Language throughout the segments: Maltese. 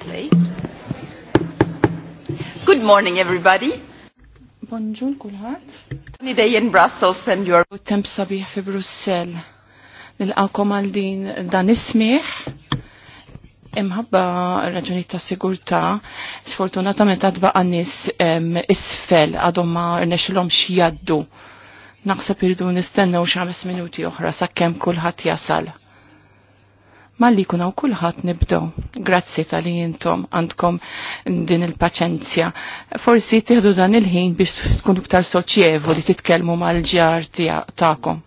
Play. Good morning, everybody. Bonjour, kulħadd. Sunny day in Brussels and your temp sabiħ fi Brussell. nil għal din dan ismiħ. Imħabba raġuni ta' sigurta, sfortunatament għad baqa nis isfel għadhom ma rnexilhom xi jaddu. Naħseb irdu nistennew xi minuti oħra sakemm kulħadd jasal malli u kulħadd nibdo. Grazzi tal-li jintom għandkom din il-paċenzja. Forsi tieħdu dan il-ħin biex tkun iktar soċievoli li titkellmu mal-ġar tagħkom.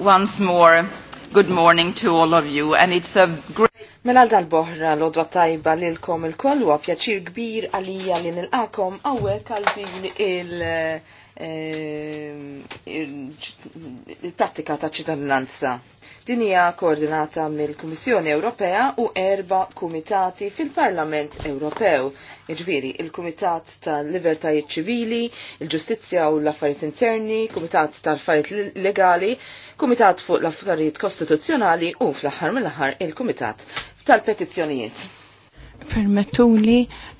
once more good morning to all of you and it's a great Mela dal-boħra l-odwa tajba lilkom il-koll huwa pjaċir kbir għalija li nilqakom hawnhekk għal din eh, il-prattika ta' ċittadinanza. Din hija koordinata mill-Kummissjoni Ewropea u erba' kumitati fil-Parlament Ewropew Iġviri, il-Kumitat tal-Libertajiet ċivili, il-Ġustizzja u l-Affarijiet Interni, Kumitat tal-Affarijiet Legali, Kumitat fuq l-Affarijiet Kostituzzjonali u fl-aħħar mill-aħħar il-Kumitat tal-Petizzjonijiet. Permettuli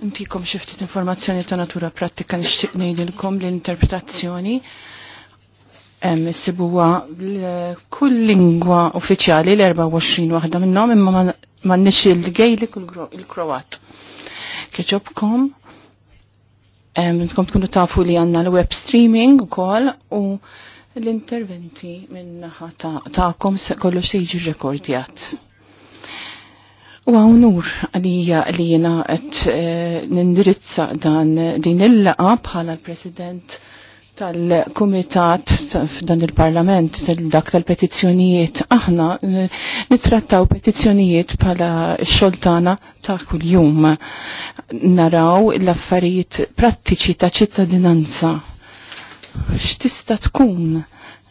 ntikom xi ftit informazzjoni ta' natura pratika nixtieq ngħidilkom l-interpretazzjoni hemm issibuha kull lingwa uffiċjali l-24 waħda minnhom imma m'għandniex il gejli u l-Kroat. Kieġobkom, nkom tkunu tafu li għanna l-web streaming u kol u l-interventi minna ta'kom ta kollu sejġi rekordjat. U għawnur għalija li jena għet eh, nindirizza dan din il-laqa bħala l-President tal-Kumitat f'dan il-Parlament dak tal-petizzjonijiet aħna eh, nitrattaw petizzjonijiet bħala xoltana ta' kuljum naraw l-affarijiet prattiċi ta' ċittadinanza x'tista' tkun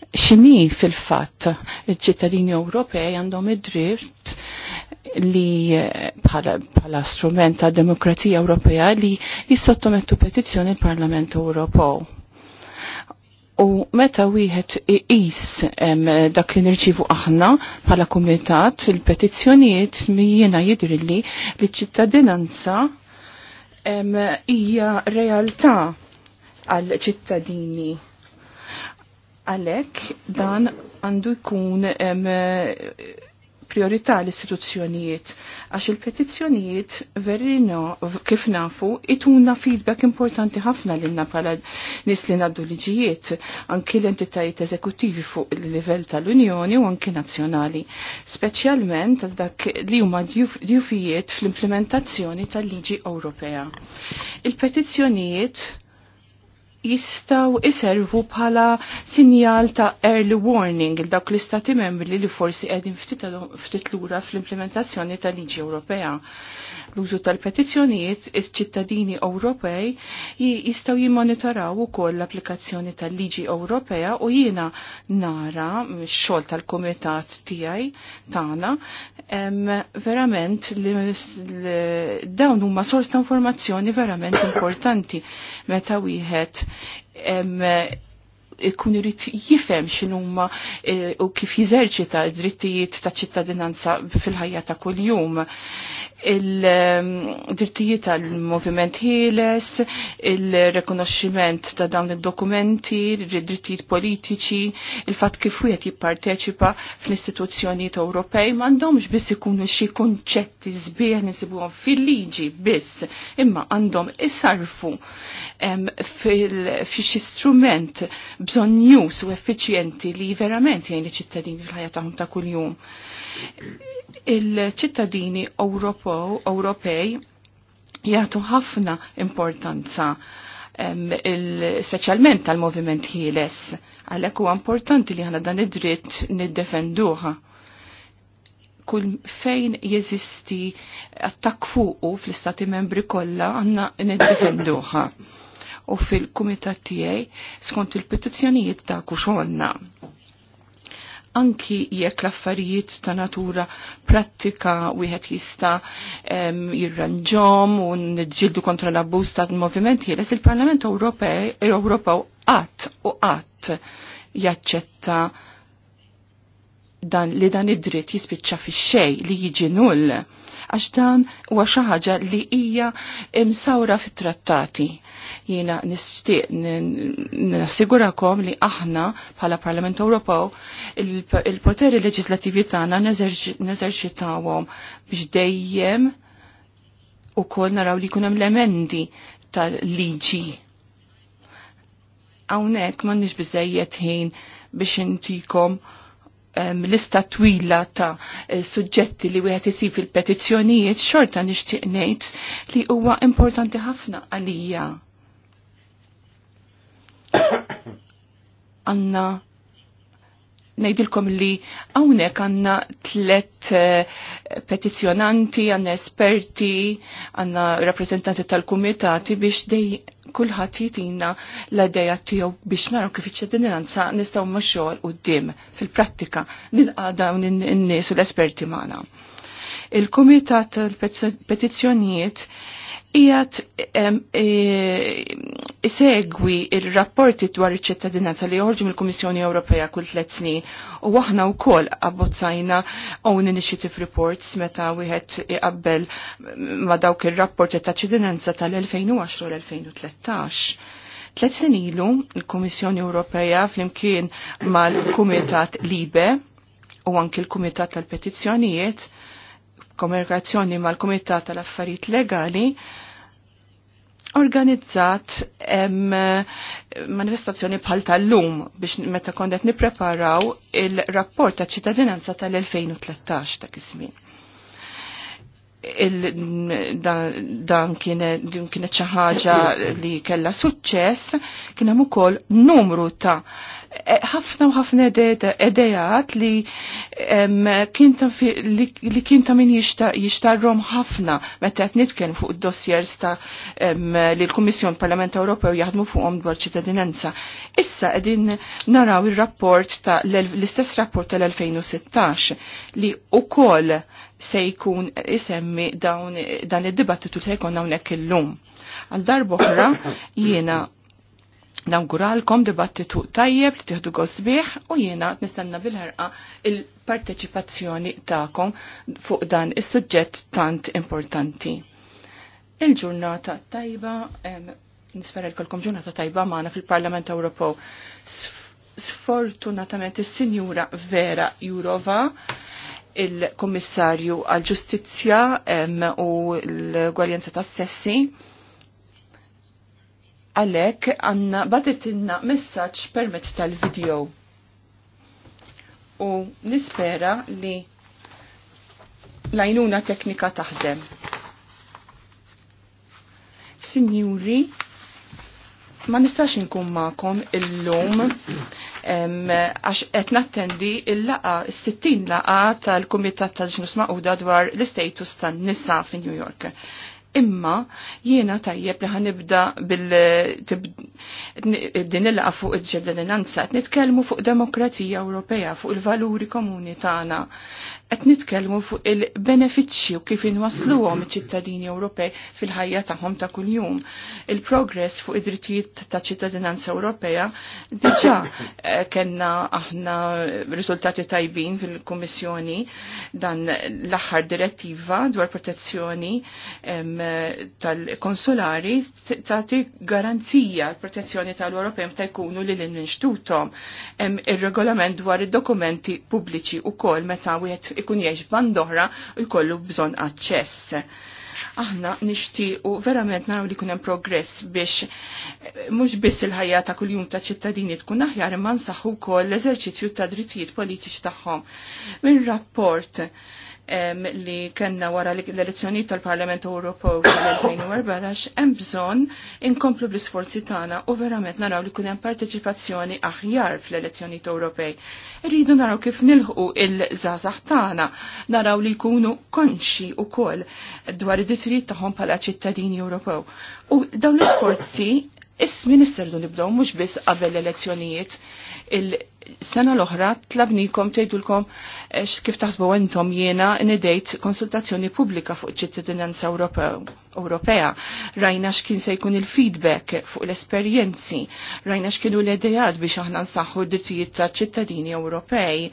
x'inhi fil-fatt iċ-ċittadini Ewropej għandhom id-dritt li bħala eh, strument ta' demokrazija Ewropea li jissottomettu petizzjoni l-Parlament Ewropew U meta wieħed iqis dak li nirċivu aħna bħala komunitat, il-petizzjonijiet jiena jidrilli li ċittadinanza hija realtà għal ċittadini. Għalhekk dan għandu jkun priorità l-istituzzjonijiet għax il-petizzjonijiet verrino kif nafu ituna feedback importanti ħafna l-inna pala nis li naddu liġijiet anki l-entitajiet eżekutivi fuq il-livell tal-Unjoni u anki nazzjonali, speċjalment għal dak li huma djufijiet fl-implementazzjoni tal-liġi Ewropea. Il-petizzjonijiet jistaw iservu bħala sinjal ta' early warning il dawk l-istati membri li forsi qegħdin ftit lura fl-implementazzjoni tal-liġi Ewropea. L-użu tal-petizzjonijiet, iċ-ċittadini Ewropej jistgħu jimmonitoraw ukoll l-applikazzjoni tal-liġi Ewropea u jiena nara x-xogħol tal-kumitat tiegħi tagħna verament li dawn huma sors ta' informazzjoni verament importanti meta wieħed ikun irid jifhem x'inhuma e, u kif jiżerċita d-drittijiet ta' ċittadinanza fil-ħajja ta' kuljum il-drittijiet tal-moviment ħieles, il-rekonoxximent ta' dawn id-dokumenti, il-drittijiet politiċi, il-fat kif wieħed jipparteċipa fl-istituzzjonijiet Ewropej m'għandhomx biss ikunu xi kunċetti żbieħ nisibuhom fil-liġi biss, imma għandhom isarfu fi xi strument bżonn u effiċjenti li verament jgħin iċ-ċittadini fil-ħajja tagħhom ta' kuljum Il-ċittadini Ewropej jagħtu ħafna importanza specialment tal-moviment ħieles, għalhekk huwa importanti li għana dan id-dritt niddefenduha. Kull fejn jeżisti attak fuqu fl-istati membri kollha għandna niddefenduha. U fil-kumitat tiegħi skont il-petizzjonijiet ta' kuxonna anki jekk l-affarijiet ta' natura prattika wieħed jista' jirranġom u nġildu kontra l-abbuż ta' moviment jeles il-Parlament Ewropew qatt u qatt jaċċetta dan li dan id-dritt jispiċċa fix-xej li jiġi nul, għax dan huwa xi ħaġa li hija msawra fit-trattati Jiena nixtieq nassigurakom li aħna bħala Parlament Ewropew il-poteri leġislattivi tagħna neżerċitawhom biex dejjem ukoll naraw li jkun hemm l-emendi tal-liġi. Hawnhekk m'għandniex biżejjed ħin biex intikom lista twila ta' eh, suġġetti li wieħed isib fil-petizzjonijiet xorta nixtieq ngħid li huwa importanti ħafna għalija għanna nejdilkom li għawnek għanna tlet eh, petizjonanti, għanna esperti, għanna rappresentanti tal-kumitati biex dej kullħat jitina l-għadeja tijaw biex naraw kif l-għanza nistaw maċxol u d-dim fil-prattika nil-għada u n u l-esperti maħna. Il-Komitat tal-Petizzjonijiet ijat e, segwi il-rapporti dwar iċ-ċittadinanza li joħorġu mill-Kummissjoni Ewropea kull tliet snin u aħna wkoll abbozzajna own initiative reports meta wieħed iqabbel ma dawk ir-rapporti ta' ċittadinanza tal-2010 l-2013. Tlet snin ilu l-Kummissjoni Ewropea flimkien mal-Kumitat Libe u anki l-Kumitat tal-Petizzjonijiet komunikazzjoni mal-Kumitat tal-Affarijiet Legali organizzat em, manifestazzjoni bħal tal-lum biex meta kondet nipreparaw il-rapport ta' ċittadinanza tal-2013 ta' kismin. dan kienet xi ħaġa li kella suċċess kien hemm ukoll numru ta' ħafna u ħafna edejat li li kien ta' min jishtarrom ħafna meta qed nitkellem fuq id-dossiers ta' li l-Kummissjon Parlament Ewropew jaħdmu fuqhom dwar ċittadinanza. Issa qegħdin naraw ir-rapport ta' l-istess rapport tal-2016 li koll se jkun isemmi dan id-dibattitu se jkun hawnhekk illum. Għal darba jiena Nawguralkom dibattitu tajjeb li tieħdu gosbieħ u jiena nistenna bil-ħerqa il-parteċipazzjoni tagħkom fuq dan is-suġġett tant importanti. Il-ġurnata tajba, nispera l ġurnata tajba magħna fil-Parlament Ewropew. Sfortunatament is-Sinjura Vera Jurova il-Kommissarju għal-Ġustizzja u l-Gwaljenza tas-Sessi Għalek għanna batitinna messaċ permezz tal-video. U nispera li lajnuna teknika taħdem. Signuri, ma nistax nkun ma'kom illum għax qed nattendi il-laqa, s-60 laqa tal-Kumitat tal-Ġnus Maquda dwar l-istatus tan-nisa fi New York. Imma jiena tajjeb li ħanibda bil-din il fuq il-ġedlinanza, nitkellmu fuq demokrazija Ewropea, fuq il-valuri komuni tagħna, qed nitkellmu fuq il-benefiċċji u kif inwasluhom iċ-ċittadini Ewropej fil-ħajja tagħhom ta' kuljum. Il-progress fuq id-drittijiet ta' ċittadinanza Ewropea diġà eh, kellna aħna riżultati tajbin fil-Kummissjoni dan l-aħħar direttiva dwar protezzjoni tal konsulari tagħti garanzija l-protezzjoni tal-Ewropej ta' jkunu lil inxtutom ir-regolament dwar id-dokumenti pubbliċi wkoll meta wieħed ikun jiex bandohra oħra u jkollu bżonn aċċess. Aħna nixtiequ verament naraw li kunem progress biex eh, mhux biss il-ħajja ta' kuljum ta' ċittadini tkun aħjar man saħu wkoll l-eżerċizzju ta' drittijiet politiċi tagħhom. Min rapport li kenna wara l-elezzjoni tal-Parlament Ewropew tal-2014 hemm bżonn inkomplu bl-isforzi tagħna u verament naraw li kun hemm parteċipazzjoni aħjar fl-elezzjoni Ewropej. Irridu naraw kif nilħu il-żgħażagħ tagħna, naraw li jkunu konxi wkoll dwar id-ditrid tagħhom bħala ċittadini Ewropew. U dawn l-isforzi Is-minister du nibdow mhux biss qabel l-elezzjonijiet. Il-sena l-oħra tlabnikom tgħidulkom eh, kif taħsbu intom jiena nidejt konsultazzjoni pubblika fuq ċittadinanza Ewropea. Rajna x'kien se jkun il-feedback fuq l-esperjenzi, rajna x'kienu l-idejat biex aħna nsaħħu d-drittijiet ta' ċittadini Ewropej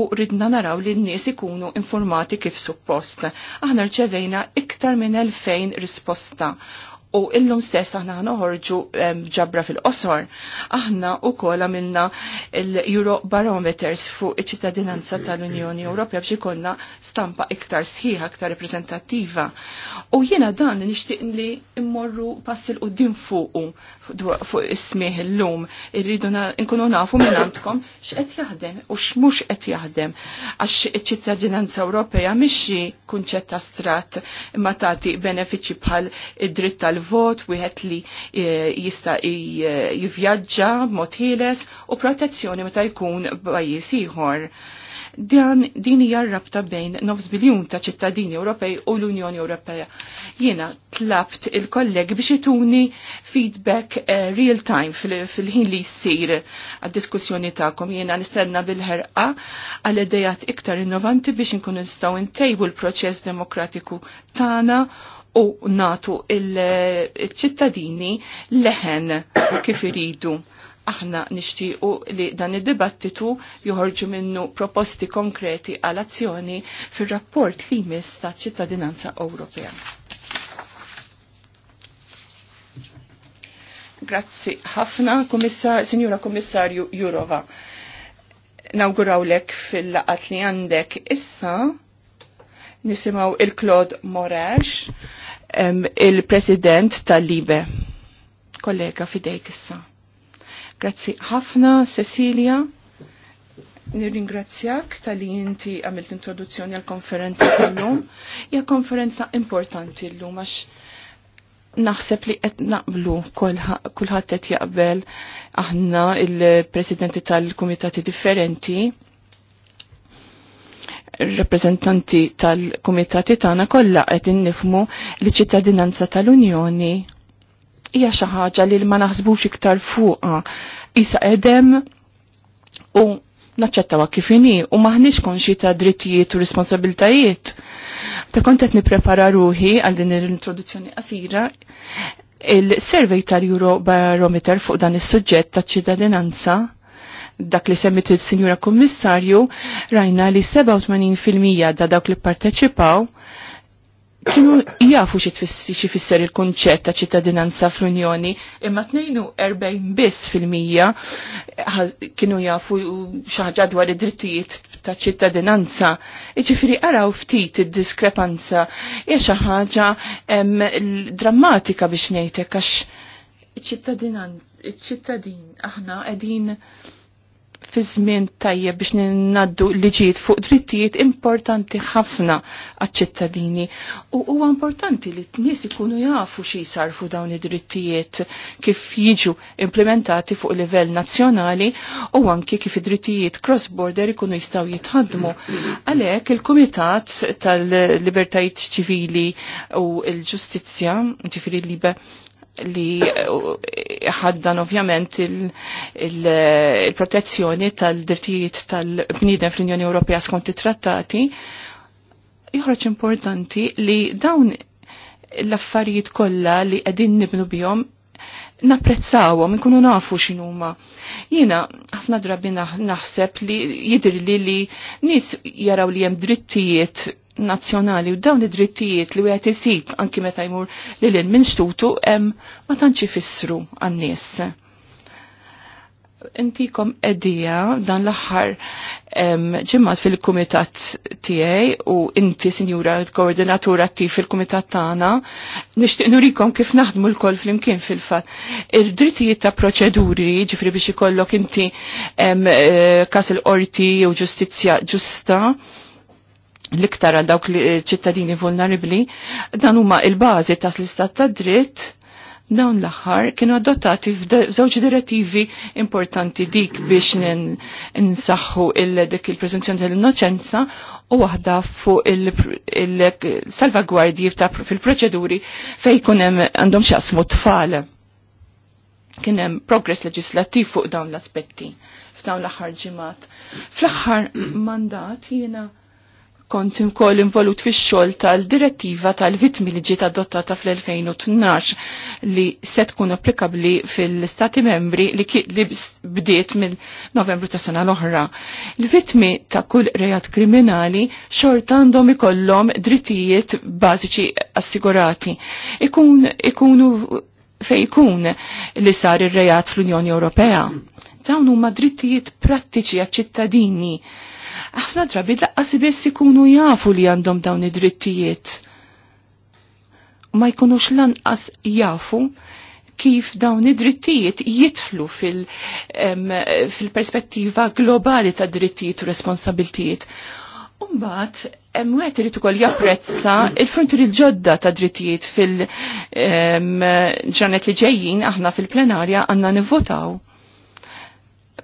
u ridna naraw li n-nies ikunu informati kif suppost. Aħna rċevejna iktar minn 2000 risposta u illum stess aħna noħorġu ġabra fil-qosor. Aħna u kol għamilna l-Euro Barometers fuq iċ-ċittadinanza tal-Unjoni Ewropea biex konna stampa iktar sħiħa, iktar reprezentativa. U jiena dan nixtieq li immorru pass il fuq fuqu fuq l illum irridu nkunu nafu minn għandkom x'qed jaħdem u x'mux qed jaħdem għax iċ-ċittadinanza Ewropea mixi kunċett astrat imma tagħti benefiċċji bħal id-dritt tal vot wieħed li e, jista e, jivvjaġġa mod ħieles u protezzjoni meta jkun pajjiż ieħor. Dan din hija rabta bejn 9 biljun ta' ċittadini Ewropej u l-Unjoni Ewropea. Jiena tlabt il-kolleg biex ituni feedback uh, real time fil-ħin li jsir għad-diskussjoni tagħkom. Jiena nistenna bil-ħerqa għal idejat iktar innovanti biex inkunu nistgħu ntejbu l-proċess demokratiku tagħna u natu il-ċittadini leħen kif iridu. Aħna nixtiequ li dan id-dibattitu joħorġu minnu proposti konkreti għal azzjoni fir-rapport li jmiss ta' ċittadinanza Ewropea. Grazzi ħafna, komissar, Kommissarju Komissarju Jurova. lek fil-laqat li għandek issa nisimaw il-Claude Morax il-President tal-Libe. Kollega fidejk issa. Grazzi ħafna, Cecilia. Nirringrazzjak tal-li inti għamilt introduzzjoni għal-konferenza tal-lum. Hija konferenza importanti l-lum għax naħseb li qed naqblu kulħadd qed jaqbel aħna il-presidenti tal-kumitati differenti il-reprezentanti tal-kumitati tagħna kollha qed nifmu li ċittadinanza tal-Unjoni hija xi ħaġa li ma naħsbux iktar fuqha isa edem u naċċettaw kif inhi u maħniex konxi ta' drittijiet u responsabiltajiet. Ta' kont qed nipprepara ruħi għal din l-introduzzjoni qasira il-survey tal-Eurobarometer fuq dan is-suġġett ta' ċittadinanza dak li semmit il-Sinjura Kommissarju, rajna li 87% da dawk li parteċipaw kienu jafu xi fisser il-kunċett ta' ċittadinanza fl-Unjoni, imma 42 biss fil-mija kienu jafu xaħġa dwar id-drittijiet ta' ċittadinanza. Iġifiri araw ftit id-diskrepanza hija xi ħaġa drammatika biex ngħidlek għax iċ-ċittadin aħna qegħdin fi żmien tajjeb biex ninaddu liġijiet fuq drittijiet importanti ħafna għaċ-ċittadini. U huwa importanti li t-nies ikunu jafu xi fuq dawn id-drittijiet kif jiġu implementati fuq livell nazzjonali u anki kif id-drittijiet cross-border ikunu jistgħu jitħadmu. Għalhekk il-Kumitat tal-Libertajiet Ċivili u l-Ġustizzja, ġifieri libe, li eh, ħaddan ovvjament eh, il-protezzjoni tal-dirtijiet tal-bniedem fl-Unjoni Ewropea skont it-trattati, joħroġ importanti li dawn l-affarijiet kollha li qegħdin nibnu bihom napprezzawhom, inkunu nafu x'inhuma Jina, ħafna drabi naħseb li jidri li li nis jaraw li jem drittijiet nazzjonali u dawn id-drittijiet li għet jisib anki meta jmur li l-in minn xtutu em ma tanċi fissru għannis intikom edija dan l ħar ġimmat fil-kumitat tijaj u inti, sinjura, koordinatura attiv fil-kumitat tana, nishtiq nurikom kif naħdmu l-koll fil imkien fil-fat. Il-drittijiet ta' proċeduri, ġifri biex ikollok inti eh, kas il-orti u ġustizja ġusta, l-iktar għal dawk ċittadini vulnerabli, dan huma il-bażi tas l-istat ta' dritt, dawn l-aħħar kienu adottati f'żewġ direttivi importanti dik biex nsaħħu dik il-prezenzjoni tal-innoċenza u waħda fuq il-salvagwardji fil-proċeduri fej kunem għandhom xaqsmu tfal. Kienem progress leġislattiv fuq dawn l-aspetti f'dawn l-aħħar ġimat. Fl-aħħar mandat jiena kont imkoll involut fix xogħol tal-direttiva tal-vitmi li ġiet adottata fl-2012 li se tkun applikabbli fil-Stati membri li, li bdiet mill-Novembru ta' sena l-oħra. Il-vitmi ta' kull rejat kriminali xorta għandhom ikollhom drittijiet bażiċi assigurati. Ikun, ikunu fej ikun li sar ir-rejat fl-Unjoni Ewropea. Dawn huma drittijiet prattiċi għaċ-ċittadini Aħna drabi laqqas biss ikunu jafu li għandhom dawn id-drittijiet. Ma jkunux lanqas jafu kif dawn id-drittijiet jitħlu fil-perspettiva fil globali ta' drittijiet u responsabiltijiet. Umbat, mwet li tukol japprezza il-frontir il-ġodda ta' drittijiet fil-ġanet li ġejjin aħna fil-plenarja għanna nivvotaw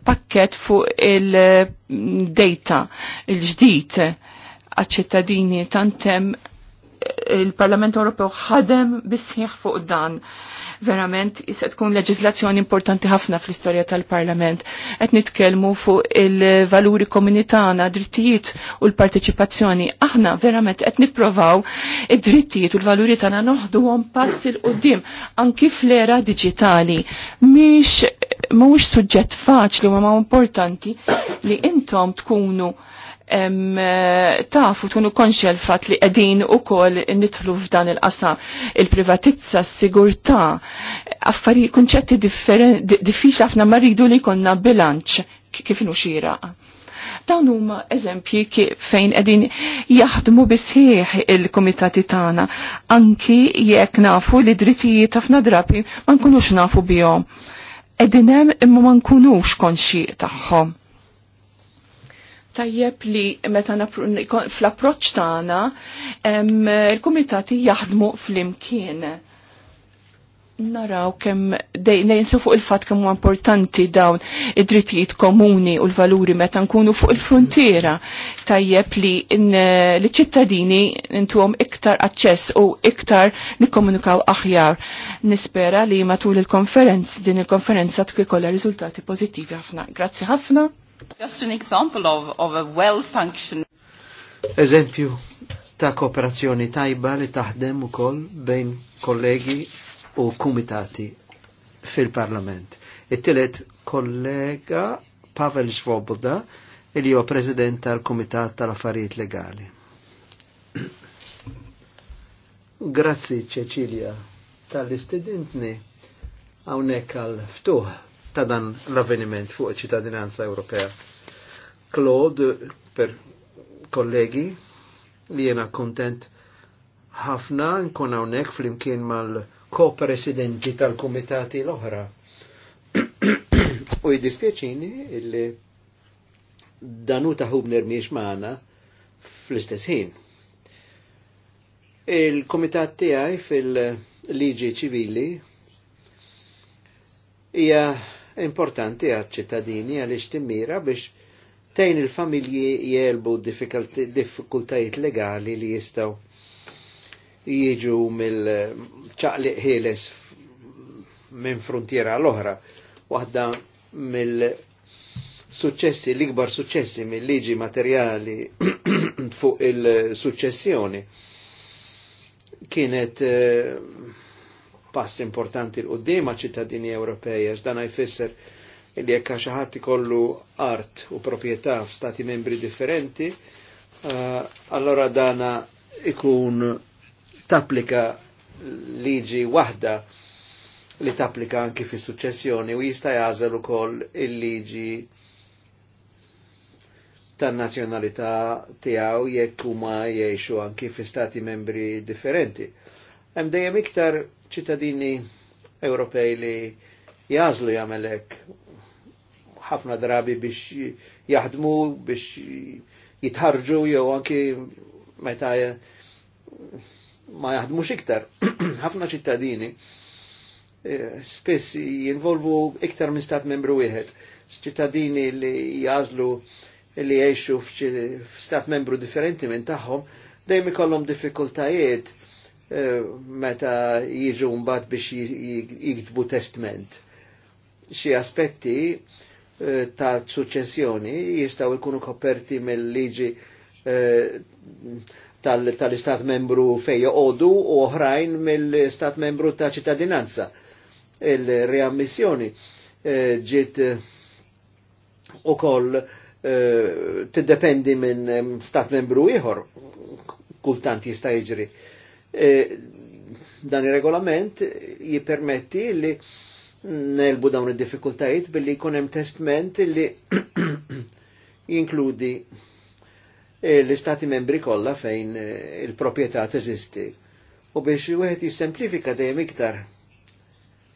pakket fuq il-data il-ġdid għal-ċittadini tantem il-Parlament Ewropew ħadem bisħiħ fuq dan. Verament, se tkun leġislazzjoni importanti ħafna fl-istorja tal-Parlament. Qed nitkellmu fuq il-valuri komunitana, drittijiet u l-parteċipazzjoni. Aħna verament qed nipprovaw id-drittijiet u l-valuri tagħna noħduhom pass il qudiem anki fl-era diġitali. Mhix mhuwiex suġġett faċli u ma importanti li intom tkunu em, tafu tkunu konxi l-fat li qegħdin ukoll nitlu f'dan il-qasam il-privatizza, s-sigurtà, affarijiet kunċetti diffiċli ħafna ma rridu li jkollna bilanċ kif inhu xieraq. Dawn huma eżempji fejn qegħdin jaħdmu bisħieħ il-kumitati tagħna anki jekk nafu li drittijiet ħafna drabi ma nkunux nafu bihom edinem imma ma nkunux konxi tagħhom. Tajjeb li meta fl-approċċ tagħna il-kumitati jaħdmu fl-imkien naraw kemm dejnsu fuq il-fatt kemm huwa importanti dawn id-drittijiet komuni u l-valuri meta nkunu fuq il-frontiera tajjeb li l-ċittadini intuhom iktar aċċess u iktar nikkomunikaw aħjar. Nispera li matul il-konferenz din il-konferenza tkun ikollha riżultati pożittivi ħafna. Grazzi ħafna. Just an example of, of a well-functioning. Eżempju ta' kooperazzjoni tajba li taħdem ukoll bejn kollegi u kumitati fil-Parlament. It-tielet kollega Pavel Svoboda, il huwa President tal-Kumitat tal-Affarijiet Legali. Grazzi Cecilia tal-istudentni hawnhekk għal ftuħ ta' dan l-avveniment fuq ċittadinanza Ewropea. Claude, per kollegi, li jena kontent ħafna nkun hawnhekk flimkien mal- ko-presidenti tal-komitati l-oħra. U jidispieċini illi Danuta taħub nirmiex maħna fl-istess ħin. Il-komitat tiegħi fil-liġi ċivili hija importanti għal ċittadini għaliex timmira biex tejn il-familji jelbu diffikultajiet legali li jistaw jiġu mill-ċaqliq ħieles minn frontiera l-oħra. Waħda mill-successi, l-ikbar successi mill-liġi materjali fuq il-successjoni kienet eh, pass importanti l-qoddim ċittadini Ewropej, għax dan jfisser li jekk xi ħadd ikollu art u proprjetà f'stati membri differenti, eh, allora dana ikun tapplika liġi waħda li tapplika anki fis successjoni u jista' jażel ukoll il-liġi tan-nazzjonalità tiegħu jekk huma jgħixu anki fi stati membri differenti. Hemm dejjem iktar ċittadini Ewropej li jażlu jagħmel ħafna drabi biex jaħdmu, biex jitħarġu jew anki meta ma jaħdmux iktar. ħafna ċittadini eh, spess jinvolvu iktar minn stat membru wieħed. ċittadini li jazlu li jiexu f'stat membru differenti minn tagħhom dejjem ikollhom diffikultajiet eh, meta jiġu mbagħad biex jiktbu testment. Xi aspetti eh, ta' suċessjoni jistgħu jkunu koperti mill-liġi tal-istat tal membru fejja odu u oħrajn mill-istat membru ta' ċittadinanza. Il-reammissjoni eh, ġiet e, eh, u koll eh, t-dependi minn stat membru iħor, kultant jista' jiġri. E, dan il regolament jipermetti li nelbu dawn id-diffikultajiet billi jkun hemm testment li jinkludi E l-istati membri kollha fejn e, il-proprjetà teżisti. U biex wieħed jissemplifika dejjem iktar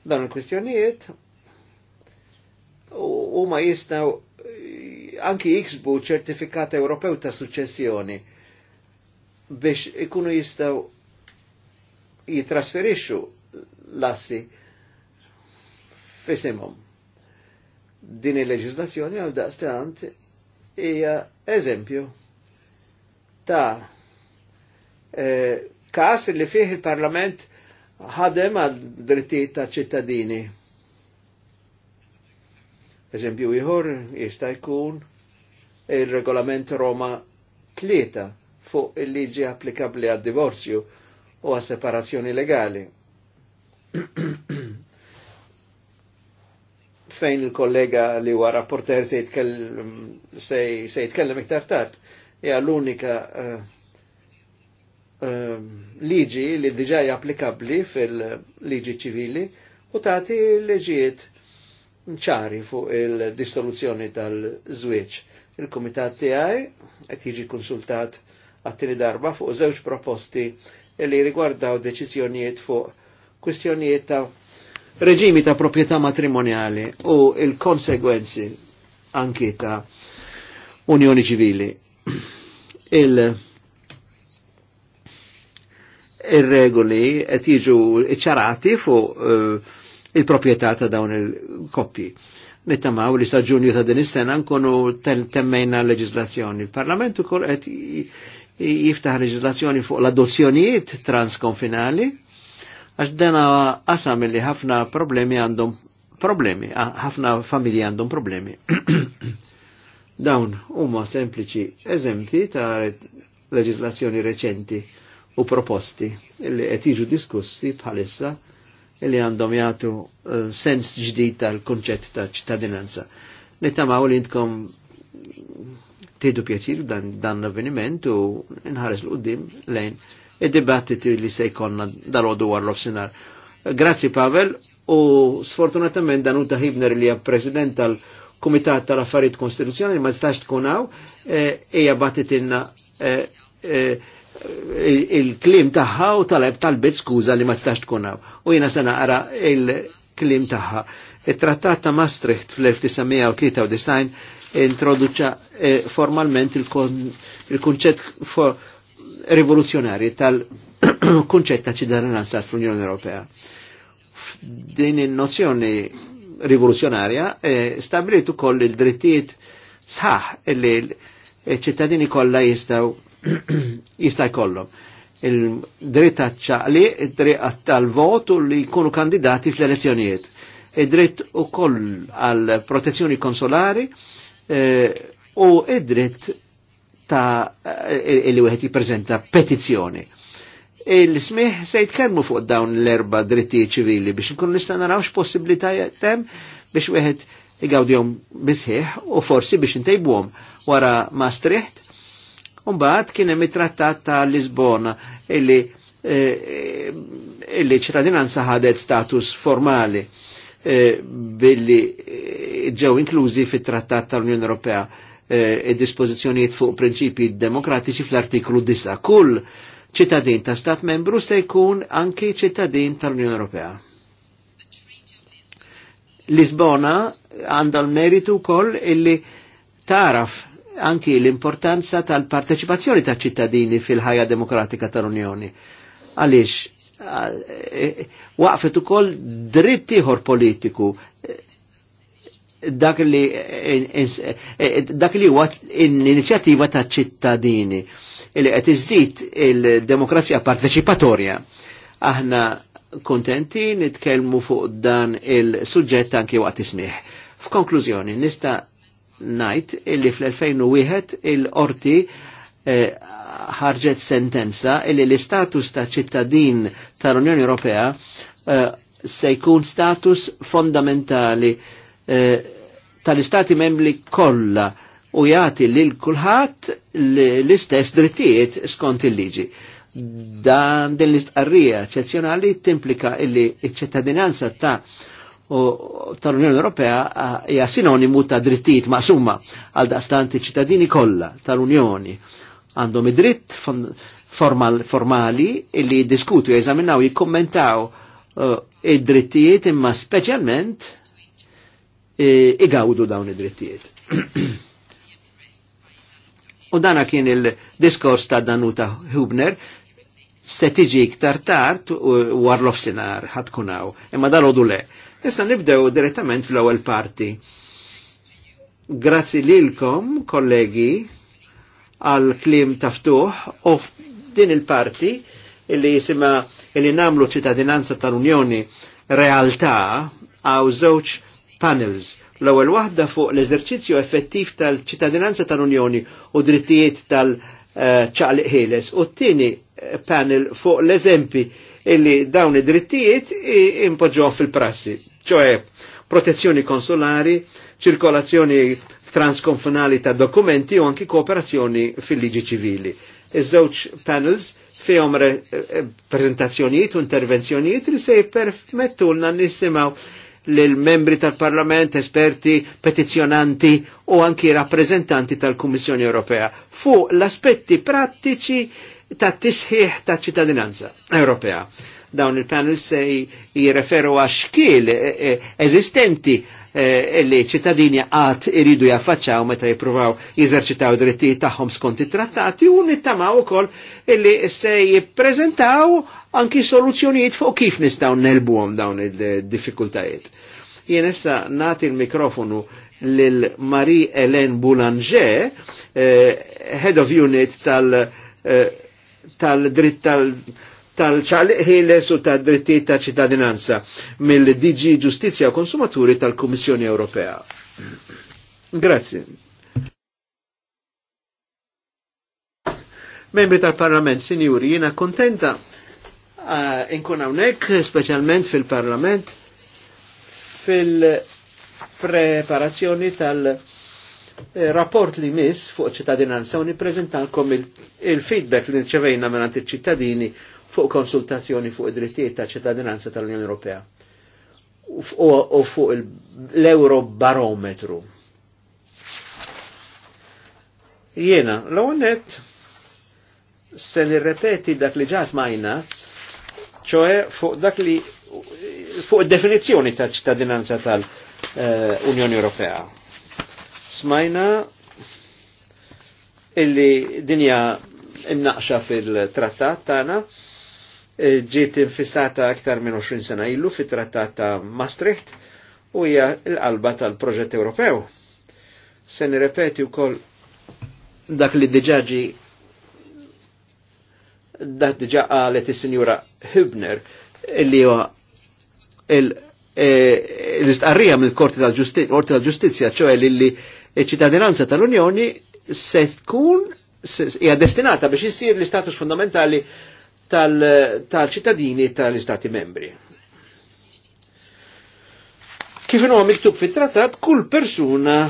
dan il-kwistjonijiet u ma jistaw anki jiksbu ċertifikat Ewropew ta' suċessjoni biex ikunu jistaw jitrasferixxu l-assi fisimhom. Din il-leġislazzjoni għal daqstant hija eżempju ta' eh, kas li fih il-Parlament ħadem għal drittijiet ta' ċittadini. Eżempju jħor jista' jkun il-regolament Roma tlieta fuq il-liġi applikabli għad divorzju u għas separazzjoni legali. Fejn il-kollega li huwa rapporter se jitkellem iktar tard hija l-unika eh, eh, liġi li diġa applikabli fil-liġi ċivili u tagħti liġijiet ċari fuq il-dissoluzzjoni tal-żwieġ. Il-Kumitat tiegħi qed jiġi konsultat għattini darba fuq żewġ proposti li rigwardaw deċiżjonijiet fuq kwistjonijiet ta' reġimi ta' proprjetà matrimonjali u il-konsegwenzi anki ta' unjoni ċivili il- ir-regoli qed jiġu ċarati fuq eh, il-proprjetà ta' dawn il-koppji. Nittamaw li sa' ġunju ta' din is-sena nkunu temmejna l-leġislazzjoni. Il-Parlament ukoll qed jiftaħ leġislazzjoni fuq l-adozzjonijiet transkonfinali għax dena qasam li ħafna problemi għandhom problemi, ħafna familji għandhom problemi. Dawn huma sempliċi eżempji ta' leġislazzjoni reċenti u proposti li qed jiġu diskussi bħalissa li għandhom jagħtu eh, sens ġdid tal-kunċett ta' ċittadinanza. Nittamaw li intkom tidu pjaċir dan, dan l-avveniment u nħares l-qoddim lejn id-dibattiti li se jkonna dal-ħodu għarlof sinar. Grazzi Pavel u sfortunatament dan u taħibner li għab president tal- kumitat tal-affarijiet konstituzzjonali ma tistax tkunaw, eja eh, batit e, eh, eh, il-klim tagħha u talab talbet skuża li ma tistax tkunaw. U jiena se naqra il-klim tagħha. Il-trattat ta' Maastricht fl-1993 introduċa formalment il-kunċett rivoluzjonari tal-kunċett ta' ċittadinanza fl-Unjoni Ewropea. Din il-nozzjoni rivoluzjonarja e, stabilitu koll il-drittijiet sħaħ illi ċittadini kollha jistaw jistaj kollom. Il-dritt ċaqli, il dritt tal-vot u li jkunu kandidati fl-elezzjonijiet. Id-dritt u koll għal protezzjoni konsolari e, u id-dritt ta' il e, li wieħed jippreżenta petizzjoni il-smih se jitkellmu fuq dawn l-erba drittijiet ċivili biex nkun nista' naraw x'possibilità hemm biex wieħed igawdihom bisħiħ u forsi biex intejbuhom wara Maastricht. Umbagħad kien hemm it-trattat ta' Lisbona illi eh, illi ċittadinanza ħadet status formali eh, billi ġew inklużi fit-trattat tal-Unjoni Ewropea eh, id-dispożizzjonijiet fuq prinċipji demokratiċi fl-artiklu 9. Kull ċittadin ta' stat membru se jkun anki ċittadin tal-Unjoni Ewropea. Lisbona għandha l-meritu wkoll illi taraf anki l-importanza tal-parteċipazzjoni ta' ċittadini fil-ħajja demokratika tal-Unjoni. Għaliex, eh, waqfet ukoll dritt ieħor politiku dak li eh, eh, dak li huwa l-inizjattiva ta' ċittadini illi qed iżid il-demokrazija parteċipatorja. Aħna kontenti nitkellmu fuq dan il-suġġett anki waqt ismih. F'konklużjoni, nista' ngħid illi fl-2001 il-qorti eh, ħarġet sentenza illi l-istatus ta' ċittadin tal-Unjoni Ewropea eh, se jkun status fondamentali eh, tal-istati membri kollha u jagħti lil kulħadd l-istess drittijiet skont il-liġi. Dan din l-istqarrija eċċezzjonali timplika illi ċittadinanza ta' tal-Unjoni Ewropea hija sinonimu ta' drittijiet maqsuma għal daqstant iċ-ċittadini kollha tal-Unjoni għandhom id-dritt formali illi jiddiskutu, jeżaminaw jikkommentaw uh, id-drittijiet imma speċjalment eh, igawdu dawn id-drittijiet. U dana kien il-diskors ta' Danuta Hubner, se tiġi iktar tard u warlof sinar ħatkunaw. Imma dal-għodu le. Issa nibdew direttament fl-ewwel parti. Grazzi lilkom, kollegi, għal klim taftuħ u din il-parti illi jisima illi namlu ċittadinanza tal-Unjoni realtà għaw żewġ panels L-ewwel waħda fuq l-eżerċizzju effettiv tal-ċittadinanza tal-Unjoni u drittijiet tal-ċaqliq eh, ħieles. U t-tieni eh, panel fuq l-eżempi illi dawn id-drittijiet impoġġuhom fil-prassi, ċoħe protezzjoni konsolari, ċirkolazzjoni transkonfinali ta' dokumenti u anki kooperazzjoni fil-liġi ċivili. Iż-żewġ panels fihom eh, prezentazzjonijiet u intervenzjonijiet li se jippermettulna nisimgħu l-membri tal-Parlament, esperti, petizjonanti u anki rappresentanti tal-Kummissjoni Ewropea fuq l-aspetti prattiċi ta' tisħiħ ta' ċittadinanza Ewropea. Dawn il-panel se jirreferu għax kiel eh, eh, eżistenti Eh, li ċittadini għat iridu jaffaċċaw meta jipruvaw jizerċitaw drittijiet tagħhom skont it-trattati u nittamaw ukoll illi se jiprezentaw anki soluzzjonijiet fuq kif nistgħu nelbuhom dawn il-diffikultajiet. Jien issa nati il-mikrofonu lil Marie Hélène Boulanger, eh, Head of Unit tal- eh, dritt tal-, -dritt tal tal-ċaqliq ħieles u tad drittijiet ta' ċittadinanza mill-DG Ġustizja u Konsumaturi tal-Kummissjoni Ewropea. Grazie. Membri tal-Parlament, sinjuri, jiena kontenta uh, inkun hawnhekk, speċjalment fil-Parlament, fil-preparazzjoni tal-rapport li miss fuq ċittadinanza u nippreżentalkom il-feedback il li nċevejna minn ċittadini fuq konsultazzjoni fuq id-drittijiet ta' ċittadinanza tal-Unjoni Ewropea u fuq l-Eurobarometru. Jena, l-għonet se nirrepeti dak li ġas majna, ċoħe fuq dak li fuq id-definizzjoni ta' ċittadinanza tal-Unjoni Ewropea. Smajna illi dinja imnaqxa fil-trattat tagħna E, ġiet infissata aktar minn 20 sena ilu fit-trattat ta' Maastricht u hija l-qalba tal-proġett Ewropew. Se nirrepeti wkoll dak li diġaġi dak diġa qalet is-Sinjura Hübner li huwa e, l-istqarrija mill-Korti tal-Ġustizzja, tal-Justizia, ċoe li ċittadinanza tal-Unjoni se tkun hija destinata biex jissir l-istatus fundamentali tal-ċittadini tal tal-Istati membri. Kif huwa miktub fit-trattat, kull persuna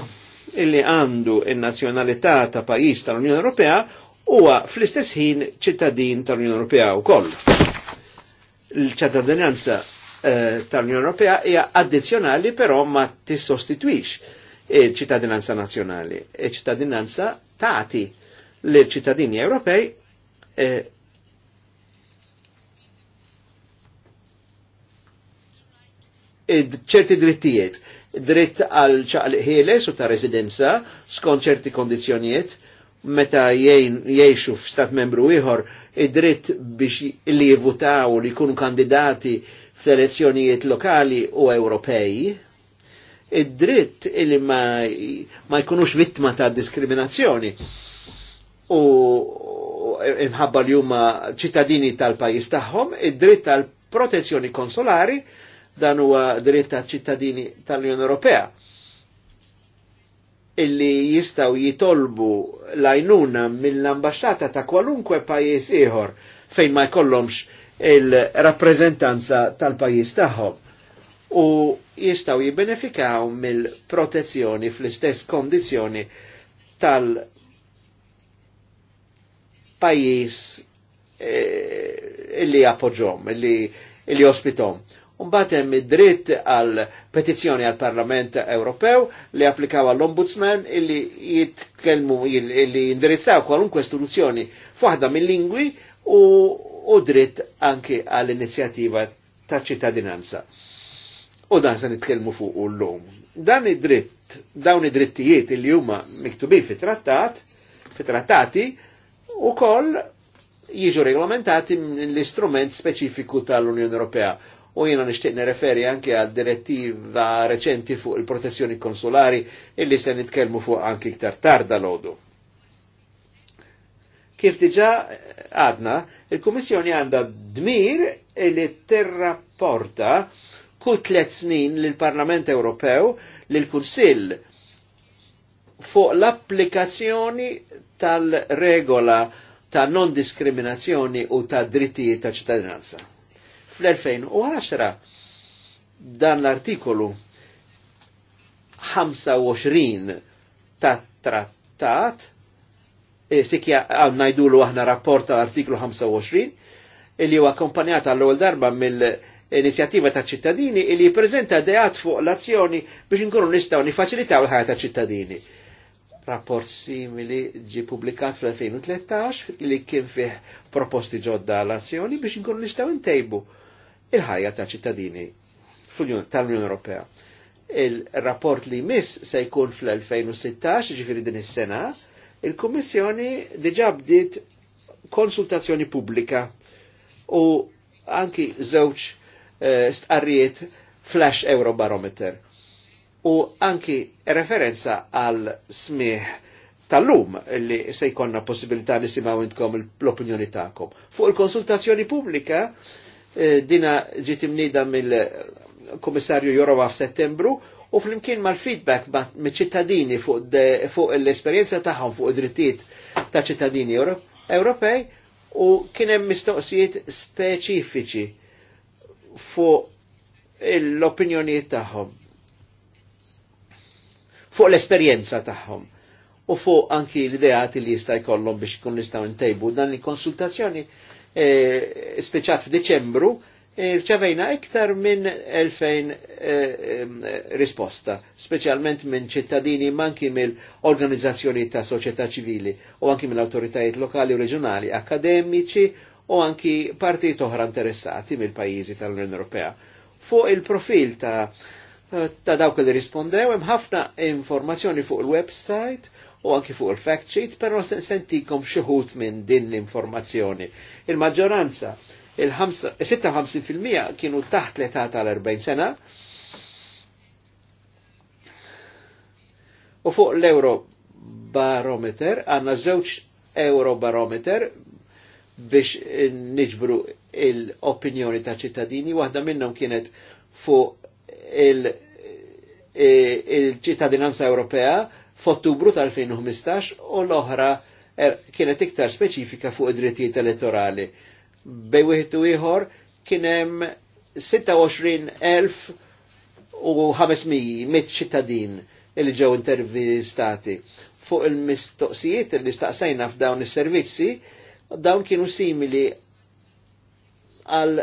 illi għandu in-nazzjonalità ta' pajjiż tal-Unjoni Ewropea huwa fl-istess ħin ċittadin tal-Unjoni Ewropea wkoll. Il-ċittadinanza eh, tal-Unjoni Ewropea hija addizzjonali però ma tissostitwix il-ċittadinanza nazzjonali. Il-ċittadinanza tagħti lill ċittadini Ewropej eh, ċerti drittijiet. Dritt għal ċaqliq ħieles u ta' residenza skont ċerti kondizjonijiet meta jiexu f'stat membru ieħor id-dritt biex li jivutaw li jkunu kandidati fl-elezzjonijiet lokali u Ewropej, id-dritt li ma, ma jkunux vittma ta' diskriminazzjoni u imħabba li huma ċittadini tal-pajis tagħhom, id-dritt tal-protezzjoni konsolari, dan huwa dritt ta' ċittadini tal-Unjoni Ewropea illi jistaw jitolbu lajnuna mill-ambasċata ta' kwalunkwe pajis ieħor fejn ma jkollhomx il-rappreżentanza tal-pajis tagħhom u jistaw jibbenefikaw mill-protezzjoni fl-istess kondizjoni tal-pajis eh, illi appoġġom, illi, illi ospitom. Unbat hemm id-dritt għal petizzjoni għal Parlament Ewropew li applikaw għall-Ombudsman illi jitkellmu illi indirizzaw kwalunkwe istituzzjoni f'waħda mill-lingwi u, u dritt anke għall-inizjattiva ta' ċittadinanza. U dan se nitkellmu fuq l-lum. Dan id-dritt, dawn id-drittijiet illi huma miktubin fit-trattat, fit-trattati, u koll jiġu regolamentati l-istrument speċifiku tal-Unjoni Ewropea u jina nishtiq nereferi anki għal direttiva reċenti fuq il-protezzjoni konsolari illi se nitkellmu fuq anki iktar tarda lodu. Kif diġa għadna, il-Kummissjoni għanda dmir illi terrapporta kull tliet snin l-Parlament Ewropew l-Kunsill fuq l-applikazzjoni tal-regola ta' non-diskriminazzjoni u ta' drittijiet ta' ċittadinanza fl-2010 dan l-artikolu 25 ta' trattat, e, sikja għal najdulu aħna rapport tal-artiklu 25, illi huwa akkompanjata l-ewwel darba mill-inizjattiva ta' ċittadini illi jippreżenta ideat fuq l-azzjoni biex inkunu nistgħu nifaċilitaw l-ħajja ta' ċittadini. Rapport simili ġi publikat fl-2013 li kien fih proposti ġodda l-azzjoni biex inkunu nistgħu ntejbu. In il-ħajja ta' ċittadini tal-Unjoni Ewropea. Il-rapport li miss se jkun fl-2016, ġifiri din is-sena, il-Kummissjoni diġa bdiet konsultazzjoni pubblika u anki żewġ eh, stqarrijiet flash Eurobarometer u anki referenza għal smih tal-lum li se jkonna possibilità nisimaw intkom l-opinjoni ta'kom. Fuq il-konsultazzjoni pubblika, Eh, dina ġiet imnida mill-Komissarju eh, Jorova f'Settembru u flimkien mal-feedback me ċittadini fuq l-esperjenza tagħhom fuq id-drittijiet ta' ċittadini Ewropej u kien hemm mistoqsijiet speċifiċi fuq l-opinjonijiet tagħhom fuq l-esperjenza tagħhom u fuq anki l-ideati li jista' jkollhom biex jkun nistgħu ntejbu dan il-konsultazzjoni Eh, speċat f'Deċembru, eh, rċavejna iktar minn 2000 eh, risposta, specialment minn ċittadini manki mill organizzazzjoni ta' soċjetà ċivili u anki mill autoritajiet lokali u reġjonali, akademiċi u anki partijiet oħra interessati mill-pajjiżi tal-Unjoni Ewropea. Fuq il-profil ta' ta' dawk li rispondew hemm ħafna informazzjoni fuq il-website u anki fuq il-fact sheet, però sentikom xuhut minn din l-informazzjoni. Il-maġġoranza, il-56% kienu taħt l-età tal-40 sena, u fuq l-euro barometer, għanna zewċ euro barometer biex niġbru l-opinjoni ta' ċittadini, waħda minnhom kienet fuq il-ċittadinanza il Ewropea, f'Ottubru tal-2015 u l-oħra er, kienet iktar speċifika fuq id-drittijiet elettorali. Bej wieħed u ieħor kien hemm 26,500 ċittadin li ġew intervistati fuq il-mistoqsijiet li staqsajna f'dawn is-servizzi, dawn kienu simili għal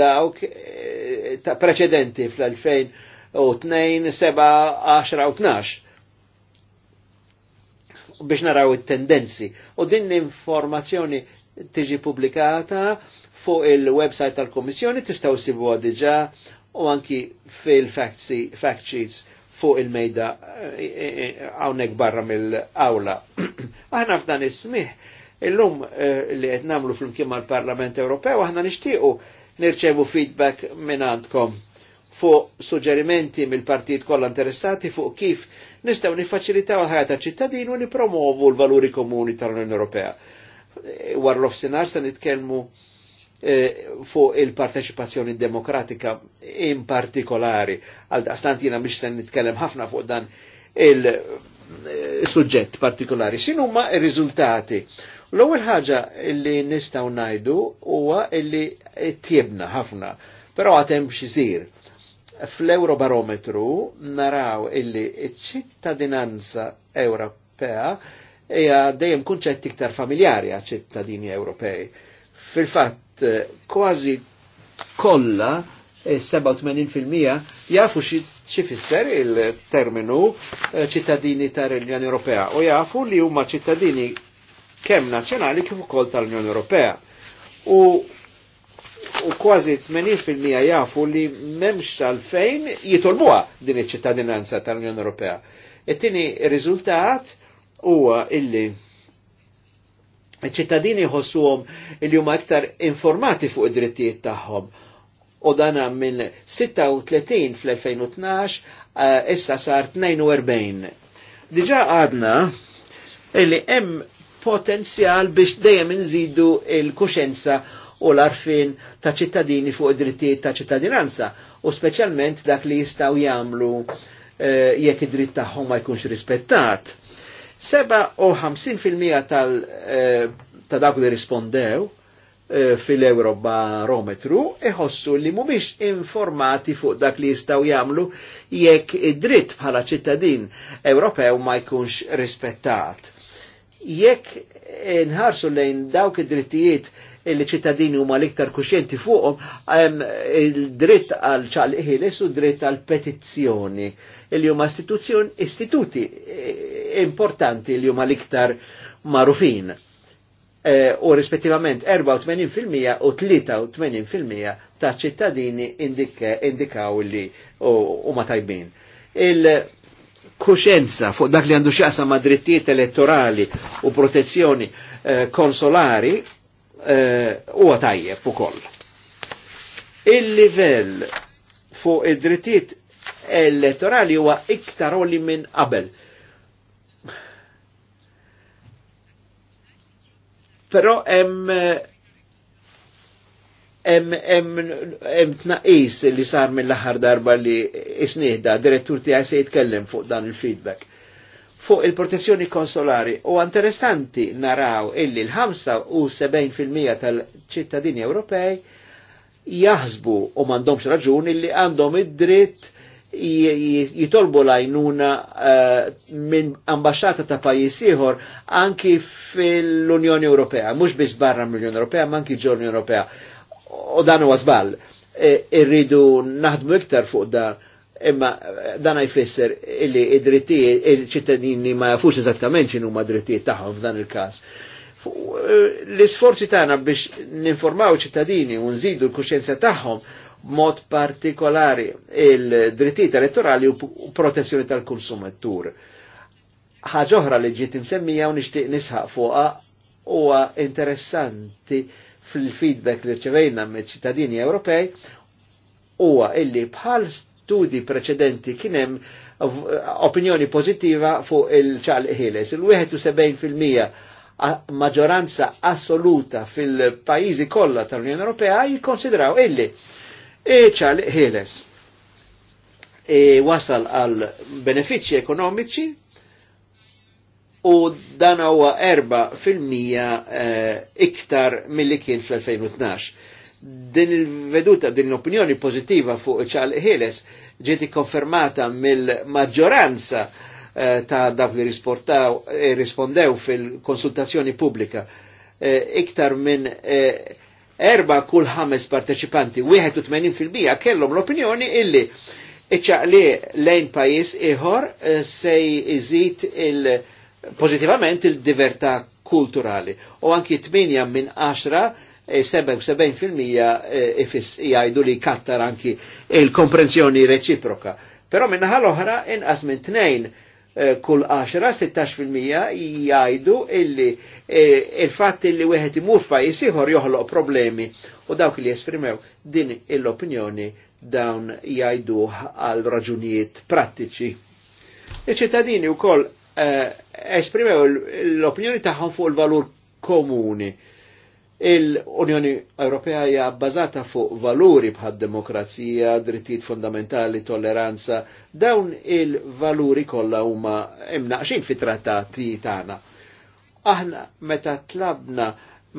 dawk eh, ta' preċedenti fl-2002, 7, 10 u 12 biex naraw it-tendenzi. U din l-informazzjoni tiġi pubblikata fuq il-website tal-Komissjoni tistgħu sibu diġà u anki fil-fact sheets fuq il-mejda eh, eh, hawnhekk barra mill-awla. Aħna f'dan is-smih illum eh, li qed nagħmlu fl-imkien mal-Parlament Ewropew aħna nixtiequ nirċevu feedback minn għandkom fuq suġġerimenti mill-partit kollha interessati fuq kif nistgħu niffaċilitaw il ħajja tal-ċittadin u nipromovu l-valuri komuni tal-Unjoni Ewropea. E, War l se nitkellmu e, fuq il-parteċipazzjoni demokratika in partikolari. Għal daqstant jiena biex se nitkellem ħafna fuq dan il-suġġett e, partikolari. X'inhuma r-riżultati? L-ewwel ħaġa li nistgħu ngħidu huwa li tjebna ħafna, però għatem xisir fl-Eurobarometru naraw illi ċittadinanza Ewropea hija dejjem kunċetti iktar familjari għal ċittadini Ewropej. Fil-fatt eh, kważi kollha 87% eh, jafu xi il-terminu eh, ċittadini tal-Unjoni Ewropea u jafu li huma ċittadini kemm nazzjonali kif ukoll tal-Unjoni Ewropea. U u kważi 80% jafu li memx tal-fejn jitolbuha din iċ-ċittadinanza tal-Unjoni Ewropea. It-tieni e riżultat huwa illi iċ-ċittadini jħossuhom li huma aktar informati fuq id-drittijiet tagħhom. U dana minn 36 fl-2012 eh, issa sar 42. Diġà għadna illi hemm potenzjal biex dejjem inżidu il-kuxenza u l-arfin ta' ċittadini fuq id-drittijiet ta' ċittadinanza u speċjalment dak li jistaw jagħmlu eh, jekk id-dritt tagħhom ma jkunx rispettat. 57% tal eh, ta' dak li rispondew fil eh, fil Rometru, iħossu li mhumiex informati fuq dak li jistgħu jagħmlu jekk id-dritt bħala ċittadin Ewropew ma jkunx rispettat. Jekk nħarsu lejn dawk id-drittijiet li ċittadini huma l-iktar kuxjenti fuqhom il-dritt għal ċal iħiles u dritt għal petizzjoni li huma istituti eh, importanti li huma l-iktar marufin. Eh, u rispettivament 84% u 83% ta' ċittadini indikaw li u ma tajbin. Il-kuxenza fuq dak li għandu xaqsa ma' drittijiet elettorali u protezzjoni eh, konsolari Eh, huwa e, tajjeb ukoll. Il-livell fuq id-drittijiet elettorali huwa iktar oli minn qabel. Però hemm hemm hemm tnaqis li sar mill-aħħar darba li isnieħda direttur tiegħi se jitkellem fuq dan il-feedback fuq il-protezzjoni konsolari u interessanti naraw illi l-75% tal-ċittadini Ewropej jaħsbu u mandomx raġun illi għandhom id-dritt jitolbu lajnuna eh, minn ambasċata ta' pajis ieħor anki fil-Unjoni Ewropea, mhux biss barra mill-Unjoni Ewropea, ma anki ġol Ewropea. U dan huwa żball. Eh, irridu naħdmu iktar fuq dan imma dan jfisser illi id-drittijiet il-ċittadini ma jafux eżattament x'inhu huma drittijiet tagħhom f'dan il-każ. Eh, l-isforzi tagħna biex ninformaw ċittadini u nżidu l-kuxjenza tagħhom mod partikolari il-drittijiet elettorali u protezzjoni tal-konsumatur. Ħaġa oħra li ġiet imsemmija u nixtieq nisħaq fuqha huwa interessanti fil-feedback li rċevejna me ċittadini Ewropej huwa illi bħal studi preċedenti kienem opinjoni pozittiva fuq il-ċal ħiles. Il-71% maġoranza assoluta fil-pajizi kollha tal-Unjoni Ewropea jikkonsidraw illi ċal e ħiles. E wasal għal benefiċċji ekonomiċi u dan huwa 4% e, iktar milli kien fl-2012 Din il-veduta, din l-opinjoni pozittiva fuq ċal ħeles ġieti konfermata mill-maġġoranza eh, ta' dawk li eh, rispondew fil-konsultazzjoni pubblika. Eh, iktar minn eh, erba kull ħames parteċipanti, 81% fil-bija kellhom l-opinjoni illi li lejn pajis iħor eh, sej iżid il pozitivament il diverta kulturali. U anki 8 minn 10 77% e eh, e e jgħidu li kattar anki il-komprensjoni reċiproka. Però minna ħal-oħra inqas minn tnejn eh, kull 10-16% jgħidu illi eh, il-fatt illi wieħed imur f'pajjiż ieħor joħloq problemi u dawk li esprimew din l-opinjoni dawn jgħidu għal raġunijiet prattiċi. Il-ċittadini wkoll esprimew l-opinjoni tagħhom fuq il-valur komuni Il-Unjoni Ewropea hija bbażata fuq valuri bħad demokrazija, drittijiet fundamentali, tolleranza, dawn il-valuri kollha huma imnaqxin fit-trattati tagħna. Aħna meta tlabna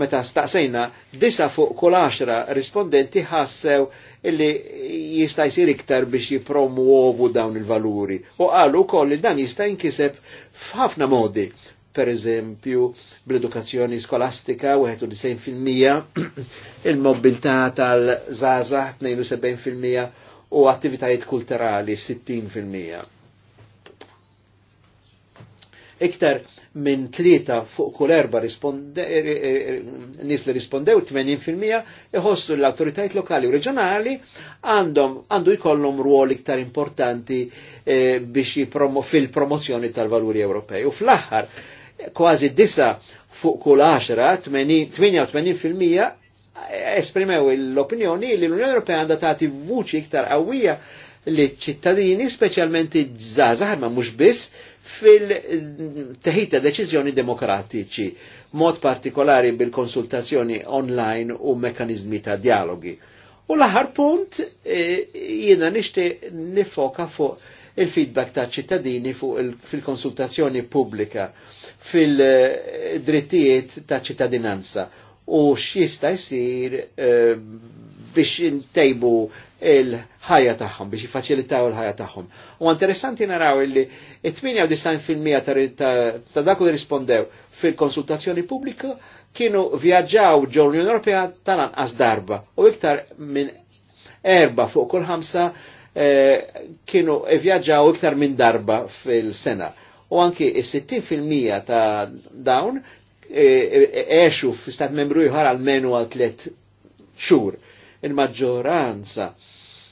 meta staqsejna disa fuq kull għaxra rispondenti ħassew illi jista' jsir iktar biex jipromuovu dawn il-valuri. U qalu wkoll li dan jista' jinkiseb f'ħafna modi per eżempju bl-edukazzjoni skolastika 91% il-mobilità tal-żaza 72% u attivitajiet kulturali 60%. Iktar minn tlieta fuq kull erba er- er- er- nis li rispondew 80% iħossu l-autoritajiet lokali u reġjonali għandhom għandu jkollhom ruol iktar importanti eh, biex biex fil-promozzjoni tal-valuri Ewropej. U fl-aħħar kważi disa fuq kull 10, 88% esprimew l-opinjoni li l-Unjoni Ewropea għandha tagħti vuċi iktar qawwija li ċittadini, speċjalment żgħażagħ ma mhux biss fil-teħita deċiżjoni demokratiċi, mod partikolari bil-konsultazzjoni online u mekanizmi ta' dialogi. U l-aħħar punt eh, jiena nixtieq nifoka fuq il-feedback ta' ċittadini fil-konsultazzjoni pubblika fil-drittijiet ta' ċittadinanza u x'jista' jsir eh, biex intejbu il-ħajja tagħhom biex jiffaċilitaw il-ħajja tagħhom. U interessanti naraw illi 98% ta', ta dak li rispondew fil-konsultazzjoni pubblika kienu vjaġġaw ġew l-Unjoni Ewropea tal-anqas darba u iktar minn erba fuq kull ħamsa Eh, kienu vjaġġaw iktar minn darba fil-sena. U anki il-60% ta' dawn eħxu eh, eh, f-stat membru jħar għal-menu għal tlet xur. Il-maġġoranza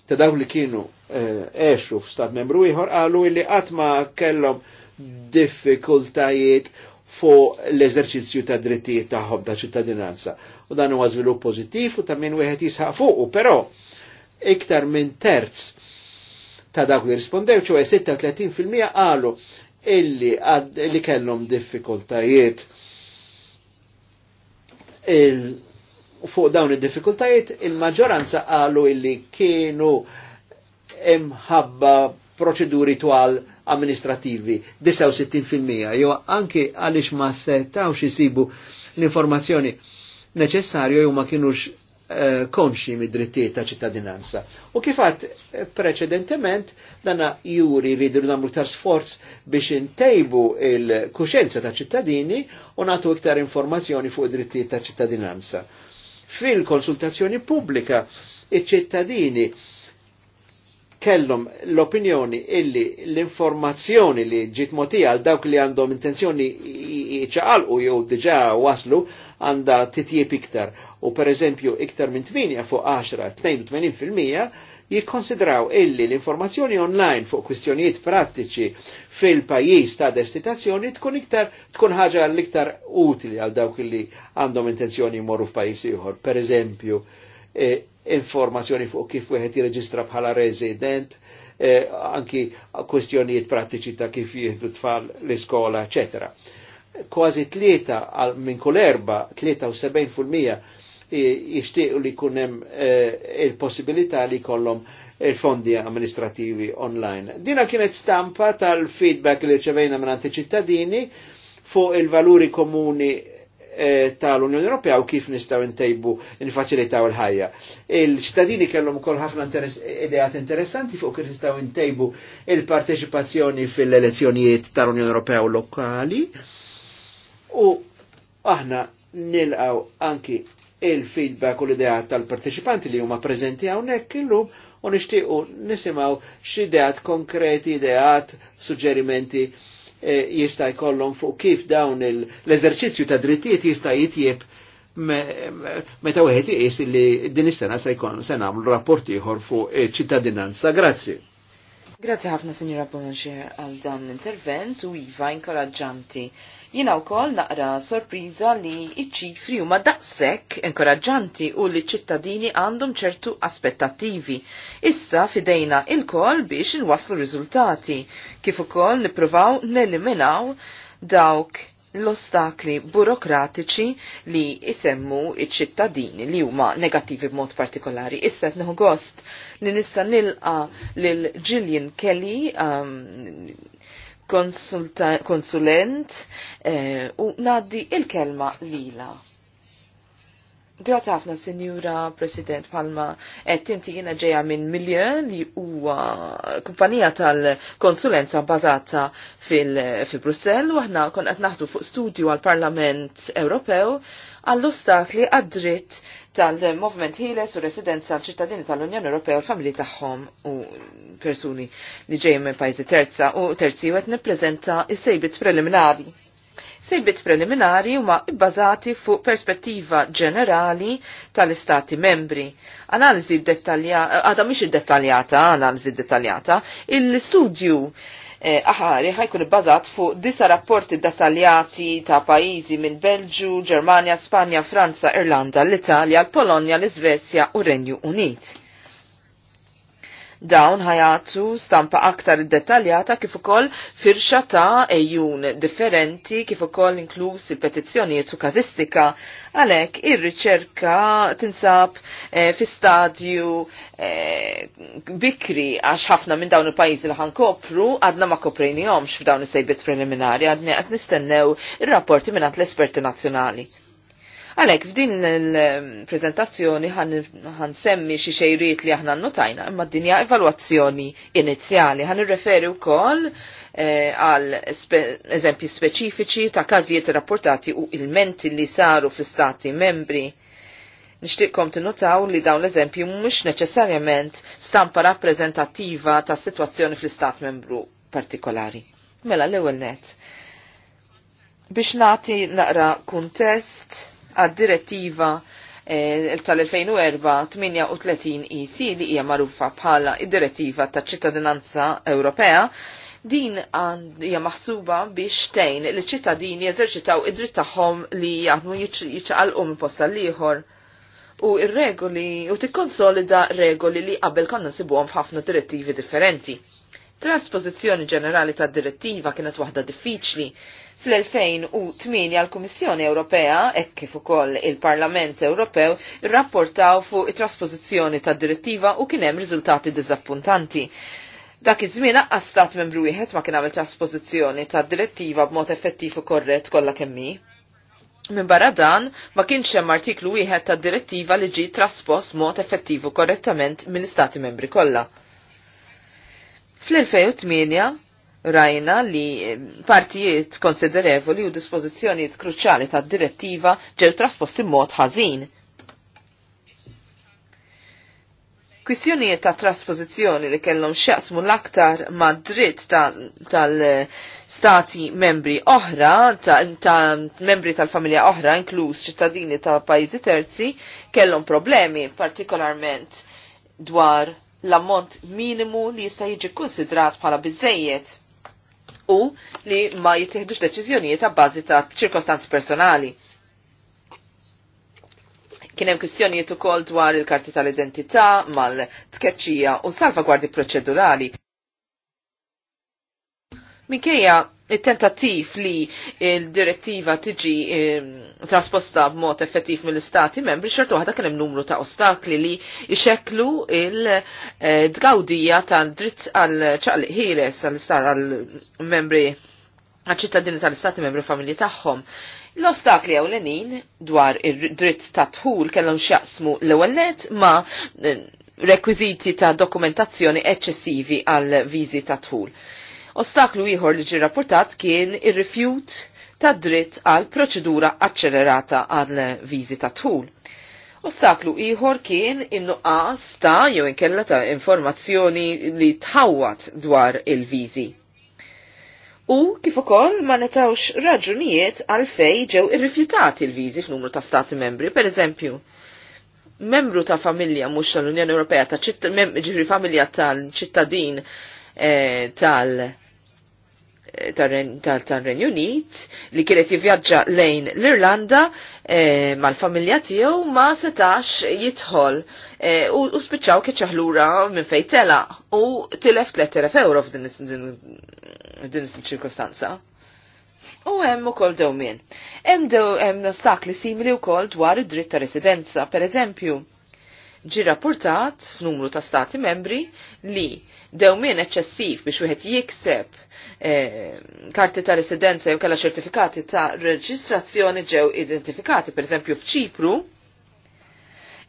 ta' dawn li kienu eħxu f-stat membru jħar għalu li għatma kellom diffikultajiet fuq l-eżerċizzju ta' drittijiet ħob ta' ċittadinanza. U dan huwa żvilupp pożittiv u ta' min wieħed jisħaq fuq, però iktar minn terz ta' dak li rispondew, ċuwe 36% għalu illi li kellhom diffikultajiet fuq dawn id-diffikultajiet il-maġġoranza qalu illi kienu imħabba proċeduri twal amministrativi, 69%, jew anki għaliex ma setawx isibu l-informazzjoni neċessarju jew ma kienux Eh, konxi mid-drittijiet ta' ċittadinanza. U kifat eh, preċedentement dana juri rridu namlu ta' sforz biex intejbu il-kuxenza ta' ċittadini u natu iktar informazzjoni fuq id-drittijiet ta' ċittadinanza. Fil-konsultazzjoni pubblika, iċ-ċittadini kellhom l-opinjoni illi l-informazzjoni li ġiet motija għal dawk li għandhom intenzjoni u jew diġà waslu għandha titjib iktar u per eżempju iktar minn 8 fuq 10, 82% jikkonsidraw illi l-informazzjoni online fuq kwistjonijiet prattiċi fil-pajis ta' destinazzjoni tkun iktar tkun ħaġa l-iktar utili għal dawk li għandhom intenzjoni jmorru f'pajis ieħor. Per eżempju, eh, informazzjoni fuq kif wieħed jirreġistra bħala resident, eh, anki kwestjonijiet pratiċi ta' kif jieħdu tfal l-iskola, eccetera. Kważi tlieta għal minn kull erba, fulmija jixtiequ li kunem eh, il-possibilità li kollom il-fondi amministrativi online. Dina kienet stampa tal-feedback li ċevejna minn ċittadini fuq il-valuri komuni E, tal-Unjoni Ewropea u kif nistgħu ntejbu nfaċilitaw il-ħajja. Il-ċittadini kellhom ukoll ħafna ideat interessanti fuq kif nistgħu ntejbu il-parteċipazzjoni fil-elezzjonijiet tal-Unjoni Ewropea u lokali. U aħna nilqaw anki il-feedback u l-ideat tal-parteċipanti li huma preżenti hawnhekk illum u nixtiequ nisimgħu x'ideat konkreti, ideat, suġġerimenti Eh, jista' jkollhom fuq kif dawn l-eżerċizzju ta' drittijiet jista' jitjieb meta wieħed jqis li din is-sena se jkun se nagħmlu rapport ieħor fuq eh, ċittadinanza. Grazzi. Grazzi ħafna Sinjura Bonanxie għal dan l-intervent u iva inkoraġġanti Jina u kol naqra sorpriza li iċ-ċifri huma daqshekk inkoraġġanti u li ċittadini għandhom ċertu aspettativi. Issa fidejna il kol biex inwaslu rizultati, kif ukoll nippruvaw neliminaw dawk l-ostakli burokratiċi li isemmu iċ-ċittadini li huma negattivi b'mod partikolari. Issa qed gost li nista' nilqa lil Gillian Kelly um, konsulent eh, u naddi il-kelma lila. Grazie ħafna, Signora President Palma, et tinti jina ġeja minn Miljon li huwa kumpanija tal-konsulenza bazata fil-Brussel u aħna kon qed naħdu fuq studju għal-Parlament Ewropew għall-ostakli għad-dritt tal-movement ħiles u residenza tal ċittadini tal-Unjoni Ewropea u l-familji tagħhom u persuni li ġejjin minn pajjiżi terza u terzi wet nippreżenta s sejbiet preliminari. Sejbit preliminari huma bbażati fuq perspettiva ġenerali tal-istati membri. Analiżi dettaljata, għadha mhix iddettaljata, analiżi dettaljata, il-studju Eh, aħari ħajkun ibbażat fuq disa rapporti dettaljati ta' pajjiżi minn Belġu, Ġermanja, Spanja, Franza, Irlanda, l-Italja, l-Polonja, l-Iżvezja u Renju Unit. Dawn ħajatu stampa aktar dettaljata kif ukoll firxa ta' ejjun differenti kif ukoll inkluż il-petizzjonijiet u kazistika. Għalhekk ir-riċerka tinsab e, fi stadju e, bikri għax ħafna minn dawn il-pajjiżi li ħankopru għadna ma koprejnihomx f'dawn is-sejbiet preliminari għadni qed nistennew ir-rapporti minn l-esperti nazzjonali. Għalek, f'din il-prezentazzjoni għan semmi xie xejriet li aħna notajna, imma d-dinja evalwazzjoni inizjali. Għan referi u koll eh, għal eżempji speċifiċi ta' kazijiet rapportati u il-menti li saru fl-stati membri. Nishtiqkom t-notaw li dawn l eżempi mux neċessarjament stampa rappreżentattiva ta' situazzjoni fl-istat membru partikolari. Mela l-ewwel net. Biex nagħti naqra kuntest għad-direttiva eh, tal-2004-38 EC li hija magħrufa bħala id-direttiva taċ-ċittadinanza Ewropea, din hija maħsuba biex tgħin li ċittadini jeżerċitaw id-dritt tagħhom li jaħdmu jiċċaqalqu minn posta l-ieħor. U ir-regoli u tikkonsolida regoli li qabel konna nsibuhom f'ħafna direttivi differenti. Trasposizzjoni ġenerali tad-direttiva kienet waħda diffiċli Fl-2008 għal-Kummissjoni Ewropea, ek kif ukoll il-Parlament Ewropew, rapportaw fuq it-trasposizzjoni tad direttiva u kien hemm riżultati diżappuntanti. Dak iż-żmien aqqas stat membru wieħed ma kien għamel trasposizzjoni tad direttiva b'mod effettiv u korrett kollha kemmi. Min barra dan, ma kienx hemm artiklu wieħed tad-direttiva li ġie traspost mod effettiv u korrettament mill-Istati membri kollha. Fl-2008, rajna li partijiet konsiderevoli u dispożizzjonijiet kruċjali tad direttiva ġew trasposti mod ħażin. Kwistjonijiet ta' traspożizzjoni li kellhom x'jaqsmu l-aktar mad dritt tal-stati membri oħra, ta', ta membri tal-familja oħra, inkluż ċittadini ta' pajjiżi terzi, kellhom problemi partikolarment dwar l-ammont minimu li jista' jiġi konsidrat bħala biżejjed u li ma jittieħdux deċiżjonijiet ta' bażi ta' ċirkostanzi personali. Kien hemm kwistjonijiet ukoll dwar il-karti tal-identità mal-tkeċċija u salvagwardi proċedurali. Minkejja il-tentattiv li il-direttiva tiġi trasposta b'mod effettiv mill-istati membri xortu għadha kien hemm numru ta' ostakli li ixeklu il-dgawdija eh, tal-dritt għal ċaqliq għal-membri għal-ċittadini tal-istati membri familji tagħhom. L-ostakli ewlenin dwar il dritt ta' tħul kellhom x'jaqsmu l-ewwel ma' eh, rekwiziti ta' dokumentazzjoni eċċessivi għal viżi ta' tħul. Ostaklu ieħor li ġi rapportat kien ir-rifjut ta' dritt għal proċedura accelerata għal viżi ta' tħul. Ostaklu ieħor kien in-nuqqas ta' jew inkella ta' informazzjoni li tħawat dwar il-viżi. U kif ukoll ma netawx raġunijiet għal fej ġew irrifjutati l-viżi f'numru ta' stati membri, per eżempju, membru ta' familja mhux tal-Unjoni Ewropea ta' ġifri familja tal-ċittadin tal-, -ċittadin, eh, tal tal-Renju Unit li kienet jivjaġġa lejn l-Irlanda eh, mal-familja tiegħu ma setax jidħol eh, u spiċċaw keċaħlura minn fejn tela u tilef 3000 euro f'din is-ċirkostanza. U hemm ukoll dewmien. Hemm hemm ostakli simili wkoll dwar id-dritt ta' residenza, per eżempju. Ġi rapportat f'numru ta' stati membri li dewmien eċċessiv biex wieħed jikseb E, karti ta' residenza jew kella ċertifikati ta' reġistrazzjoni ġew identifikati, per eżempju f'Ċipru,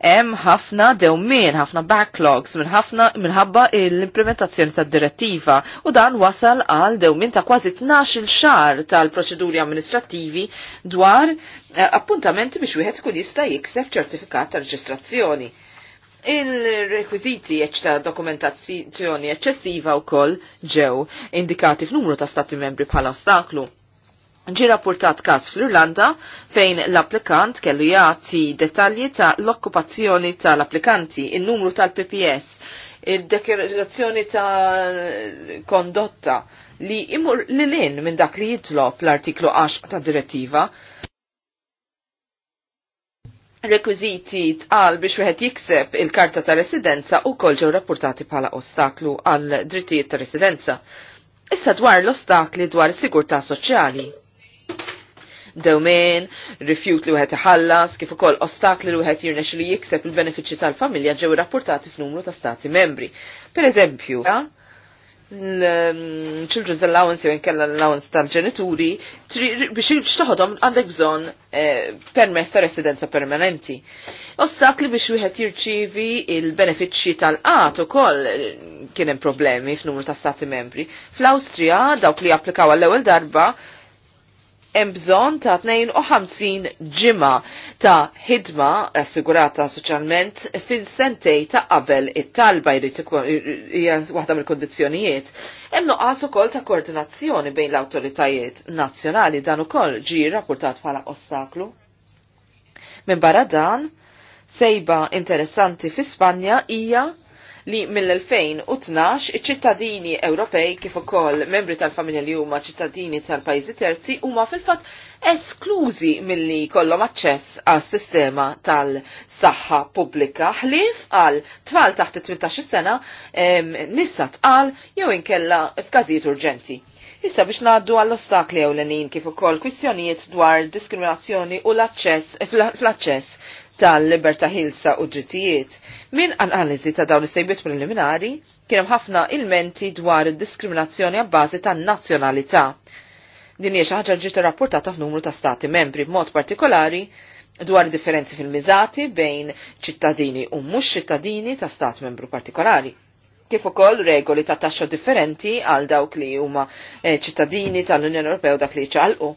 hemm ħafna dewmien, ħafna backlogs minn ħafna minħabba l-implementazzjoni tad-direttiva u dan wasal għal dewmien ta' kważi 12 xar tal-proċeduri amministrattivi dwar e, appuntamenti biex wieħed ikun jista' jikseb ċertifikat ta' reġistrazzjoni. Il-rekwiziti ta' dokumentazzjoni eccessiva u koll ġew indikati f'numru ta' stati membri bħala ostaklu. Ġi rapportat kas fl-Irlanda fejn l-applikant kellu jagħti dettalji ta' l-okkupazzjoni tal-applikanti, il-numru tal-PPS, il-dekirazzjoni ta' kondotta li imur l lin minn dak li jitlob l-artiklu 10 ta' direttiva rekwiziti tqal biex wieħed jikseb il-karta ta' residenza u kol ġew rapportati bħala ostaklu għal drittijiet ta' residenza. Issa dwar l-ostakli dwar sigurtà soċjali. Dewmien, rifjut li wieħed iħallas, kif ukoll ostakli li wieħed jirnex li jikseb il-benefiċċji tal-familja ġew rapportati f'numru ta' stati membri. Per eżempju, l-children's allowance jew inkella l-allowance tal-ġenituri biex xtaħodhom għandek bżonn eh, permess ta' residenza permanenti. Ostakli biex wieħed jirċivi il-benefiċċji tal-qat ukoll eh, kien hemm problemi f'numru ta' stati membri. Fl-Awstrija dawk li applikaw għall-ewwel darba hemm bżonn ta' 52 ġimgħa ta' ħidma assigurata soċjalment fil-sentej ta' qabel it-talba jrid waħda mill-kundizzjonijiet. Hemm nuqqas ukoll ta' koordinazzjoni bejn l-awtoritajiet nazzjonali dan ukoll ġi rrapportat bħala ostaklu. Minn barra dan, sejba interessanti fi Spanja hija li mill-2012 iċ-ċittadini Ewropej kif ukoll membri tal-familja li huma ċittadini tal-pajjiżi terzi huma fil-fatt esklużi milli kollhom aċċess għas sistema tal-saħħa pubblika ħlief għal tfal taħt 18 sena nisa tqal jew inkella f'każijiet urġenti. Issa biex naddu għall-ostakli ewlenin kif ukoll kwistjonijiet dwar diskriminazzjoni u l-aċċess fl-aċċess tal-libertà ħilsa u drittijiet. Min analiżi ta' dawn is-sejbiet preliminari kien hemm ħafna ilmenti dwar id-diskriminazzjoni għabbażi tan-nazzjonalità. Din hija xi ħaġa ġiet irrappurtata f'numru ta' stati membri b'mod partikolari dwar differenzi fil-miżati bejn ċittadini u mhux ċittadini ta' stat membru partikolari kif ukoll regoli ta' taxxa differenti għal dawk li huma eh, ċittadini tal-Unjoni Ewropea u dak li ċalqu.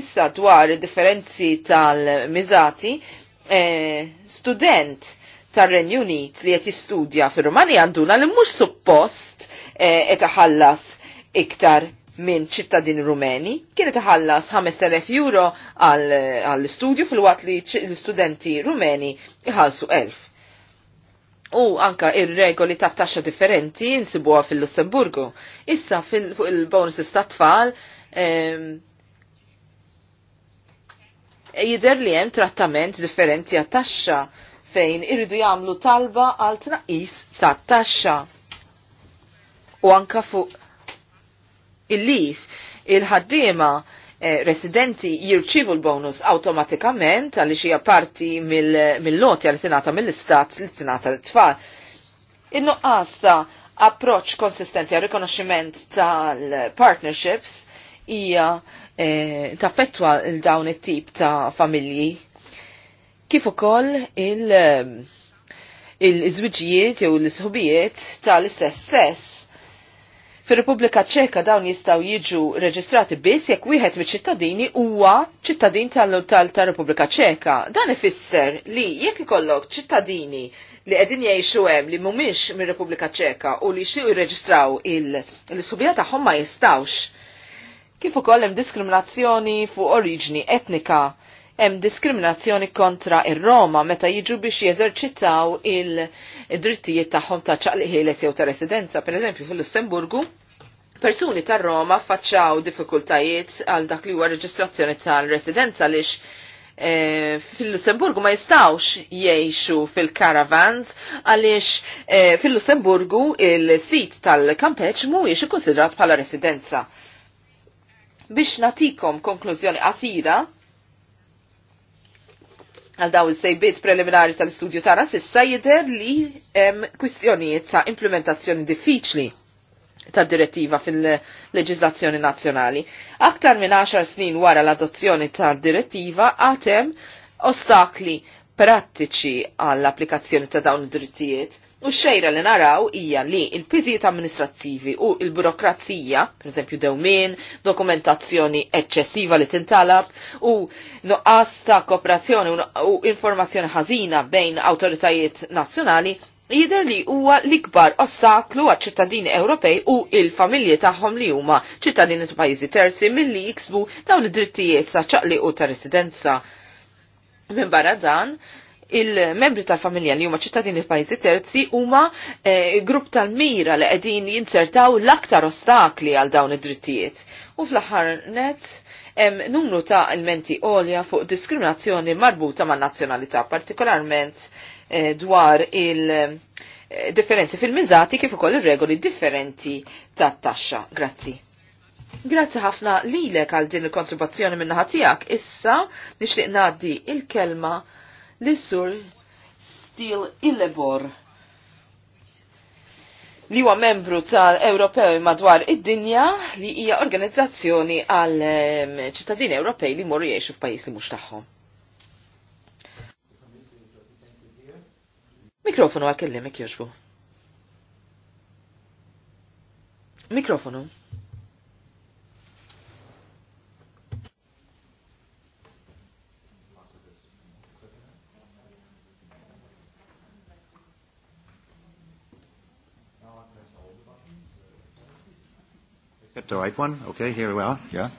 Issa dwar differenzi tal-miżati Eh, student tar-Renju Unit li qed jistudja fir-Rumanija għanduna li mhux suppost eh, qed iħallas iktar minn ċittadini rumeni, kienet iħallas 5.000 euro għall-studju fil-wat li l-studenti rumeni iħallsu 1.000. U anka ir-regoli ta' taxxa differenti insibuha fil-Lussemburgu. Issa fil il-bonuses ta' tfal, ehm, jider li hemm trattament differenti għat-taxxa fejn irridu jagħmlu talba għal tnaqqis tat-taxxa. U anka fuq il-lif il-ħaddiema eh, residenti jirċivu l-bonus automatikament għalli xija parti mill-loti għal tinata mill-istat li tinata l-tfal. Il-nuqqas ta' approċ konsistenti għal rikonoxximent tal-partnerships hija Eh, taffettwa dawn it-tip ta' familji. Kif ukoll il- eh, il-żwiġijiet jew l isħubijiet tal-istess sess. Fir-Repubblika Ċeka dawn jistgħu jiġu reġistrati biss jekk wieħed miċ-ċittadini huwa ċittadin tal-Repubblika Ċeka. Dan ifisser li jekk ikollok ċittadini li qegħdin jgħixu hemm li mhumiex mir-Repubblika Ċeka u li xi jirreġistraw il-subija tagħhom ma jistgħux Kif ukoll hemm diskriminazzjoni fuq oriġni etnika, hemm diskriminazzjoni kontra ir-Roma meta jiġu biex jeżerċitaw il-drittijiet tagħhom ta' ċaqliħieles jew ta' residenza, pereżempju fil-Lussemburgu. Persuni tar Roma faċċaw diffikultajiet għal dak li huwa reġistrazzjoni tal-residenza lix E, eh, fil-Lussemburgu ma jistawx jiexu fil-karavans għaliex e, eh, fil-Lussemburgu il-sit tal-kampeċ mu jiexu konsidrat bħala residenza biex natikom konklużjoni qasira għal daw il-sejbiet preliminari tal-istudju tara sissa jider li kwistjonijiet ta' implementazzjoni diffiċli ta' direttiva fil-leġizlazzjoni nazjonali. Aktar minn 10 snin wara l-adozzjoni ta' direttiva għatem ostakli prattiċi għall-applikazzjoni ta' dawn id-drittijiet U xejra li naraw hija li il-piżijiet amministrattivi u il-burokrazija, per eżempju dewmin, dokumentazzjoni eċċessiva li tintalab u noqas ta' kooperazzjoni u informazzjoni ħażina bejn awtoritajiet nazzjonali jider li huwa l-ikbar ostaklu għat ċittadini Ewropej u il-familji tagħhom li huma ċittadini ta' pajjiżi terzi milli jiksbu dawn id-drittijiet ta' ċaqli u ta' residenza. Minn barra dan, il-membri tal-familja li huma ċittadini f'pajjiżi terzi huma eh, grupp tal-mira li qegħdin jinsertaw l-aktar ostakli għal dawn id-drittijiet. U fl-aħħar net hemm numru ta' elementi għolja fuq diskriminazzjoni marbuta ma' nazzjonalità, partikolarment eh, dwar il- eh, differenzi fil-miżati kif ukoll ir-regoli differenti tat-taxxa. Grazzi. Grazzi ħafna lilek għal din il-kontribuzzjoni minn tiegħek. Issa nixtieq ngħaddi il-kelma il kelma l issur Stil Illebor li huwa membru tal-Ewropew madwar id-dinja li hija organizzazzjoni għal ċittadini Ewropej li morru jgħixu f'pajjiż li mhux tagħhom. Mikrofonu għal kellimek jogħġbu. Mikrofonu. the right one? Okay, here we are. Yeah.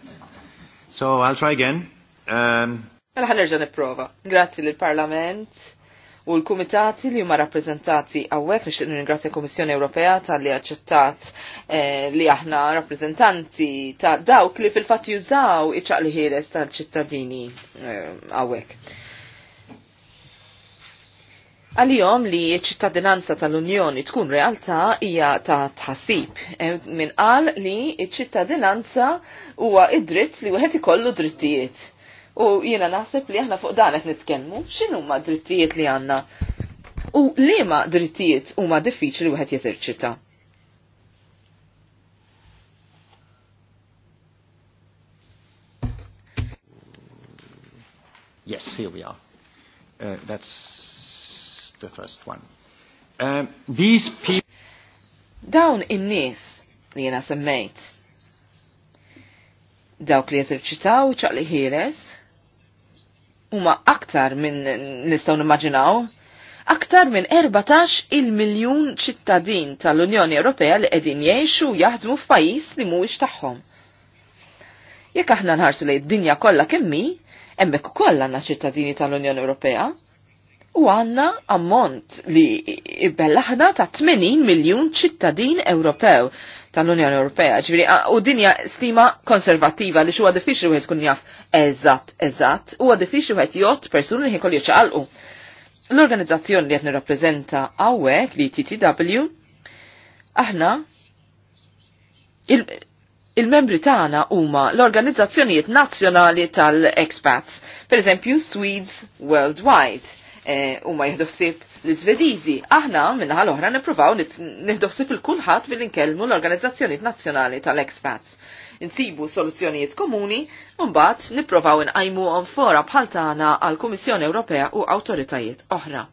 So I'll try again. Um, mela ħanerġa nipprova. Grazzi lill-Parlament u l-kumitati li huma rappreżentati hawnhekk nixtieq nirringrazzja l-Kummissjoni Ewropea tal-li aċċettat eh, li aħna rappreżentanti ta' dawk li fil-fatt jużaw iċ ħieles tal-ċittadini eh, hawnhekk. Għal-jom li ċittadinanza tal-Unjoni tkun realtà hija ta' tħassib. E, min qal li ċittadinanza huwa id-dritt li wieħed ikollu drittijiet. U jiena naħseb li aħna fuq dan qed nitkellmu x'inhuma drittijiet li għandna u liema drittijiet huma diffiċli wieħed jeżerċita. Yes, here we are. Uh, that's the first one. Um, these people... Dawn in-nies li jena semmejt. Dawk li jeżerċitaw ċaqli ħieles huma aktar minn nistgħu nimmaġinaw aktar minn 14 il-miljun ċittadin tal-Unjoni Ewropea li qegħdin jgħixu jaħdmu f'pajjiż li mhuwiex tagħhom. Jekk aħna nħarsu lejn id-dinja kollha kemm hi, hemmhekk ukoll għandna ċittadini tal-Unjoni Ewropea u għanna ammont li bellaħna ta' 80 miljon ċittadin Ewropew tal-Unjoni Ewropea. Ġviri, u dinja stima konservativa li xuwa diffiċli wieħed kun jaf eżatt, eżatt, huwa diffiċli wieħed jgħod persuni li jkollu jċaqalqu. L-organizzazzjoni li qed nirrappreżenta hawnhekk li TTW aħna il-membri il tagħna huma l-organizzazzjonijiet nazzjonali tal-expats, pereżempju Swedes Worldwide huma eh, ma ħsieb l-Svediżi. Aħna minnaħa l-oħra nippruvaw nieħdu il kulħadd billi nkellmu l-Organizzazzjonijiet Nazzjonali tal-Expats. Insibu soluzzjonijiet komuni u mbagħad nippruvaw inqajmuhom fora bħal tagħna għall-Kummissjoni Ewropea u awtoritajiet oħra.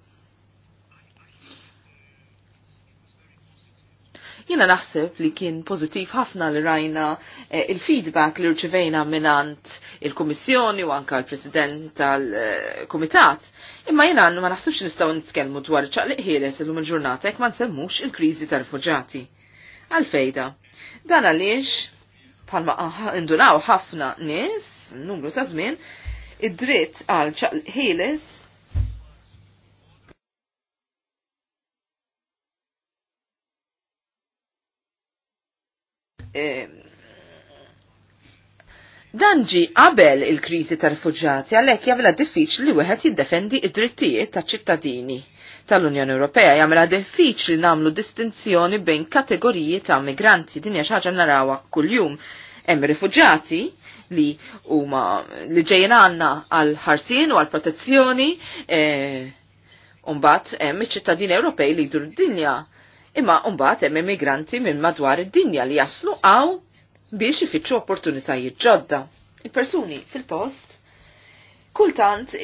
jina naħseb li kien pozittiv ħafna li rajna eh, il-feedback li rċivejna minant il-Komissjoni u anka l-President tal-Komitat. Imma għannu ma naħsibx nistaw nitkellmu dwar ċaqliq ħieles l lum il-ġurnata jek ma nsemmux il-krizi tal għal Għalfejda, dan għaliex palma indunaw ħafna nis, numru ta' żmien, id-dritt għal ċaqliq ħieles Ehm, dan ġi qabel il-kriżi tar-rifuġġati għalhekk jagħmilha diffiċli li wieħed jiddefendi id-drittijiet taċ-ċittadini tal-Unjoni Ewropea jagħmilha diffiċli nagħmlu distinzjoni bejn kategoriji ta' migranti din hija xi ħaġa narawha kuljum. Hemm rifuġġati li huma li ġejjin għandna għal ħarsien u għal protezzjoni eh, U mbagħad hemm iċ-ċittadini Ewropej li jdur dinja imma mbagħad hemm immigranti minn madwar id-dinja li jaslu għaw biex ifittxu opportunitajiet ġodda. Il-persuni fil-post kultant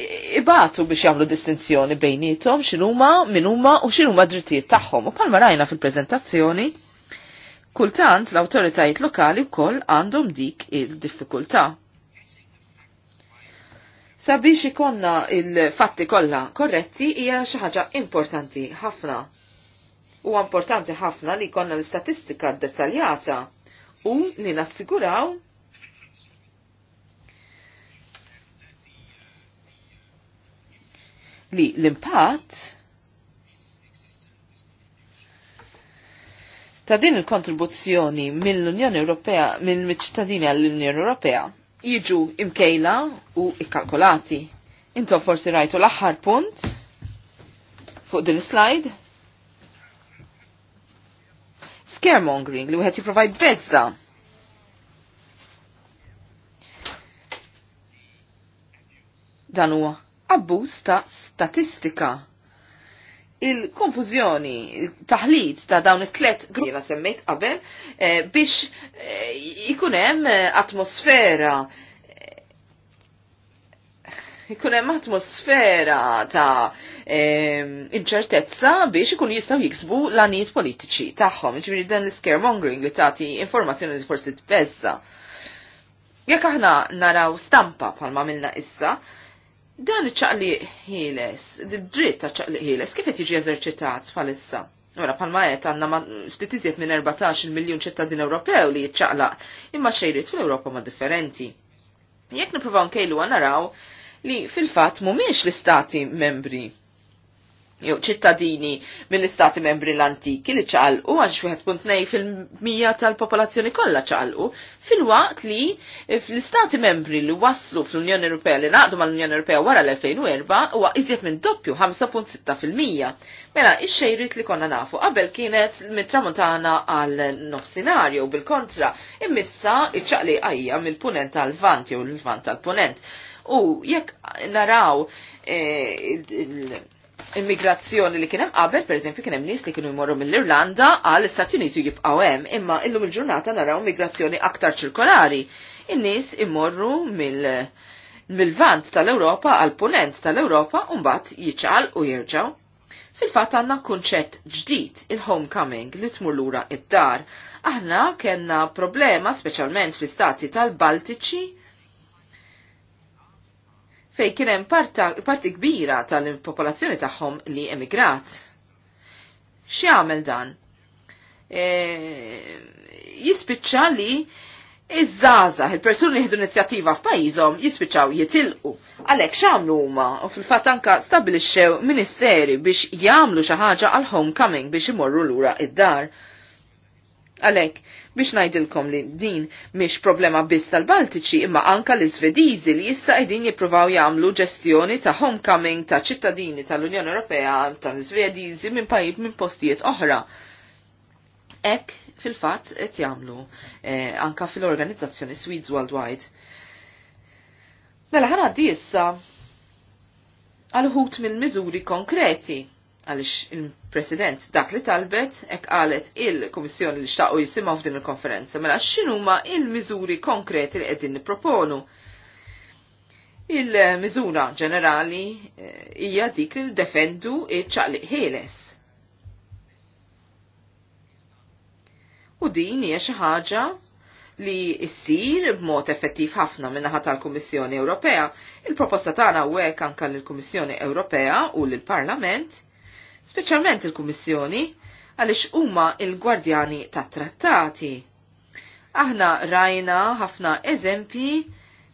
ibatu biex jagħmlu distinzjoni bejnietom x'inhuma min huma u x'inhuma drittijiet tagħhom. U palma rajna fil-preżentazzjoni, kultant l-awtoritajiet lokali wkoll għandhom dik il-diffikultà. Sabiex ikonna il-fatti kollha korretti hija xi ħaġa importanti ħafna U importanti ħafna li konna l-istatistika dettaljata u li nassiguraw li l-impatt ta' din il-kontribuzzjoni mill-Unjoni Ewropea, mill-ċittadini għall-Unjoni Ewropea, jiġu imkejla u ikkalkolati. Intom forsi rajtu l-aħħar punt fuq din slide scaremongering li wieħed jipprovaj bezza. Dan huwa abbuż ta' statistika. Il-konfużjoni, il-taħlit ta' dawn it-tlet jiena semmejt qabel eh, biex eh, ikun hemm eh, atmosfera ikun hemm atmosfera ta' inċertezza biex ikun jistaw jiksbu l-għanijiet politiċi tagħhom. Ġifieri dan l-scaremongering li tagħti informazzjoni li forsi tpezza. Jekk aħna naraw stampa bħalma minna issa, dan iċċaqli ħieles, dritt ta' ċaqli ħieles, kif qed jiġi eżerċitat bħalissa? Ora bħalma għet għandna ftit iżjed minn 14 miljun ċittadin Ewropew li jiċċaqlaq, imma xejrit fl-Ewropa ma' differenti. Jekk nippruvaw nkejlu naraw li fil-fatt mhumiex l-istati membri jew ċittadini mill-istati membri l-antiki li ċalqu għan xwieħed punt fil-mija tal-popolazzjoni kollha ċalqu fil-waqt li fl-istati membri li waslu fl-Unjoni Ewropea li naqdu mal-Unjoni Ewropea wara l-2004 huwa iżjed minn doppju 5.6%. Mela, ix-xejrit li konna nafu qabel kienet mit-tramuntana għal nofsinarju bil-kontra immissa iċċaqli għajja mill-punent tal-vant jew l-vant tal-punent. U jekk naraw eh, il immigrazzjoni li kienem qabel, per esempio, kienem nis li kienu jmorru mill-Irlanda għal istati Uniti jibqaw hemm, imma illum il-ġurnata naraw immigrazzjoni aktar ċirkolari. In-nies immorru mill- mill-vant tal-Ewropa għal punent tal-Ewropa u mbagħad jiċċal u jerġgħu. Fil-fatt għandna kunċett ġdid il-homecoming li tmur lura id-dar. Aħna kellna problema speċjalment fl-istati tal-Baltiċi fej kien hemm parti kbira tal-popolazzjoni tagħhom li emigrat. għamel dan? E, jispiċċa li Iż-żaza, il-persuni jihdu inizjattiva f'pajjiżhom jispiċċaw jitilqu. Għalhekk x'għamlu huma u fil-fatt anka stabbilixxew ministeri biex jagħmlu xi ħaġa għall homecoming biex imorru lura id-dar. Għalhekk biex najdilkom li din miex problema biss tal-Baltiċi imma anka l-Svedizi li issa qegħdin jippruvaw jagħmlu ġestjoni ta' homecoming ta' ċittadini tal-Unjoni Ewropea tal-Svedizi minn pajib minn postijiet oħra. Ek fil-fatt qed jagħmlu eh, anka fil-organizzazzjoni Swedes Worldwide. Mela ħana issa għal ħut mill-miżuri konkreti għalix il-President dak li talbet ek għalet il-Komissjoni li xtaqo jisimaw f'din il-konferenza, mela x'inhuma il-miżuri konkreti li qegħdin nipproponu. Il-miżura ġenerali eh, hija dik li defendu iċ-ċaqliq ħieles. U din hija xi ħaġa li issir b'mod effettiv ħafna minnaħa tal-Kummissjoni Ewropea. Il-proposta tagħna hekk anke lill-Kummissjoni Ewropea u lill-Parlament speċjalment il-Kummissjoni, għaliex huma il-gwardjani tat-trattati. Aħna rajna ħafna eżempji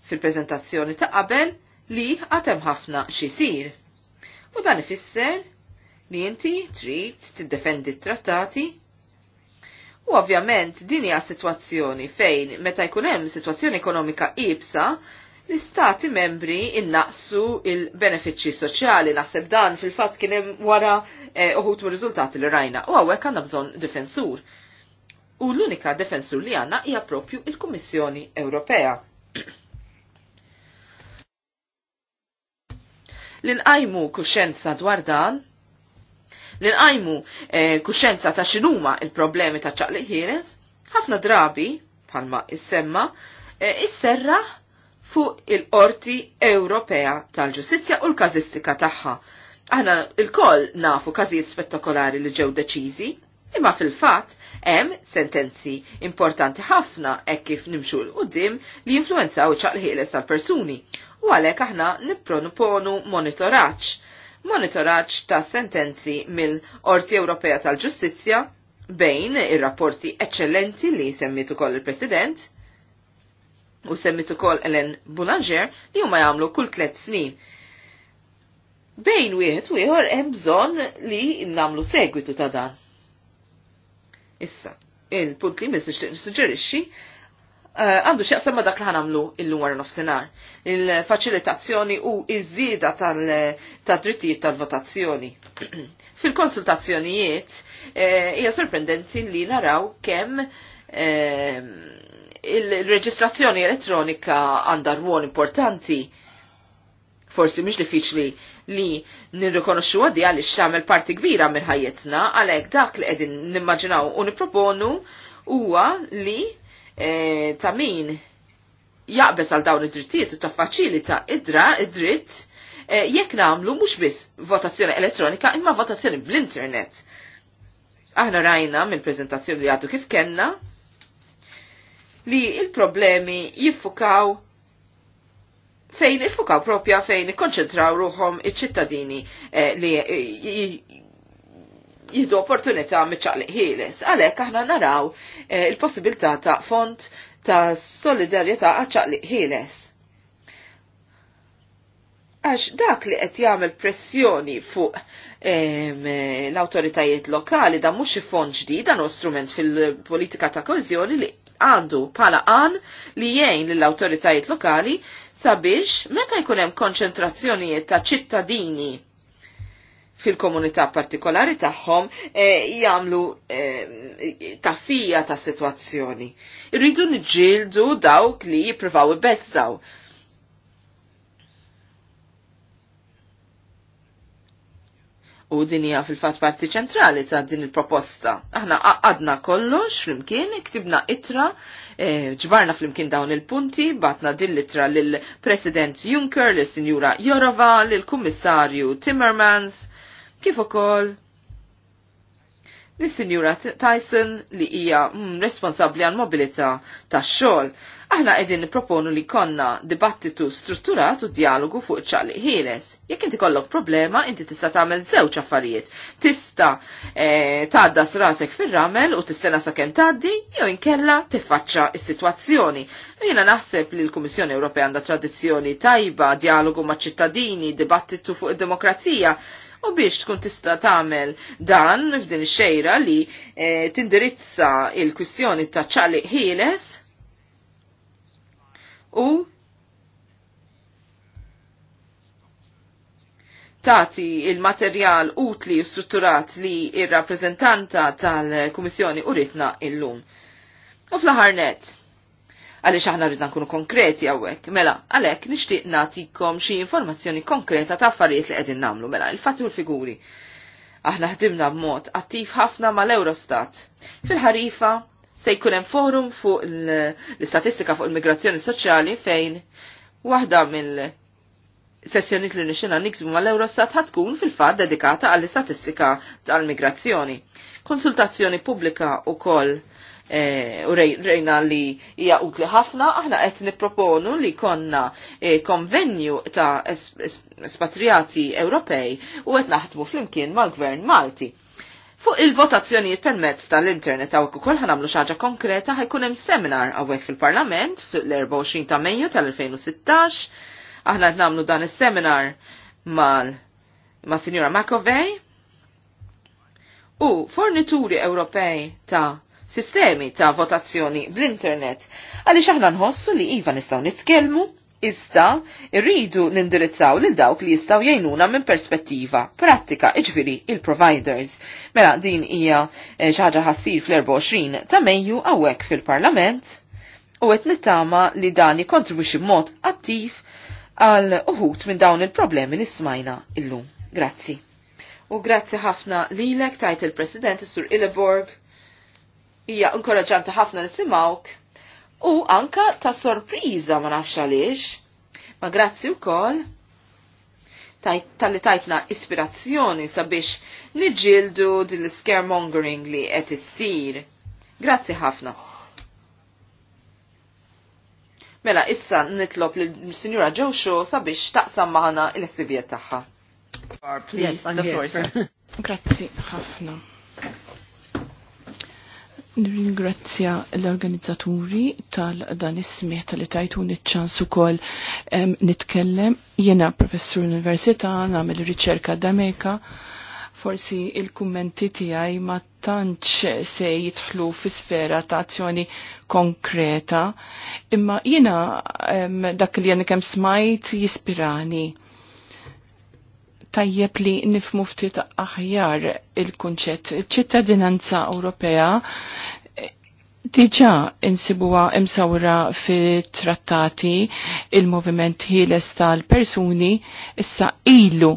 fil-prezentazzjoni ta' qabel li għatem ħafna xisir. U dan ifisser li inti trid tiddefendi t-trattati U ovvjament din hija sitwazzjoni fejn meta jkun hemm sitwazzjoni ekonomika ibsa, l-istati membri innaqsu il-benefiċċji soċjali naħseb dan fil-fatt kien hemm wara eh, uħut mir riżultati li rajna u hawnhekk għandna bżonn difensur. U l-unika difensur li għandna hija propju il-Kummissjoni Ewropea. L-inqajmu kuxenza dwar dan l-inqajmu eh, kuxenza ta' xinuma il-problemi ta' ċaqli ħafna drabi, palma is-semma, eh, is-serraħ fuq il-Qorti Ewropea tal-Ġustizzja u l-kazistika tagħha. Aħna il-koll nafu każijiet spettakolari li ġew deċiżi, imma fil-fatt hemm sentenzi importanti ħafna hekk kif nimxu l qudiem li jinfluenzaw ħieles tal-persuni u għalhekk aħna nipproponu monitoraġġ. Monitoraġġ ta' sentenzi mill-Qorti Ewropea tal-Ġustizzja bejn ir-rapporti eccellenti li semmitu koll il-President, u semmit ukoll Ellen Boulanger li huma jagħmlu kull tliet snin. Bejn wieħed u ieħor hemm bżonn li nagħmlu segwitu ta' dan. Issa, il-punt li mis suġġerixxi eh, għandu xieqsam ma dak li ħanamlu il-lum għar nofsenar. Il-facilitazzjoni u iż-żieda tal-drittijiet tal-votazzjoni. Fil-konsultazzjonijiet eh, hija sorprendenti li naraw kemm eh, il-reġistrazzjoni elettronika għandha rwol importanti. Forsi mhix diffiċli li nirrikonoxxu għadi għaliex tagħmel parti kbira minn ħajjetna għalhekk dak li qegħdin nimmaġinaw u nipproponu huwa li e, ta' min jaqbes għal dawn id-drittijiet u ta' faċilita idra id-dritt e, jekk nagħmlu mhux biss votazzjoni elettronika imma votazzjoni bl-internet. Aħna rajna mill-preżentazzjoni li għadu kif kenna li il-problemi jiffukaw fejn iffukaw propja fejn ikkonċentraw ruħom iċ-ċittadini eh, li eh, jihdu opportunità miċċaqliq ħieles. Għalhekk aħna naraw eh, il-possibilità ta' font ta' solidarjetà għaċċaqliq ħieles. Għax dak li qed jagħmel pressjoni fuq l-awtoritajiet lokali da mhux fond ġdid dan strument fil-politika ta' koeżjoni li għandu pala għan li jgħin l awtoritajiet lokali sabiex meta jkun hemm konċentrazzjonijiet ta' ċittadini fil-komunità partikolari tagħhom e, jagħmlu e, taffija ta' sitwazzjoni. Irridu niġġieldu dawk li jippruvaw ibezzaw u din hija fil-fatt parti ċentrali ta' din il-proposta. Aħna għadna kollox flimkien, ktibna itra, e, ġbarna flimkien dawn il-punti, batna din l-itra lill-President Juncker, lill-Sinjura Jorova, lill-Kummissarju Timmermans, kif ukoll l-Sinjura Tyson li hija mm, responsabbli għal mobilità tax-xogħol. Aħna qegħdin nipproponu li konna dibattitu strutturat u dialogu fuq ċaqli ħieles. Jekk inti kollok problema, inti tista' tagħmel żewġ affarijiet. Tista' eh, tgħadda rasek fir-ramel u tistenna sakemm tgħaddi jew inkella tiffaċċa s-sitwazzjoni. Jiena naħseb li l-Kummissjoni Ewropea għandha tradizzjoni tajba, dialogu maċ-ċittadini, dibattitu fuq id-demokrazija u biex tkun tista' tagħmel dan f'din ix-xejra li e, tindirizza il-kwistjoni ta' ċaliq ħieles u tati il-materjal utli u strutturat li ir-rappreżentanta tal-Kummissjoni uritna illum. U fl aħarnet għaliex aħna rridna nkunu konkreti għawek, Mela, għalhekk nixtieq nagħtikom xi informazzjoni konkreta ta' affarijiet li qegħdin nagħmlu mela il-fatti u l-figuri. Aħna ħdimna b'mod attiv ħafna mal-Eurostat. Fil-ħarifa se jkun hemm forum fuq l-istatistika fuq il-migrazzjoni soċjali fejn waħda mill sessjoniet li nixina niksbu mal-Eurostat ħatkun fil-fat dedikata għall-istatistika tal-migrazzjoni. Konsultazzjoni pubblika u koll Eh, u rejna li hija utli ħafna, aħna qed nipproponu li konna eh, konvenju ta' espatriati Ewropej u qed naħdmu flimkien mal-Gvern Malti. Fuq il-votazzjonijiet permezz tal-internet għawek u kolħan għamlu xaġa konkreta ħajkun hemm seminar għawek fil-Parlament fl 24 ta' Mejju tal-2016. Aħna qed nagħmlu dan is-seminar mal ma' Sinjora McAvey u fornituri Ewropej ta' sistemi ta' votazzjoni bl-internet. Għaliex aħna nħossu li iva nistgħu nitkellmu, iżda rridu nindirizzaw lil dawk li jistgħu jgħinuna minn perspettiva prattika, iġviri il-providers. Mela din hija eh, xi ħaġa ħassir fl-24 ta' Mejju hawnhekk fil-Parlament u qed nittama li dan jikontribwixxi b'mod attiv għal uħut minn dawn il-problemi li smajna illum. Grazzi. U grazzi ħafna lilek tajt il-President Sur Illeborg hija inkoraġanti ħafna nisimgħuk u anka ta' sorpriża ma nafx għaliex. Ma grazzi wkoll tal-li tajtna ispirazzjoni sabiex niġġieldu din l-scaremongering li qed issir. Grazzi ħafna. Mela issa nitlob lill-Sinjura Ġewxo sabiex taqsam maħna il-ħsibijiet tagħha. Grazzi ħafna. Nirringrazzja l-organizzaturi tal-dan is-smieħ li tajtun iċ-ċans ukoll nitkellem. Jiena professur l-Università, nagħmel riċerka d ameka forsi il-kummenti tiegħi ma tantx se jidħlu fi sfera ta' azzjoni konkreta, imma jiena dak li jenikem kemm smajt jispirani tajjeb li nifmu ftit aħjar il-kunċett. ċittadinanza Ewropea Diġa insibuwa imsawra fi trattati il-moviment ħieles tal-persuni issa ilu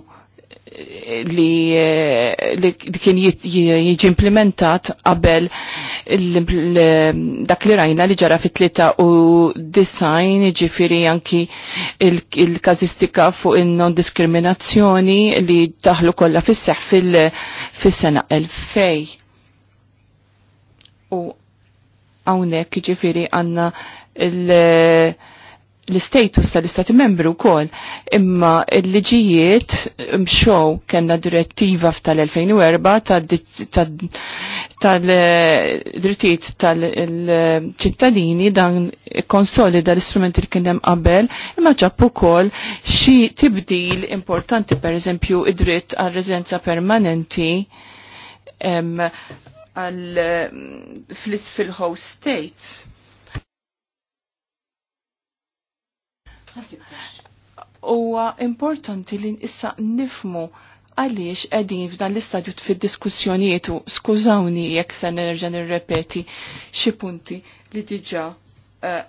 li, li kien jiġi implementat qabel dak li rajna li ġara fit tlita u design ġifiri anki il-kazistika il fuq il-non diskriminazzjoni li daħlu kollha fis-seħ fil-sena 2000. U hawnhekk ġifiri għandna il- l-status tal-istati membru kol imma l-liġijiet mxow kena direttiva tal-2004 tal-drittijiet tal-ċittadini dan konsoli l-istrumenti li kienem qabel imma ġappu kol xi tibdil importanti per eżempju id-dritt għal rezenza permanenti għal fil-host states Huwa importanti li issa nifmu għaliex edin f'dan l-istadju fid diskussjonietu skużawni jekk se nerġa' nirrepeti xi punti li diġa' eh,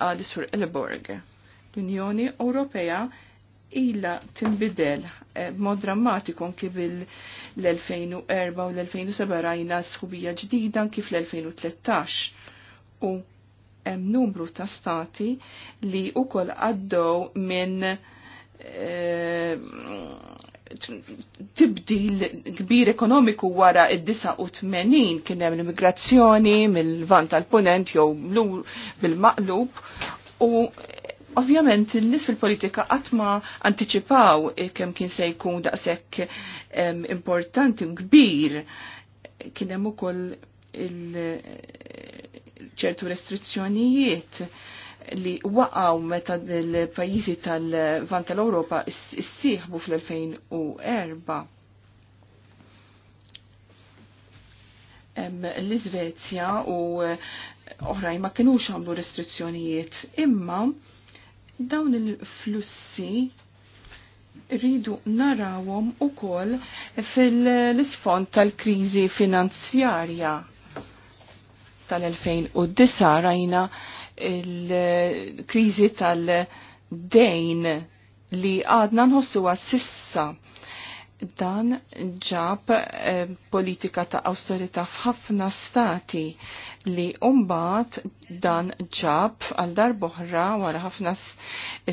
għal sur il-borg. L-Unjoni Ewropea illa timbidel eh, b'mod drammatiku anki bil-2004 u l-2007 rajna sħubija ġdida anki fl-2013 u hemm numru ta' stati li ukoll għaddew minn eh, tibdil kbir ekonomiku wara id-89 kien hemm l-immigrazzjoni mill-vant tal-punent jew bil-maqlub u Ovvjament, l nis fil-politika għatma anticipaw kem kien se jkun daqsek importanti kbir kien hemm ukoll ċertu restrizzjonijiet li waqaw meta l-pajjiżi tal-Vant tal-Ewropa issieħbu fl-2004. L-Iżvezja u eh, oħrajn ma kinux għamlu restrizzjonijiet, imma dawn il-flussi rridu narawhom ukoll fil-isfond tal-kriżi finanzjarja tal-2009 rajna il-krizi tal-dejn li għadna nħossuwa sissa dan ġab eh, politika ta' austerita f'ħafna stati li umbat dan ġab għal darboħra wara ħafna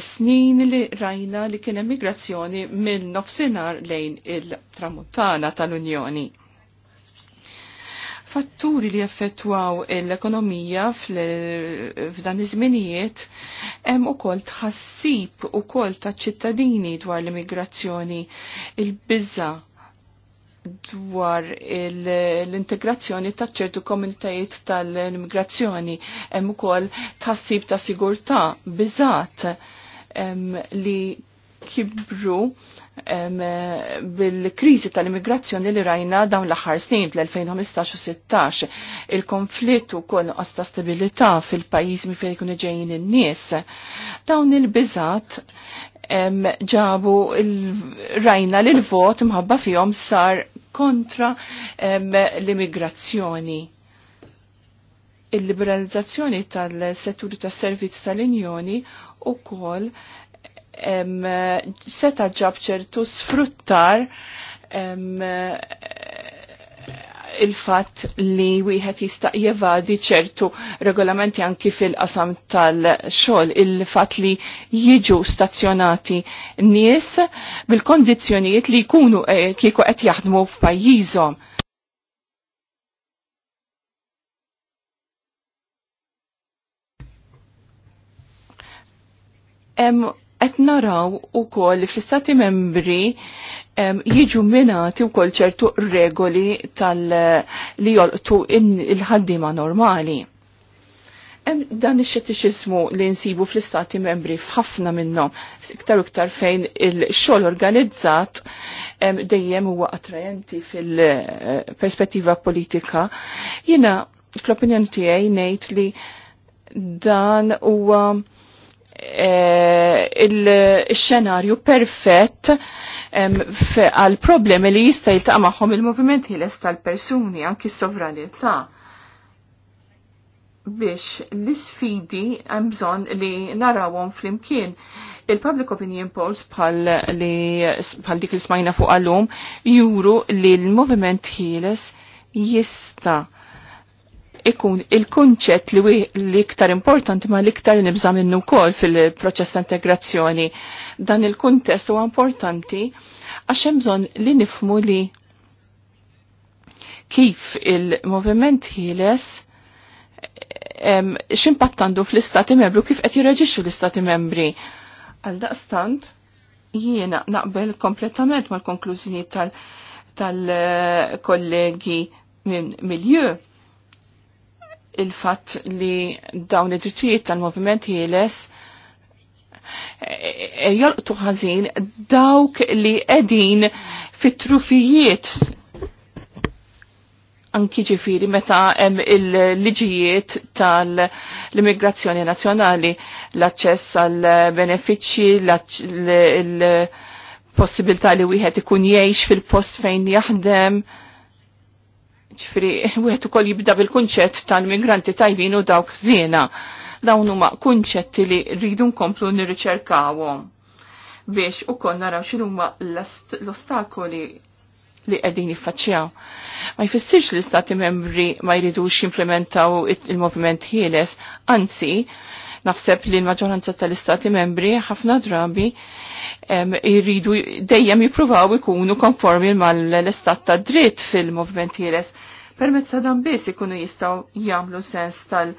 snin li rajna li kien emigrazzjoni mill nofsinar lejn il-tramuntana tal-Unjoni fatturi li effettwaw l-ekonomija f'dan iż-żminijiet hemm ukoll tħassib ukoll ta' ċittadini dwar l-immigrazzjoni il-biża dwar l-integrazzjoni ta' ċertu komunitajiet tal-immigrazzjoni hemm ukoll tħassib ta' sigurtà biżgħat li kibru bil-krizi tal-immigrazzjoni li rajna dawn l-aħħar snin fl-2015 u 16 il-konflitt ukoll nuqqas ta' stabilità fil-pajjiż mi fejn ikunu ġejjin in-nies dawn il-biżat ġabu rajna li l-vot mħabba fihom sar kontra l-immigrazzjoni il-liberalizzazzjoni tal-setturi tas-servizz tal-Unjoni u kol seta ġabċer ċertu sfruttar il-fat li wieħed jista' jevadi ċertu regolamenti anki fil-qasam tal-xogħol il-fat li jiġu stazzjonati nies bil-kondizzjonijiet li jkunu eh, kieku qed jaħdmu f'pajjiżhom qed naraw ukoll li fl-istati membri jiġu minati wkoll ċertu regoli tal li jolqtu il-ħaddima normali. Dan ix-xetixizmu li nsibu fl-istati membri f'ħafna minnhom iktar u iktar fejn il-xogħol organizzat dejjem huwa attrajenti fil-perspettiva politika. Jiena fl-opinjoni tiegħi ngħid li dan huwa uh, Eh, il-xenarju perfett għal problemi li jista' jiltaqa' magħhom il-moviment ħieles tal-persuni anki s-sovranità biex l-isfidi hemm bżonn li narawhom flimkien. Il-public opinion polls bħal dik li smajna fuq għalhom juru li l-moviment ħieles jista' ikun il-kunċett li l-iktar importanti ma l-iktar nibża minnu kol fil-proċess integrazzjoni. Dan il-kuntest huwa importanti għax hemm bżonn li nifmu li kif il-moviment ħieles ximpattandu fl-istati membru kif qed jirreġixxu l-istati membri. Għal daqstant jiena naqbel kompletament mal-konklużjoni tal-kollegi tal eh, minn milju il-fatt li dawn id-drittijiet tal movimenti jeles e, e, e, jolqtu ħażin dawk li qegħdin fit-trufijiet anki ġifiri meta hemm il-liġijiet tal-immigrazzjoni nazzjonali, l-aċċess għal benefiċċji, l-possibilità li wieħed ikun jgħix fil-post fejn jaħdem ġifri, wieħed ukoll jibda bil-kunċett tal-migranti tajbin u dawk żiena. Dawn huma kunċetti li rridu nkomplu nirriċerkawhom biex ukoll naraw x'inhuma l-ostakoli li qegħdin jiffaċċjaw. Ma jfissirx li stati membri ma jridux jimplementaw il-moviment ħieles, anzi, naħseb li l-maġġoranza tal-istati membri ħafna drabi jridu dejjem jippruvaw ikunu konformi mal-istat ta' dritt fil-movement ħieles Permezz ta' dan biss ikunu jistgħu jagħmlu sens tal-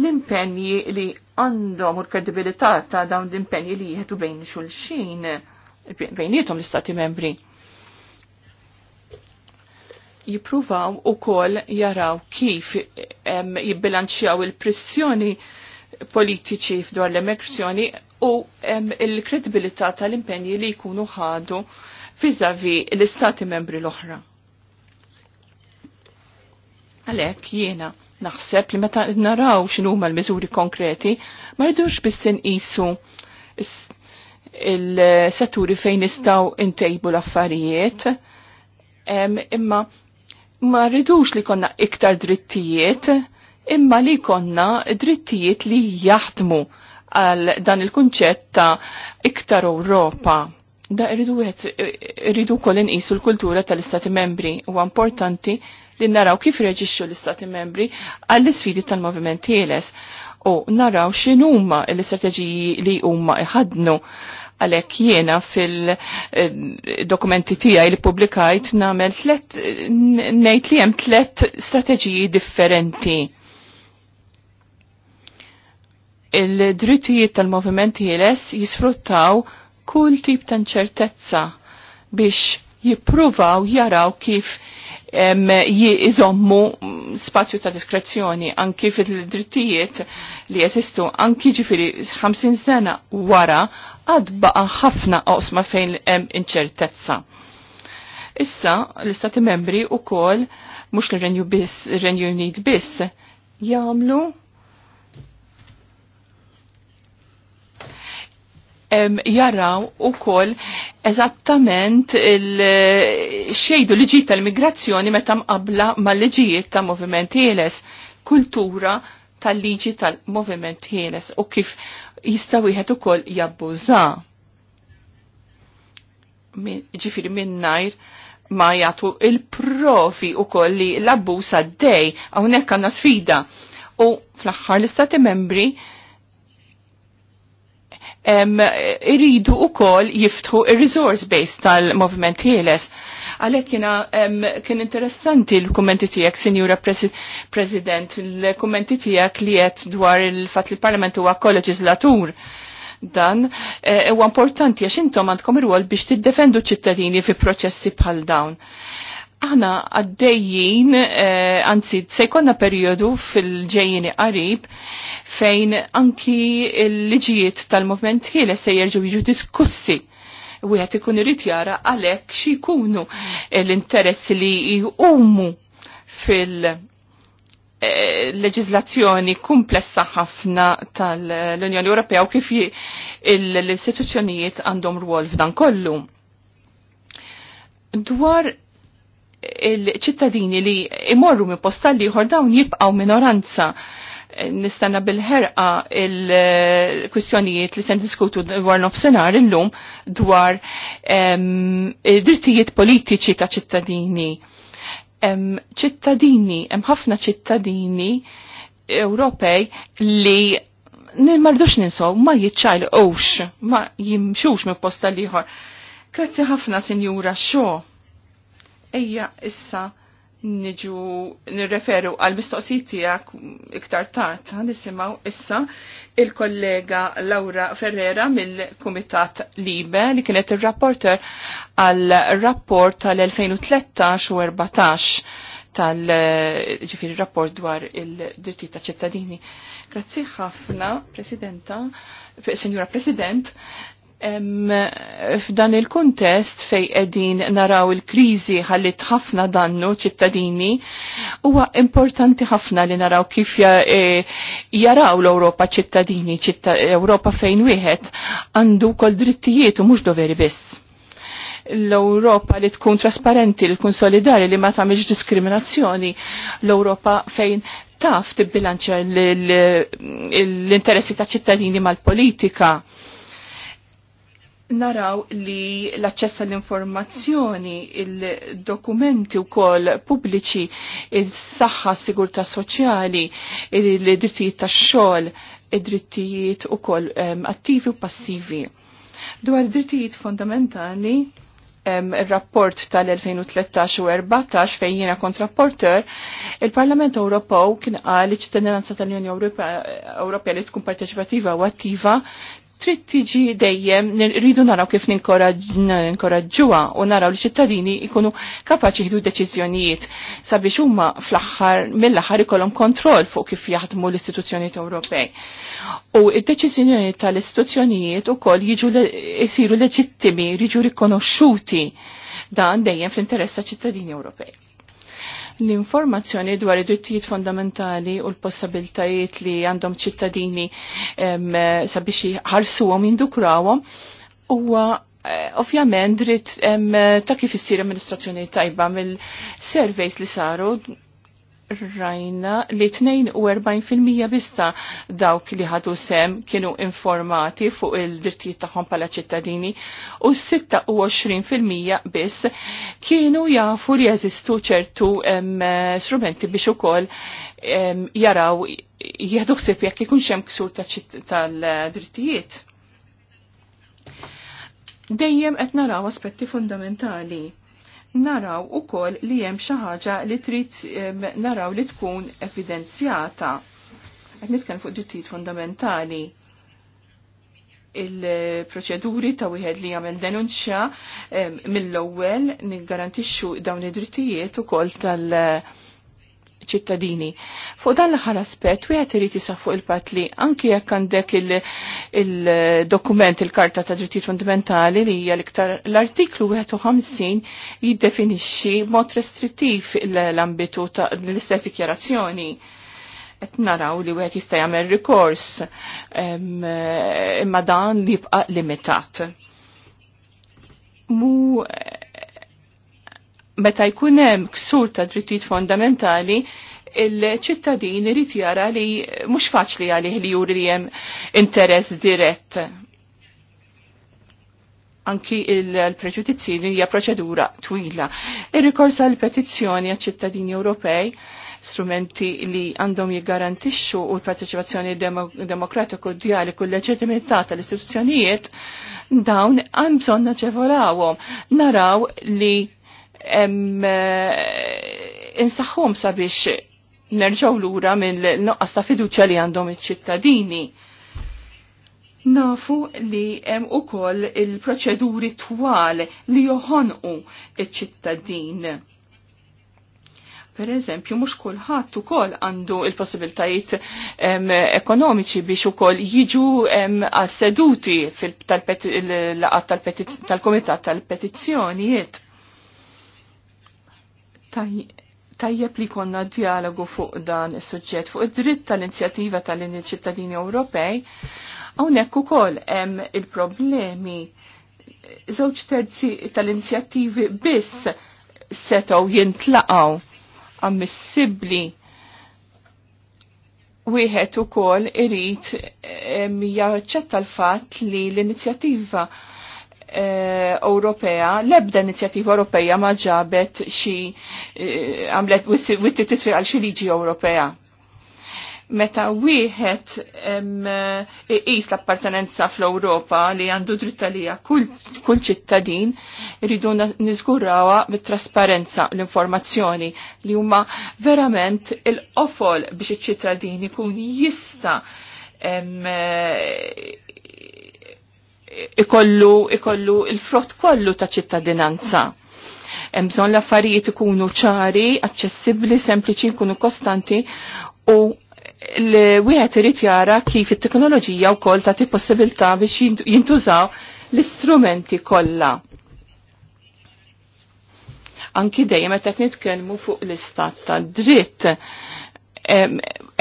l-impenji li għandhom u l-kredibilità ta' dawn l-impenji li jieħdu bejn xulxin bejnietom l-istati membri. Jipruvaw u kol jaraw kif jibbilanċjaw il-pressjoni politiċi f'dwar l-emigrazzjoni u il-kredibilità tal-impenji li jkunu ħadu fizzavi l-istati membri l-oħra. Għalek jiena naħseb li meta naraw x'inhuma l-miżuri konkreti, ma rridux biss inqisu il-setturi fejn istaw intejbu l-affarijiet, imma ma rridux li konna iktar drittijiet, imma li konna drittijiet li jaħdmu għal dan il-kunċett ta' iktar Ewropa. Da rridu għet, rridu l-kultura tal-Istati membri u importanti li naraw kif reġixxu l-istati membri għall-isfidi tal-moviment TLS u naraw x'inhuma l-istrateġiji li huma iħadnu għalek jiena fil-dokumenti tijaj li publikajt namel tlet, nejt li jem tlet strategiji differenti. Il-drittijiet tal-movimenti jeles jisfruttaw kull tip ta' ċertezza biex jipruvaw jaraw kif jizommu spazju ta' diskrezzjoni anki fil-drittijiet li jesistu anki ġifiri 50 sena wara għad baqa ħafna oqsma fejn inċertezza. Issa l-istati membri u kol mux l-Renju Unit biss jamlu jaraw u koll eżattament il-xejdu eh, liġijiet tal-migrazzjoni meta mqabla mal-liġijiet ta' moviment ħieles, kultura tal-liġi tal-moviment ħieles u kif jista' wieħed ukoll jabbuża. Ġifieri ġifiri minnajr ma jagħtu il-profi ukoll li l abbuża dej hawnhekk għandna sfida. U fl-aħħar l-istati membri iridu u kol jiftħu il-resource base tal-movement ħieles. Għalek jena kien interessanti l-kommenti tijak, Sinjura President, l-kommenti tijak li jett dwar il-fat li l-Parlament huwa kol dan e, huwa importanti għax intom għandkom ir biex tiddefendu ċittadini fi proċessi bħal dawn aħna għaddejjin, eh, anzi, sejkonna periodu fil-ġejjini qarib fejn anki l-liġijiet tal-movement ħieles se jerġu jiġu diskussi. U għet ikun irrit jara għalek xikunu l-interessi li jgħumu fil- eh, leġizlazzjoni komplessa ħafna tal-Unjoni Ewropea u kif l-istituzzjonijiet għandhom rwol f'dan kollu. Dwar il-ċittadini li imorru minn posta liħor dawn jibqaw minoranza nistana bil-ħerqa il-kwistjonijiet li sen diskutu dwar nofsenar illum dwar drittijiet politiċi ta' ċittadini. ċittadini, hemm ħafna ċittadini Ewropej li nil-mardux ninsaw, ma jitċajl ma jimxux minn posta liħor. Grazzi ħafna, Sinjura Xo. Ejja issa niġu nirreferu għal mistoqsijiet tiegħek iktar tard nisimgħu issa il-kollega Laura Ferrera mill-Kumitat Libe li kienet ir-rapporter għal rapport tal-2013 u 14 tal ġifir rapport dwar il-dritti ta' ċittadini. Grazzi ħafna, Presidenta, Signora President, F'dan il-kuntest fej edin naraw il-krizi ħallit ħafna dannu ċittadini, huwa importanti ħafna li naraw kif e, jaraw l-Ewropa ċittadini, Ewropa fejn wieħed għandu kol drittijiet u mhux doveri biss l-Europa li tkun trasparenti, li tkun solidari, li ma tagħmilx diskriminazzjoni, l-Europa fejn taf tibbilanċa l-interessi ta' ċittadini mal-politika naraw li l-aċċess għall-informazzjoni, il-dokumenti u kol publiċi, il-saxħa sigurta soċjali, il-drittijiet ta' xol, il-drittijiet u kol um, attivi u passivi. Dwar drittijiet fondamentali, um, il-rapport tal-2013 u 14 fejn jiena kontrapporter, il-Parlament Ewropew kien għal li ċittadinanza tal-Unjoni Ewropea li tkun partecipativa u attiva trid tiġi dejjem rridu naraw kif ninkoraġġuha u naraw li ċittadini jkunu kapaċi jieħdu deċiżjonijiet sabiex huma fl-aħħar mill-aħħar ikollhom kontroll fuq kif jaħdmu l-istituzzjonijiet Ewropej. U d-deċiżjonijiet tal-istituzzjonijiet ukoll jiġu jsiru leġittimi, jiġu rikonoxxuti dan dejjem fl-interess ta' ċittadini Ewropej. L-informazzjoni dwar id-drittijiet fondamentali u l-possibiltajiet li għandhom ċittadini sabiex għom jindukrawom huwa eh, ovvjament dritt ta' kif issir amministrazzjoni tajba mill-surveys li saru rajna li 42% bista dawk li ħadu sem kienu informati fuq il-drittijiet tagħhom bħala ċittadini u 26% biss kienu jafu li jeżistu ċertu strumenti biex ukoll jaraw jieħdu ħsieb jekk ikun hemm ksur tal-drittijiet. Dejjem qed naraw aspetti fundamentali naraw ukoll li hemm xi ħaġa li trid naraw li tkun evidenzjata. Qed nitkellem fuq drittijiet fundamentali il-proċeduri ta' wieħed li jagħmel denunċja mill-ewwel niggarantixxu dawn id-drittijiet ukoll tal- ċittadini. Fuq dan l-aħħar aspett wieħed irid jisa' fuq il pat li anki jekk għandek il-dokument il il-Karta ta' dritti Fundamentali li hija l-iktar l-artiklu 51 jiddefinixxi mod restrittiv l-ambitu ta' l-istess dikjarazzjoni qed naraw li wieħed jista' jagħmel rikors imma dan jibqa' limitat. Mu meta jkun hemm ksur ta' drittijiet fondamentali, il ċittadini irid jara li mhux faċli għalih li juri li hemm interess dirett. Anki il-preġudizzi li hija proċedura twila. Ir-rikors għal petizzjoni għaċ ċittadini Ewropej strumenti li għandhom jiggarantixxu u l-parteċipazzjoni demokratiku dialiku l-leġitimità tal-istituzzjonijiet dawn għandhom naċevolawhom naraw li Eh, insaħħom sabiex nerġaw lura mill-noqqas ta' fiduċa li għandhom iċ-ċittadini. Nafu li hemm ukoll il-proċeduri twal li joħonqu iċ-ċittadin. Per eżempju, mhux kulħadd ukoll għandu il-possibiltajiet ekonomiċi biex ukoll jiġu għas-seduti tal-laqat tal-Kumitat tal-Petizzjonijiet tajjeb li konna dialogu fuq dan is suġġett fuq id-dritt tal-inizjattiva tal-ċittadini Ewropej, hawnhekk ukoll hemm il-problemi żewġ terzi tal-inizjattivi biss setgħu jintlaqgħu ammissibbli wieħed ukoll irid eh, jaċċetta l-fatt li l-inizjattiva Eh, Ewropea, l-ebda inizjattiva Ewropea ma ġabet xi eh, għamlet witti titri għal xi liġi Ewropea. Meta wieħed eh, iqis l-appartenenza fl-Ewropa li għandu dritta li kull ċittadin rridu niżgurawha bit-trasparenza l-informazzjoni li huma verament il-qofol biex iċ-ċittadin ikun jista' ikollu ikollu il-frott kollu ta' ċittadinanza. Mżon bżonn l-affarijiet ikunu ċari, aċċessibbli, sempliċi, jkunu kostanti u l-wieħed irid jara kif it-teknoloġija wkoll tagħti possibilità biex jintużaw l-istrumenti kollha. Anki dejjem qed nitkellmu fuq l-istat tad dritt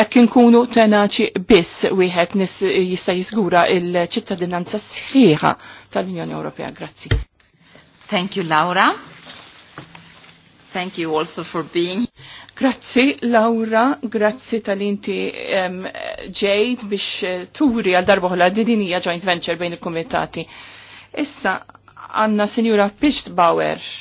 Ekkin kunu tenaċi biss wieħed nis jista' jiżgura il-ċittadinanza sħiħa tal-Unjoni Ewropea. Grazzi. Thank you, Laura. Thank you also for being. Grazzi Laura, grazzi tal-inti ġejt biex eh, turi għal darbohla didinija joint venture bejn il-komitati. Issa għanna Signora Pistbauer. Bauer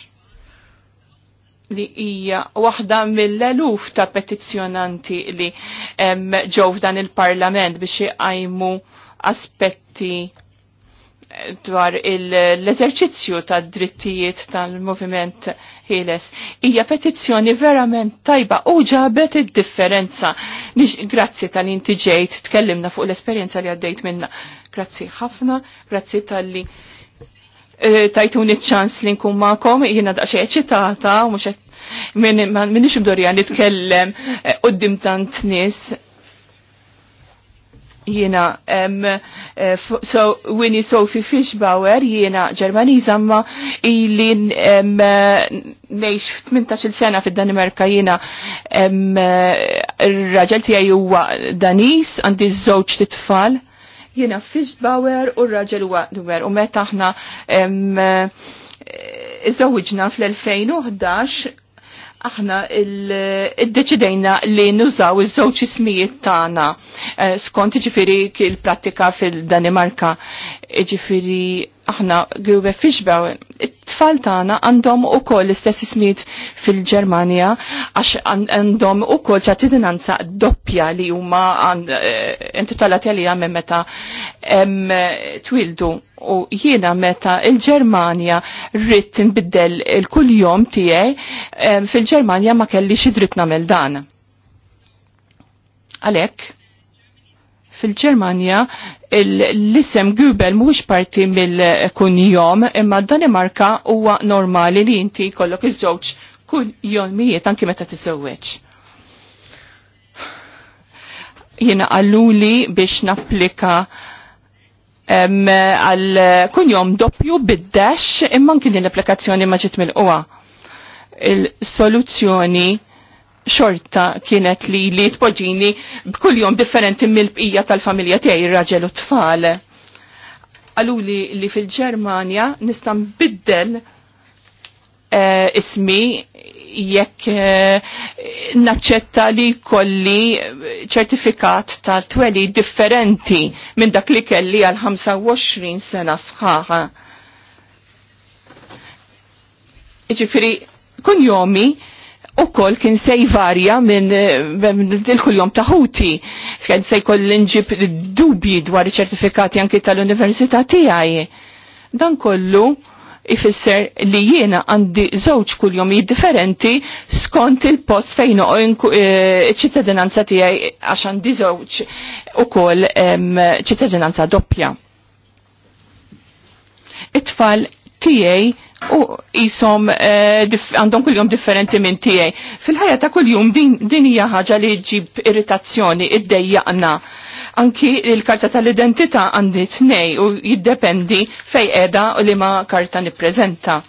li hija waħda mill-eluf ta' petizzjonanti li ġew f'dan il-Parlament biex iqajmu aspetti eh, dwar l-eżerċizzju ta' drittijiet tal-moviment ħieles. Hija petizzjoni verament tajba u ġabet id-differenza. Grazzi tal-inti ġejt, tkellimna fuq l-esperjenza li għaddejt minna. Grazzi ħafna, grazzi tal-li Eh, tajtuni ċans li nkun ma'kom, jiena daqxie eċitata, u mux minni xibdorja nitkellem eh, qoddim tant nis. Jiena, eh, so, Winnie Sophie Fischbauer, jiena ġermani zamma ili nejx 18 sena fid danimarka jiena raġel tijaj huwa Danis, għandi zoċ titfall. tfal Jiena bawer u r-raġel Wadwer u meta aħna eh, iżawġna fl-2011 aħna id-deċidejna li nużaw iż-żewġ ismijiet tagħna eh, skont ġifiri il-prattika fil-Danimarka ġifiri aħna Gilbert Fishbauer tfal tagħna għandhom ukoll l-istess ismijiet fil ġermania għax għandhom ukoll ċatidinanza doppja li huma eh, intitolati għalija minn meta twildu u jiena meta il-Ġermanja rrid nbiddel il jom tiegħi fil-Ġermanja ma kelli xidrit dritt nagħmel dan. Għalhekk, fil-Ġermanja l-isem Gubel mux parti mill-kunjom imma Danimarka huwa normali li inti kollok iż-żewġ kull mijiet anki meta tiżewweġ. Jiena għalluli biex napplika għal kunjom doppju bid-dash imman kien l-applikazzjoni ma ġiet mill-qwa. Il-soluzzjoni xorta kienet li li tpoġini b'kull jom differenti mill-bqija tal-familja tiegħi raġel u tfal. Għaluli li fil-Ġermanja nista' nbiddel uh, eh, ismi jekk uh, naċċetta li kolli ċertifikat tal-tweli differenti minn dak li kelli għal 25 sena sħaħa. Ġifiri, kun jomi u kol kien sej varja minn eh, il jom taħuti. Kien sej koll l-inġib dubji dwar ċertifikati anki tal-Università tiegħi. Dan kollu ifisser li jiena għandi żewġ kuljom differenti skont il-post fejn eh, ċittadinanza tiegħi għax għandi żewġ ukoll ċittadinanza doppja. It-tfal tiegħi u jisom eh, għandhom kull-jum differenti minn tiegħi. Fil-ħajja ta' kull-jum din hija ħaġa li ġib irritazzjoni id-dejjaqna. Anki il-karta tal-identità għandi tnej u jiddependi fej edha u li ma karta nippreżenta.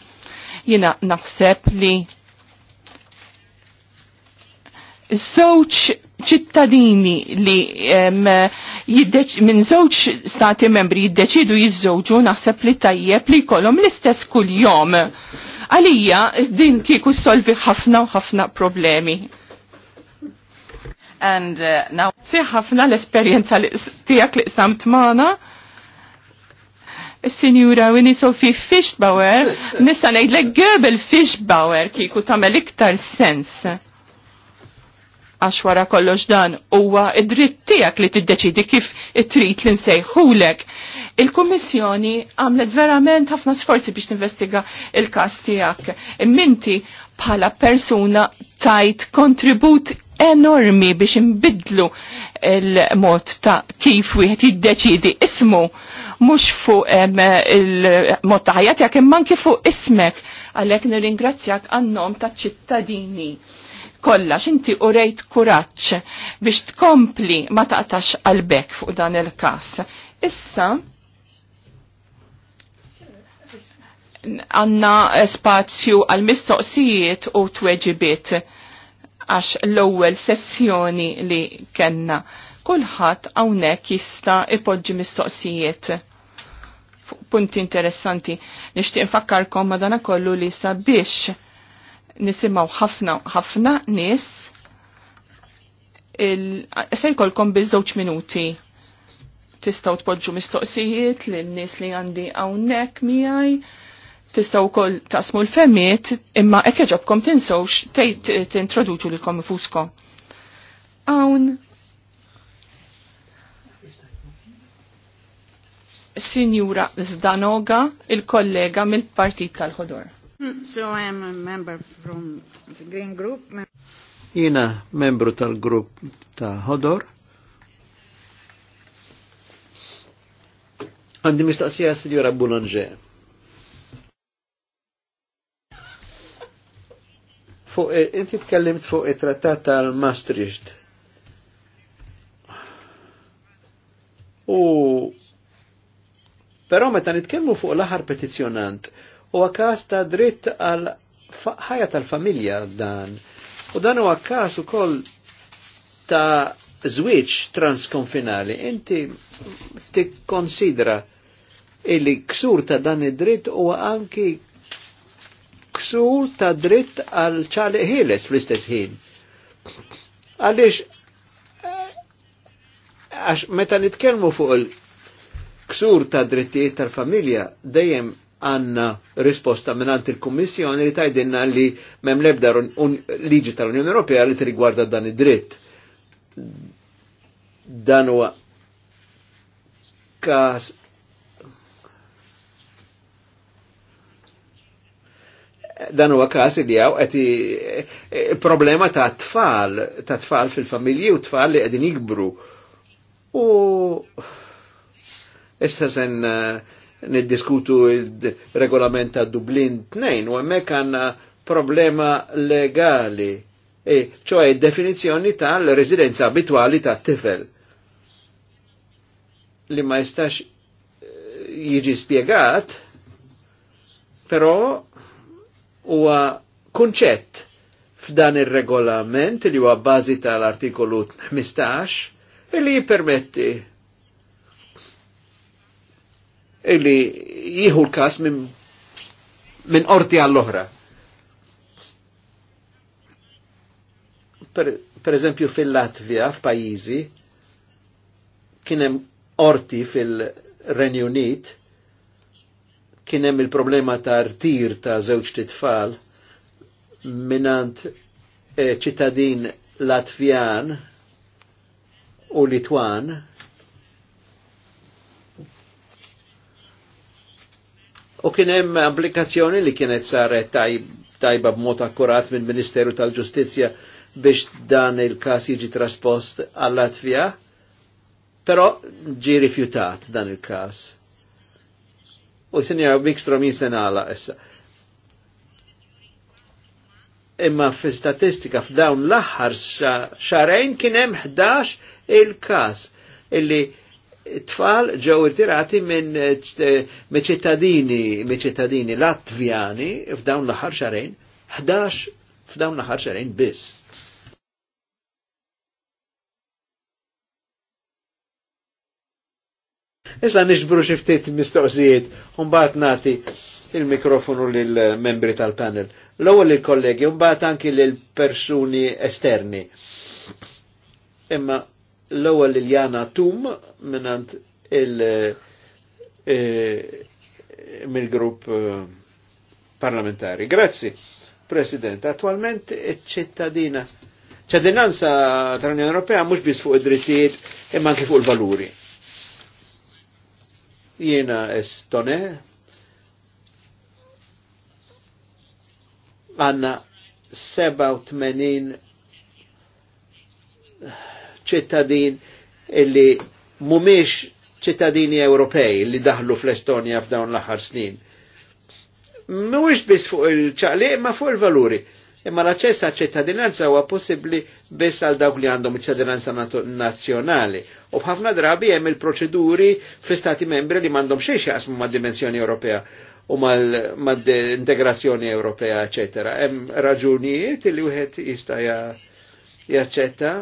Jina naħseb li Zoċ ċittadini li minn żewġ stati membri jiddeċidu jiżżewġu naħseb li tajjeb li jkollhom l-istess kuljom Għalija din kieku solvi ħafna u ħafna problemi. And uh, now si ħafna l-esperjenza tiegħek li qsamt magħna. Sinjura Winnie Sophie Fishbauer, nista' ngħidlek Goebel Fishbauer kieku tagħmel iktar sens għax wara kollox dan huwa id-dritt tiegħek li tiddeċidi kif it li nsejħulek. Il-Kummissjoni għamlet verament ħafna sforzi biex tinvestiga il-każ tiegħek. Imminti bħala persuna tajt kontribut enormi biex imbidlu il-mod ta' kif wieħed jiddeċidi ismu mhux fuq il-mod ta' ħajja tiegħek imma anke fuq ismek għalhekk nirringrazzjak għan-nom taċ-ċittadini Kollax inti u rejt kuraċ biex tkompli ma taqtax qalbek fuq dan il-kas. Issa, għanna spazju għal-mistoqsijiet u tweġibiet għax l-ewwel sessjoni li kenna. Kulħadd hawnhekk jista' ipoġġi mistoqsijiet punti interessanti. Nixtieq infakkarkom madana kollu li sabiex nisimaw ħafna ħafna nies il jkollkom biż-żewġ minuti tistgħu tpoġġu mistoqsijiet lil nies li għandi hawnhekk miegħi tistaw kol tasmu l femiet imma qed jaġobkom tinsawx t-introduċu lilkom kom fuskom. Awn. Signora Zdanoga, il-kollega mill-partit tal-ħodor. Hmm, so I am a member from the Green Group. Jina membru tal-grupp ta' Hodor. Għandi mistaqsija s-signora Boulanger. Fuq, eh, inti tkellimt fuq il trattat tal-Maastricht. U, pero meta nitkellmu fuq l-aħar petizjonant, U għakas ta' dritt għal ħajja tal-familja dan. U dan għakas u ukoll ta' żwieġ transkonfinali. Inti konsidra illi ksur ta' dan id-dritt u anki ksur ta' dritt għal ċali ħiles fl-istess ħin. Għalix, eh, għax meta nitkellmu fuq il-ksur ta' drittijiet tal-familja dejjem għanna risposta minnant il-Kommissjoni li tajdinna li mem lebda liġi tal-Unjoni Ewropea li t-rigwarda dan id-dritt. Dan huwa kas dan huwa kas li hawn qed e, e, problema ta' tfal, ta' tfal fil-familji u tfal li qegħdin jikbru. U issa sen uh, niddiskutu il-regolament ta' Dublin 2 u għemmek għandna problema legali, e, ċoħe definizjoni tal-residenza abituali ta' tifel li ma jistax eh, jiġi spiegat, però huwa kunċett f'dan ir-regolament li huwa bażi tal-artikolu 15 li jippermetti illi jieħu l-kas minn min orti għall-oħra. Per, per eżempju fil-Latvija, f'pajjiżi, kienem orti fil-Renju Unit, kienem il-problema ta' rtir ta' żewġ titfal minant eh, ċittadin Latvijan Latvjan u Litwan, u kien hemm applikazzjoni li kienet saret tajba b'mod akkurat minn Ministeru tal-Ġustizzja biex dan il każ jiġi traspost għall latvija però ġi rifjutat dan il każ U s-sinja Wikstrom jinsenala issa. Imma fi statistika f'dawn l-aħħar xarajn kien hemm 11 il każ illi tfal ġew irtirati eh, eh, minn ċittadini, minn ċittadini latvjani f'dawn l-aħħar xarejn, 11 f'dawn l-aħħar xarejn biss. Issa nixbru xiftit mistoqsijiet, un nagħti nati il-mikrofonu lill-membri tal-panel. L-ewwel il-kollegi, un anki lill-persuni esterni. Imma l-ewwel Liljana Tum minnant il- eh, eh, mill-grupp eh, parlamentari. Grazzi, President. Attualment ċittadina. ċittadinanza tal-Unjoni Ewropea mhux biss fuq id-drittijiet imma anke fuq il-valuri. Jiena Estone għanna 87 ċittadin illi mumiex ċittadini Ewropej li daħlu fl-Estonja f'dawn l-aħħar snin. Mhuwiex biss fuq il-ċaqliq ma fuq il-valuri. Imma l-aċċess għal ċittadinanza huwa possibbli biss għal dawk li għandhom iċ-ċittadinanza nazzjonali. U b'ħafna drabi hemm il-proċeduri fl-Istati membri li m'għandhom xejn jaqsmu mad-dimensjoni Ewropea u mad integrazzjoni Ewropea, eċetera. Hemm raġunijiet li wieħed jista' jaċċetta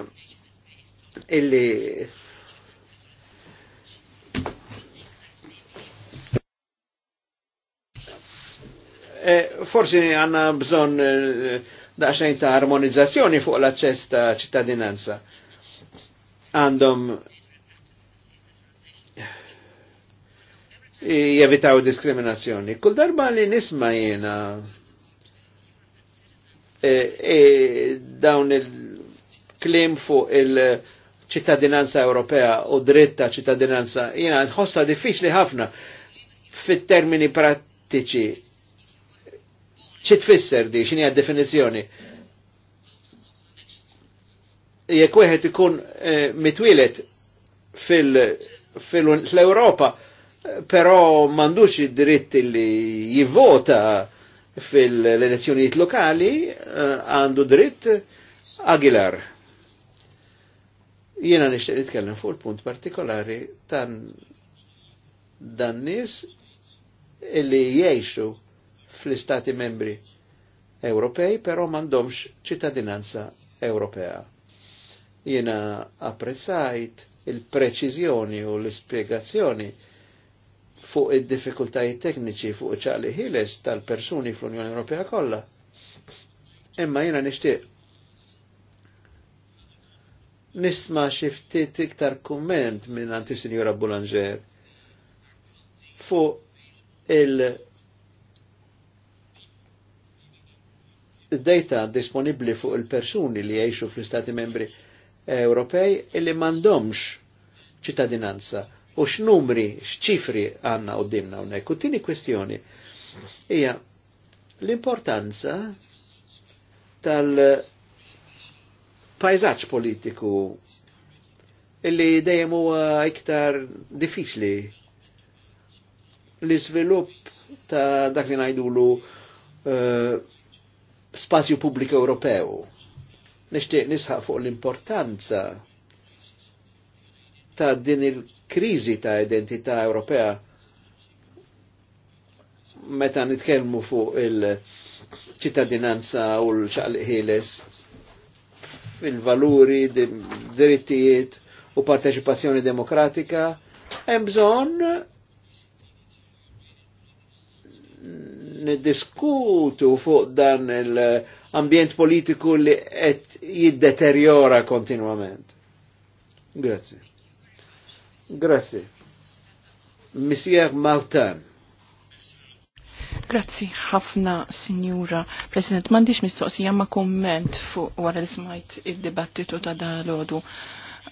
illi e, forsi għanna bżon e, eh, daċxajn ta' armonizzazzjoni fuq l-access ta' ċittadinanza. Għandhom jevitaw diskriminazzjoni. Kull darba li nisma jena e, eh, dawn il-klim fuq il-, -klim fu il ċittadinanza Ewropea u dritt ta' ċittadinanza jiena ħossa diffiċli ħafna fit-termini prattiċi. Xi tfisser di x'inhi definizzjoni? Jekk wieħed ikun eh, mitwielet fil-Europa, fil però mandux id-dritt li jivvota fil-elezzjonijiet lokali, eh, għandu dritt Aguilar. Jiena nixtieq nitkellem fuq il-punt partikolari tan dan nies illi jgħixu fl-istati membri Ewropej, però m'għandhomx ċittadinanza Ewropea. Jiena apprezzajt il-preċiżjoni u l-ispjegazzjoni fuq id-diffikultajiet tekniċi fuq ċaqli ħiles tal-persuni fl-Unjoni Ewropea kollha. Imma jiena nixtieq nisma xiftit iktar komment minn anti Sinjora Boulanger fuq il- data disponibli fuq il-persuni li jgħixu fl-Istati membri Ewropej illi mandomx ċittadinanza u x'numri, x'ċifri għanna u dimna unnek. U tini kwestjoni hija l-importanza tal- pajzaġġ politiku illi dejjem huwa iktar diffiċli l-iżvilupp ta' dak li ngħidulu eh, spazju pubbliku Ewropew. Nixtieq nisħaq fuq l-importanza ta' din il-kriżi ta' identità Ewropea meta nitkellmu fuq il-ċittadinanza u l-ċaqliq ħieles il valuri drittijiet u parteċipazzjoni demokratika, hemm bżonn niddiskutu fuq dan l-ambjent politiku li qed jiddeterjora kontinwament. Grazie. Grazie. Monsieur Martin. Grazzi ħafna, Sinjura President. M'għandix mistoqsija ma' komment fuq wara li smajt id-dibattitu ta' dalodu.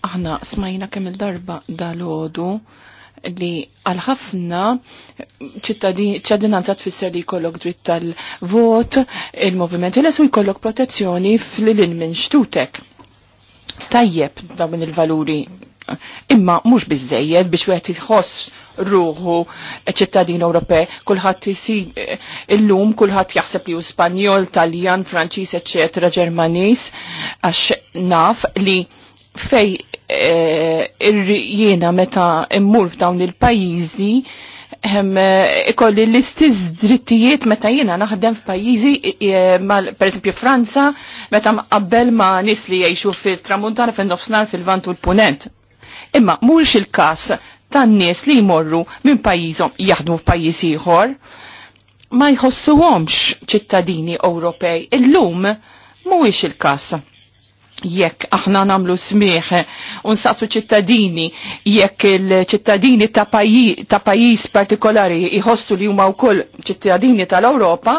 Aħna smajna kemm il-darba dalodu li għal ħafna ċittadinanza tfisser li jkollok dritt tal-vot, il-moviment il u jkollok protezzjoni fl-lin minn xtutek. Tajjeb dawn il-valuri imma mhux bizzejed biex wieħed jħoss ruħu ċittadin Ewropej. Kulħadd isib eh, illum kulħadd jaħseb li hu Spanjol, Taljan, Franċiż, eċetera, Ġermaniż għax naf li fej eh, jiena meta immur f'dawn il-pajjiżi hemm eh, ikolli l-istess drittijiet meta jiena naħdem f'pajjiżi pereżempju Franza meta qabel ma' nies li jgħixu fil tramuntana fin nofsnar fil-Vant u l-Punent. Imma mhux il-każ tan-nies li jmorru minn pajjiżhom jaħdmu f'pajjiż ieħor ma jħossuhomx ċittadini Ewropej illum mhuwiex il-każ. Jekk aħna namlu smieħ unsaqsu ċittadini jekk il-ċittadini ta' pajjiż partikolari jħossu li huma wkoll ċittadini tal-Ewropa,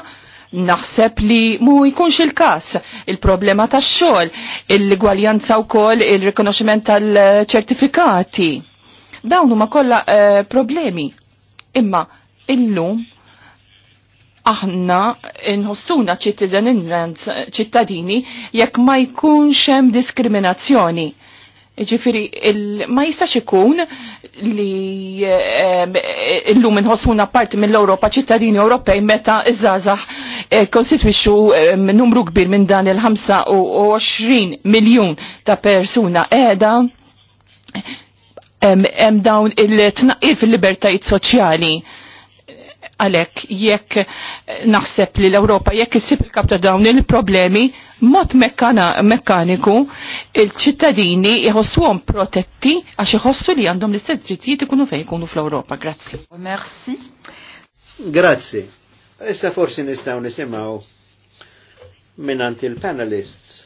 naħseb li mu jkunx il-kas, il-problema tax xogħol, il-gwaljanza wkoll il-rikonoxximent tal-ċertifikati. Dawn huma kollha uh, problemi. Imma illum aħna nħossuna ċittadini jekk ma jkunx hemm diskriminazzjoni. Ġifiri, ma jistax ikun li eh, illum inħossuna parti mill-Europa ċittadini Ewropej meta iż-żazax eh, konstitwixxu numru kbir minn dan il-25 miljun ta' persuna qiegħda hemm dawn il-tnaqqir fil-libertajiet soċjali għalek jekk naħseb li l-Europa jekk issib il kapta dawn il-problemi mod mekkaniku il-ċittadini jħossuhom protetti għax jħossu li għandhom l-istess drittijiet ikunu fejn ikunu fl-Ewropa. Grazzi. Merci. Grazzi. Issa forsi nistgħu nisimgħu minnant il-panelists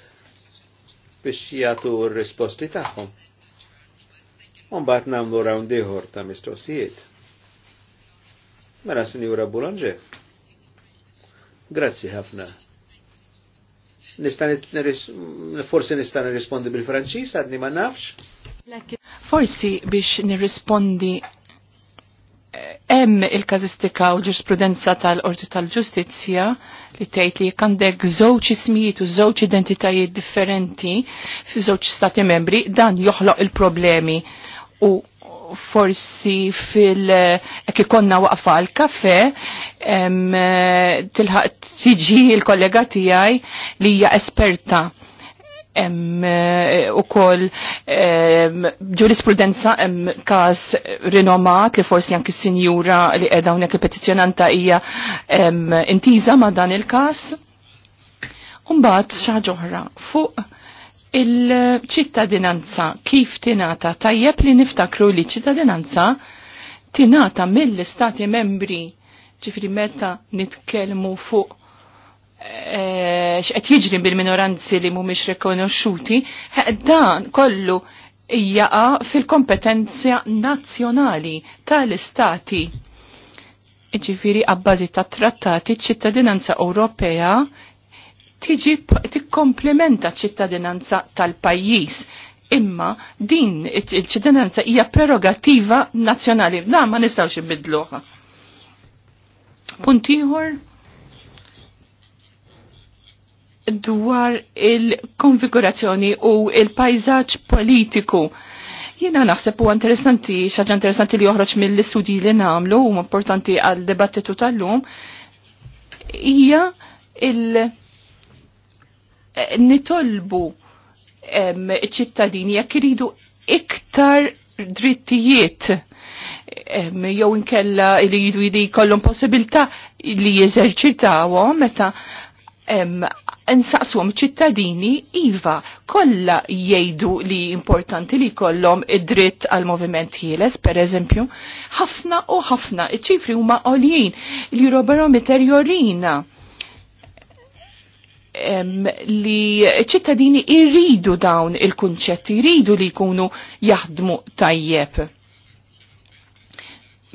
biex jagħtu r-risposti tagħhom. Umbat namlu rawn iħor ta' mistoqsijiet. Mela sinjura Bulanġe. Grazzi ħafna. Forsi nista' nirrispondi bil-Franċiż għadni ma nafx. Forsi biex nirrispondi eh, hemm il-kazistika u l-ġurisprudenza tal-Qorti tal-Ġustizzja li tgħid li għandek żewġ ismijiet u żewġ identitajiet differenti fi żewġ stati membri dan joħloq il-problemi u forsi fil ek eh, ikonna waqfa l kafe eh, tilħaq tiġi l-kollega tiegħi li hija esperta eh, u koll ġurisprudenza kas rinomat li forsi anki sinjura li edha unek il-petizjonanta hija intiża ma dan il-kas. Umbat xaġoħra fuq il-ċittadinanza kif tinata tajjeb li niftakru li ċittadinanza tinata mill-istati membri ġifri meta nitkelmu fuq e, x'qed jiġri bil-minoranzi li mhumiex rekonoxxuti, dan kollu jaqa fil-kompetenza nazzjonali tal-istati. Ġifiri għabbażi ta' trattati ċittadinanza Ewropea tiġi tikkomplementa ċittadinanza tal-pajjiż. Imma din il-ċittadinanza hija prerogativa nazzjonali. Da ma nistgħux inbidluha. Punt ieħor dwar il-konfigurazzjoni u il-pajzaġġ politiku. Jiena naħseb u interessanti, xaġa interessanti li joħroġ mill-istudji li namlu u importanti għal-debattitu tal-lum, hija il- Eh, nitolbu ċittadini jekk iridu iktar drittijiet jew inkella iridu li jkollhom possibilità li jeżerċitawhom meta insaqsuhom ċittadini iva kollha jgħidu li importanti li kollhom id-dritt għal moviment ħieles pereżempju ħafna u ħafna iċ-ċifri huma għoljin li Robarometer jorina li ċittadini irridu dawn il-kunċetti, irridu li jkunu jaħdmu tajjeb.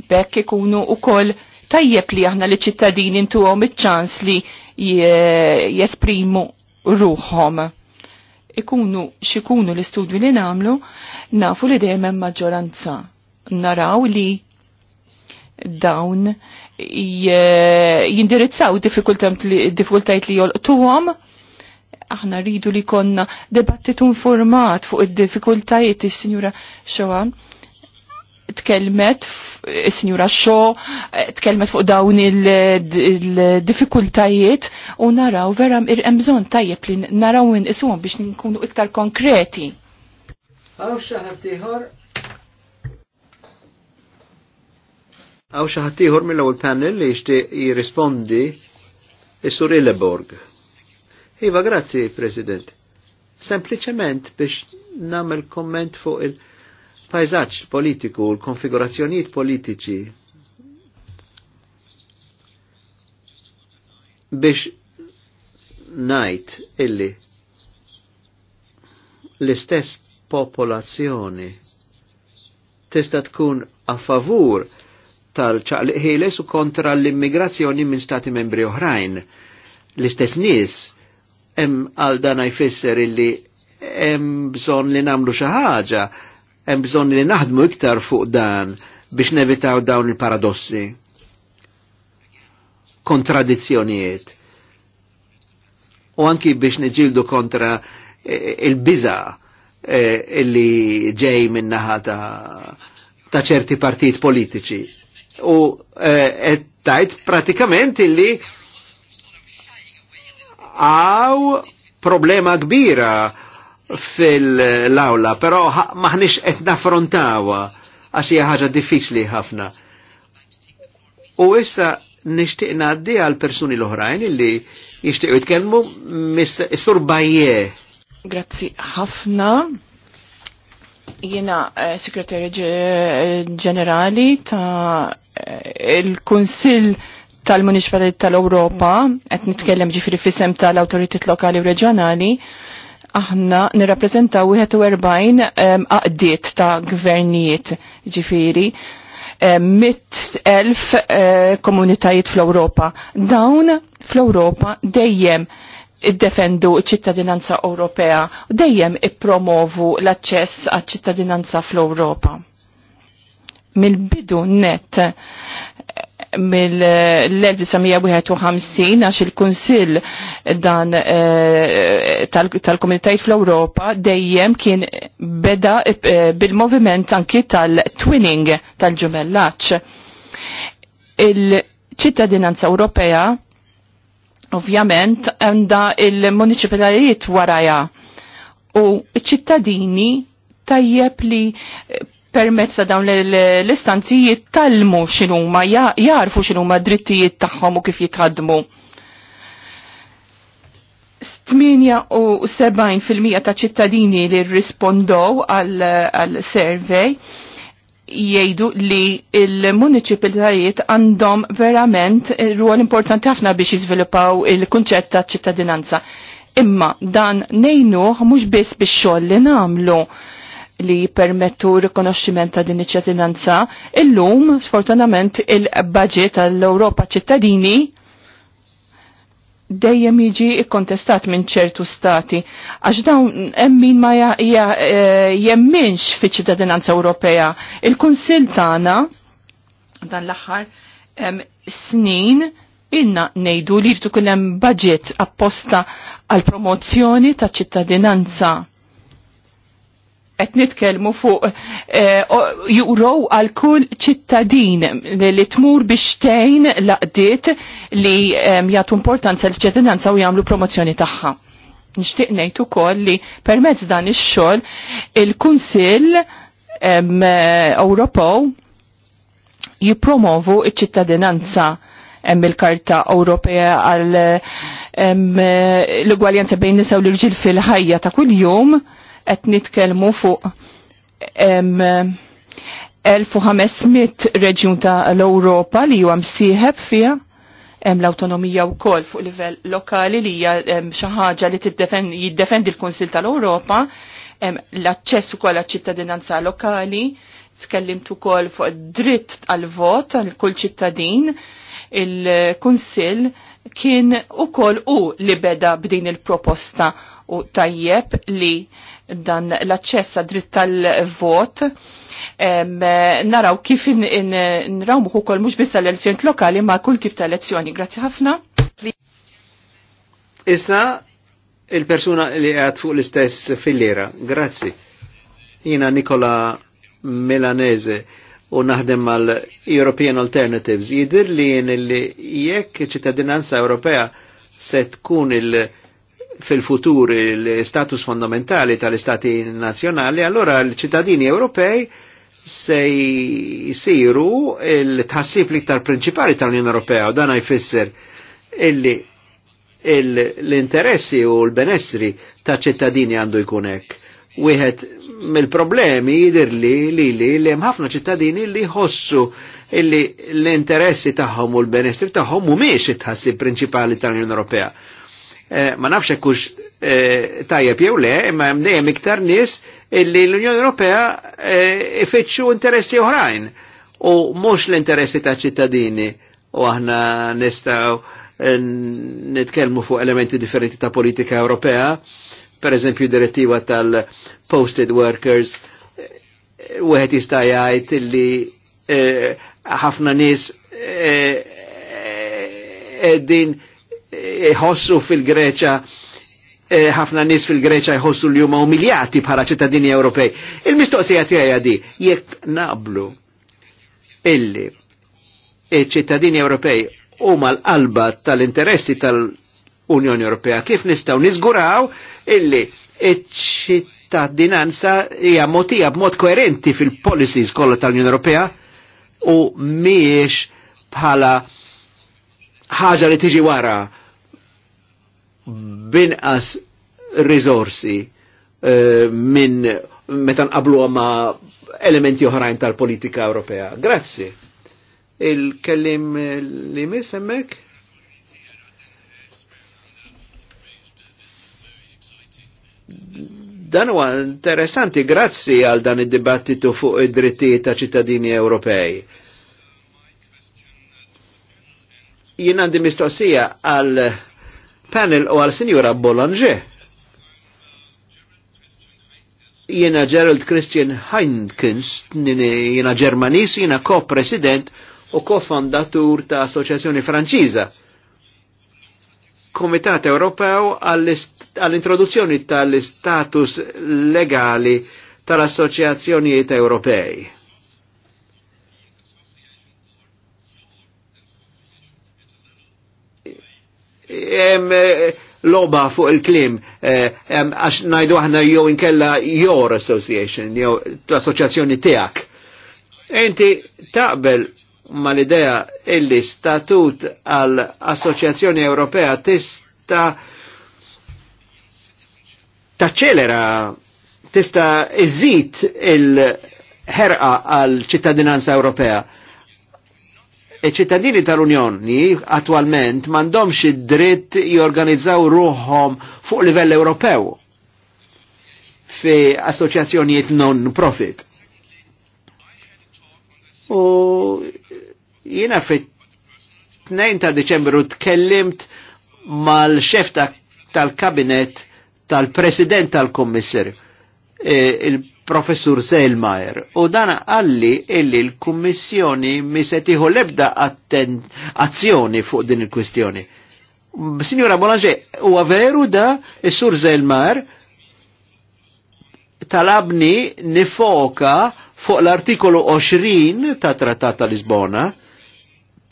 Bekk ikunu u koll tajjeb li aħna li ċittadini intu għom ċans li jesprimu ruħom. Ikunu xikunu l-istudju li namlu, nafu li dejjem maġġoranza naraw li dawn jindirizzaw diffikultajt li jolqtuhom aħna rridu li konna debattitu informat fuq id diffikultajt is-sinjura xoa tkellmet is-sinjura xo eh, tkellmet fuq dawn il diffikultajt u naraw vera hemm bżonn tajjeb li naraw inqishom biex nkunu iktar konkreti. Għaw xaħat ħadd ieħor Għaw xaħatiħor mill-ewel panel li jishti jirrispondi Is-Sur Illeborg. Iva, grazzi, President. Sempliċement biex namel komment fuq il-pajzaċ politiku, l-konfigurazzjonijiet politiċi. Biex najt illi l-istess popolazzjoni tista' tkun a favur tal-ċaqliq ħieles u kontra l-immigrazzjoni minn stati membri oħrajn. L-istess nies hemm għal dan jfisser illi hemm bżonn li nagħmlu xi ħaġa, hemm bżonn li naħdmu iktar fuq dan biex nevitaw dawn il-paradossi. Kontradizzjonijiet. U anki biex niġildu kontra e, il-biża e, illi ġej minnaħa ta' ta' ċerti partit politiċi u qed eh, tajt pratikament illi għaw problema kbira fil lawla pero maħnix etna frontawa għax hija ħaġa diffiċli ħafna. U issa nixtieq ngħaddi għal persuni l-oħrajn illi jixtiequ jitkellmu mis-sur Grazzi ħafna. Jena eh, sekretari ġenerali ta' eh, il-Kunsill tal-Municipalitet tal-Europa, qed nitkellem ġifiri fissem tal-awtoritit lokali u reġjonali, aħna nirrappreżentaw 41 għaqdiet ehm, ta' gvernijiet ġifieri ehm, mit elf eh, komunitajiet fl-Europa. Dawn fl-Europa dejjem iddefendu ċittadinanza Ewropea u dejjem ippromovu l-aċċess għal ċittadinanza fl-Ewropa. Mill-bidu net mill-1951 għax il-Kunsill dan eh, tal komunitajt fl ewropa dejjem kien beda eh, bil-moviment anki tal-twinning tal-ġumellaċ. Il-ċittadinanza Ewropea Ovvjament, għanda il-municipalitajiet waraja u ċittadini tajjeb li permezz ta' dawn l-istanzi jittalmu x'inhuma, jarfu x'inhuma drittijiet tagħhom u kif jitħadmu. 78% ta' ċittadini li rispondow għal-survey jgħidu li il-municipalitajiet għandhom verament ruol importanti ħafna biex jiżviluppaw il-kunċett ta' ċittadinanza. Imma dan nejnuħ mhux biss biex xogħol li nagħmlu li permettu rikonoxximent ta' din iċ-ċittadinanza, illum sfortunament il-budget tal-Ewropa ċittadini dejjem jiġi ikkontestat minn ċertu stati, għax dawn emmin ma eh, jemminx fiċ ċittadinanza Ewropea. Il-Kunsil tagħna dan l-aħħar snin inna nejdu li jirtu hemm budget apposta għal promozzjoni ta' ċittadinanza qed nitkellmu fuq eh, jurow għal kull ċittadin li tmur biex tgħin laqdiet li eh, jagħtu importanza l ċittadinanza u jagħmlu promozzjoni tagħha. Nixtieq ngħid ukoll li permezz dan ix-xogħol il-Kunsill Ewropew jippromovu ċ ċittadinanza hemm il-Karta Ewropea għal l-ugwaljanza bejn nisa u l-irġiel fil-ħajja ta' kuljum qed nitkellmu fuq 1500 reġjun ta' l-Ewropa li huwa msieħeb fiha hemm l-awtonomija wkoll fuq livell lokali li hija xi ħaġa li jiddefendi l-Kunsil tal-Ewropa, l-aċċess ukoll għaċ-ċittadinanza lokali, tkellimt ukoll fuq dritt għal vot għal kull ċittadin, il-Kunsil kien ukoll u li beda b'din il-proposta u tajjeb li dan l-aċċess għad dritt tal-vot naraw kif nraw muħu kol mux bissa l-elezzjoni lokali ma kull tip ta' elezzjoni. Grazzi ħafna. Issa il-persuna li għad fuq l-istess fil-lira. Grazzi. Jina Nikola Milanese u naħdem mal European Alternatives. Jidir li jien li jekk ċittadinanza Ewropea se tkun il- fil-futur l-status fondamentali tal-istati nazjonali, allora l-ċittadini Europei se jisiru il-tħassib iktar principali tal-Unjoni Ewropea u dan jfisser illi l-interessi u l-benessri ta' ċittadini għandu jkunek. Wieħed mill-problemi jidir li li li hemm ħafna ċittadini li jħossu illi l-interessi tagħhom u l-benessri tagħhom mhumiex it-tħassib prinċipali tal-Unjoni Ewropea Eh, ma nafx kux eh, tajjeb jew le, imma hemm dejjem iktar nies illi l-Unjoni Ewropea eh, ifittxu interessi oħrajn u mhux l-interessi ta' ċittadini u aħna nistgħu nitkellmu fuq elementi differenti ta' politika Ewropea, per eżempju direttiva tal-posted workers, u għet jistajajt li ħafna nis din jħossu fil-Greċa e, ħafna nis fil-Greċa jħossu li huma umiljati bħala ċittadini Ewropej. Il-mistoqsija tiegħi di jekk naqblu illi ċittadini Ewropej huma l-qalba tal-interessi tal-Unjoni Ewropea, kif nistgħu niżguraw illi ċittadinanza hija motija b'mod koerenti fil-policies kollha tal-Unjoni Ewropea u miex bħala ħaġa li tiġi wara binqas risorsi eh, minn meta nqablu ma elementi oħrajn tal-politika Ewropea. Grazzi. Il-kellim eh, li mis hemmhekk? dan huwa interessanti grazzi għal dan id-dibattitu fuq id-drittijiet ta' ċittadini Ewropej. Jien għandi mistoqsija għal panel u għal Sinjura Bollange. Jena Gerald Christian Heinkens, jena Germanis, jena co president u co fondatur ta' Associazzjoni Franċiza. Komitat Ewropew għall-introduzzjoni tal-istatus legali tal-Assoċjazzjonijiet Ewropej. Eh, loba fuq il-klim, eh, għax najdu aħna jew inkella your association, jow l associazzjoni tijak. Enti taqbel ma l-idea illi statut għal associazzjoni Ewropea tista taċċelera, tista iżid il-ħerqa għal ċittadinanza Ewropea ċittadini tal-Unjoni attualment mandomx id-dritt jorganizzaw ruħom fuq livell Ewropew fi assoċjazzjonijiet non-profit. U jiena fit 2 ta' Deċembru tkellimt mal-xef tal-kabinet tal-president tal-kommissarju Eh, il-professur Selmayr u dan għalli illi l-Kummissjoni mi se tieħu lebda azzjoni fuq din il-kwistjoni. Signora Bolanġe, u għaveru da il-sur Zelmar talabni nifoka fuq l-artikolu 20 ta' Trattat ta' Lisbona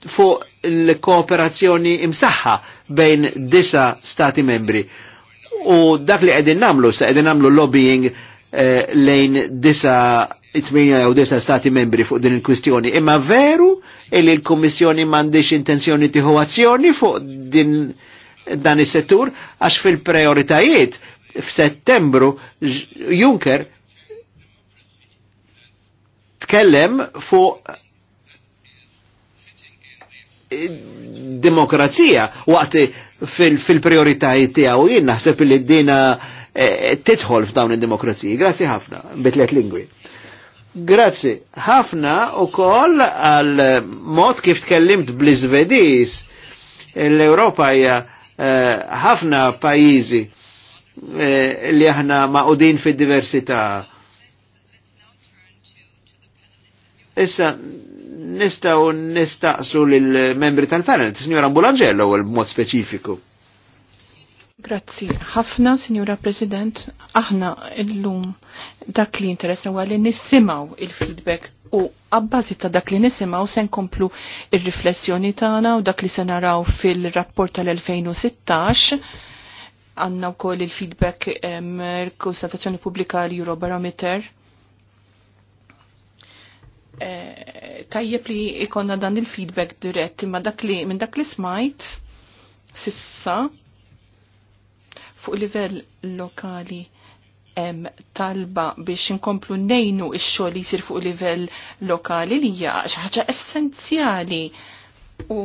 fuq l-kooperazzjoni imsaħħa bejn disa stati membri. U dak li għedin namlu, se għedin namlu lobbying Eh, lejn disa 8 jew disa stati membri fuq din il-kwistjoni. Imma veru li l-Kummissjoni mandiċ intenzjoni tieħu azzjoni fuq din dan is-settur għax fil-prioritajiet f'Settembru Juncker tkellem fuq demokrazija waqt fil-prioritajiet fil tiegħu jien naħseb li dina Eh, tidħol f'dawn id-demokrazija. Grazzi ħafna, bitlet lingwi. Grazzi ħafna u koll għal mod kif tkellimt bl zvedis l-Europa hija eh, ħafna pajizi eh, li aħna maqudin fid-diversità. Issa nistaw nistaqsu lill membri tal-panel, signor Ambulangello, mod speċifiku. Grazzi. Ħafna, Signora President, aħna illum dak li interessa li nissimaw il-feedback u għabbażi ta' dak li nisimaw se nkomplu il-riflessjoni tagħna u dak li se naraw fil-rapport tal-2016 għanna wkoll il-feedback eh, konsultazzjoni pubblika l Eurobarometer. Eh, tajjeb li ikonna dan il-feedback dirett imma dak li minn dak li smajt sissa fuq livell lokali em, talba biex inkomplu nejnu ix-xogħol li jsir fuq livell lokali li hija xi ħaġa essenzjali. U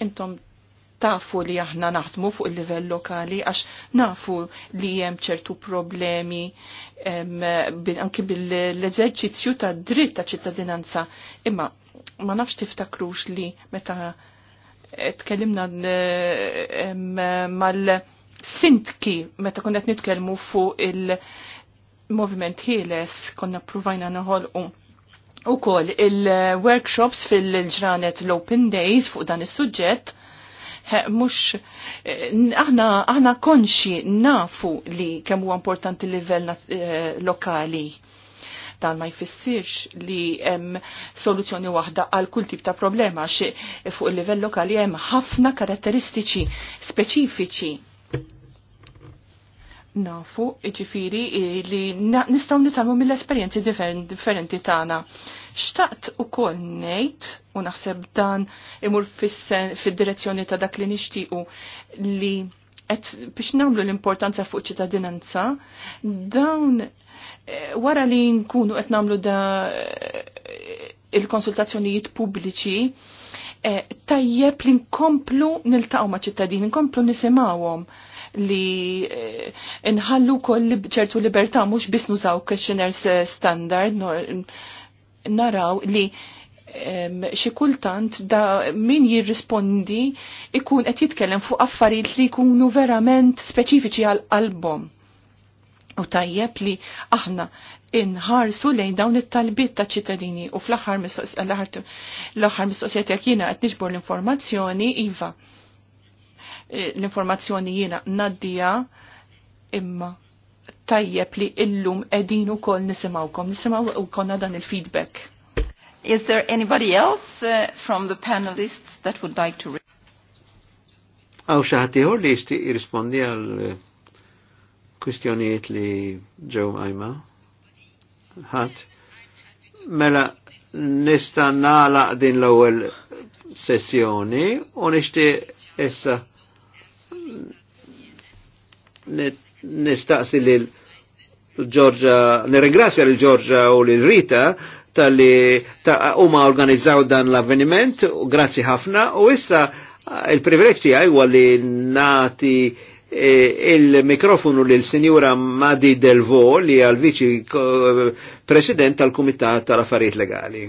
intom tafu li aħna naħdmu fuq il-livell lokali għax nafu li hemm ċertu problemi anki bil-eżerċizzju ta' dritt ta' ċittadinanza. Imma ma nafx tiftakrux li meta tkellimna mal- sintki meta qed nitkellmu fuq il-moviment ħieles konna provajna noħolqu ukoll il-workshops fil-ġranet l-Open Days fuq dan is-suġġett mhux eh, aħna, aħna konxi nafu li kemm huwa importanti livell eh, lokali dan ma jfissirx li hemm soluzzjoni waħda għal kull tip ta' problema xi fuq il-livell lokali hemm ħafna karatteristiċi speċifiċi nafu, iġifiri, li nistaw nitalmu mill-esperienzi differenti tagħna. Xtaqt u kol nejt, u naħseb dan imur fil-direzzjoni ta' dak li nishtiqu li biex nagħmlu l-importanza fuq ċittadinanza, dawn eh, wara li nkunu qed nagħmlu da eh, il-konsultazzjonijiet pubbliċi, eh, tajjeb li nkomplu niltaqgħu ma' ċittadini, nkomplu nisimgħuhom li eh, nħallu koll ċertu libertà mhux biss nużaw questionnaires eh, standard naraw li xi kultant da min jirrispondi ikun qed jitkellem fuq affarijiet li jkunu verament speċifiċi għal album. U tajjeb li aħna inħarsu lejn dawn it-talbiet ta' ċittadini u fl-aħħar mistoqsija l-aħħar mistoqsija tiegħek jiena qed niġbor l-informazzjoni iva l-informazzjoni jiena naddija imma tajjeb li illum edin u kol nisimawkom, nisimaw u konna dan il-feedback. Is there anybody else uh, from the panelists that would like to Għaw xaħatiħor li jisti jirrispondi għal uh, kwistjonijiet li ġew għajma? Ħat? Mela, nista nala din l ewwel sessjoni u nixtieq essa nistaqsi li l-Ġorġa, nirringrazzja l ġorġa u l Rita tal-li huma organizzaw dan l-avveniment, grazzi ħafna, u issa il privileġġi tiegħi li nati e, il-mikrofonu lil-Sinjura Madi Delvo li għal-Viċi eh, President tal-Kumitat tal-Affarijiet Legali.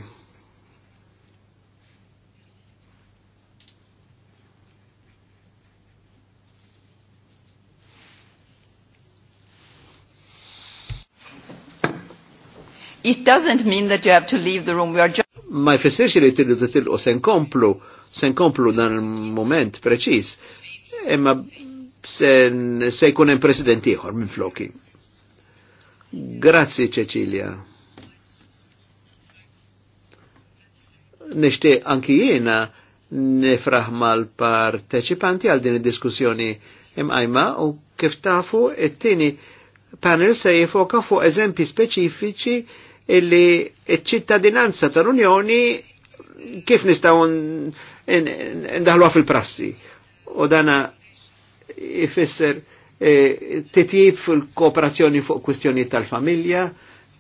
It doesn't mean that you have to leave the room. We are just... Ma jfessirx li tilqu tilqu sen komplu, sen komplu dan il-moment preċis. Imma sen se jkun hemm president ieħor minn floki. Grazzi Cecilia. Nixtieq anki jiena nifraħ mal-parteċipanti għal din id-diskussjoni imqajma u kif tafu it-tieni panel se jifoka fuq eżempi speċifiċi illi ċittadinanza tal-Unjoni kif nistaw ndaħluha fil-prassi. U dana ifisser e, titjib fil-kooperazzjoni fuq kwistjoni tal-familja,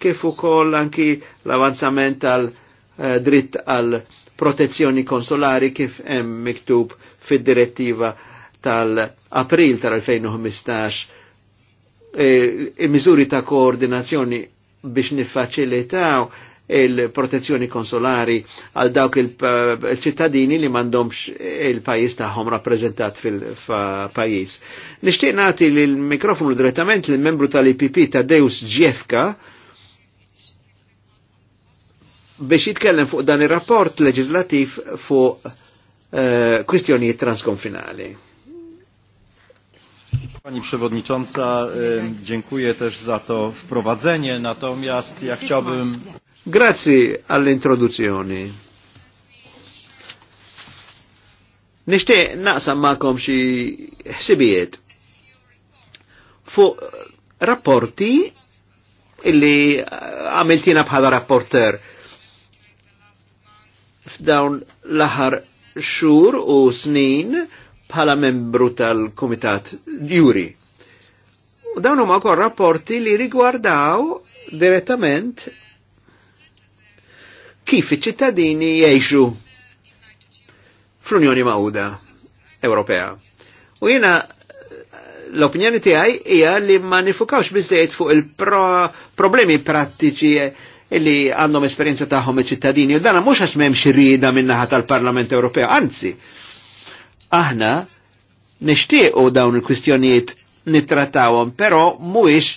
kif ukoll anki l-avanzament tal-dritt e, għal protezzjoni konsolari kif hemm miktub fid-direttiva tal-April tal-2015 il-miżuri e, ta' koordinazzjoni biex niffaċilitaw il-protezzjoni konsolari għal dawk il-ċittadini eh, li mandomx il-pajis taħħom rappresentat fil-pajis. Nishtiq nati l-mikrofonu direttament l-membru tal-IPP ta' Deus Ġefka biex jitkellem fuq dan il-rapport leġislativ fuq eh, kwistjonijiet transkonfinali. Pani Przewodnicząca, dziękuję też za to wprowadzenie, natomiast ja chciałbym... Grazie all'introduzione. Nishtiq naqsam ma'kom xi ħsibijiet fuq eh, rapporti illi eh, għamiltina bħala rapporter f'dawn l-aħħar xhur u snin bħala membru tal-Kumitat Juri. U dawn huma wkoll rapporti li rigwardaw direttament kif iċ-ċittadini jgħixu fl-Unjoni Mawda Ewropea. U jiena l-opinjoni tiegħi hija li ma nifukawx biżejt fuq il-problemi prattiċi illi għandhom esperjenza tagħhom iċ-ċittadini u dana mhux għax m'hemmx rida min-naħa tal-Parlament Ewropew, anzi, Aħna nixtiequ dawn il-kwistjonijiet nittrattawhom, però mhuwiex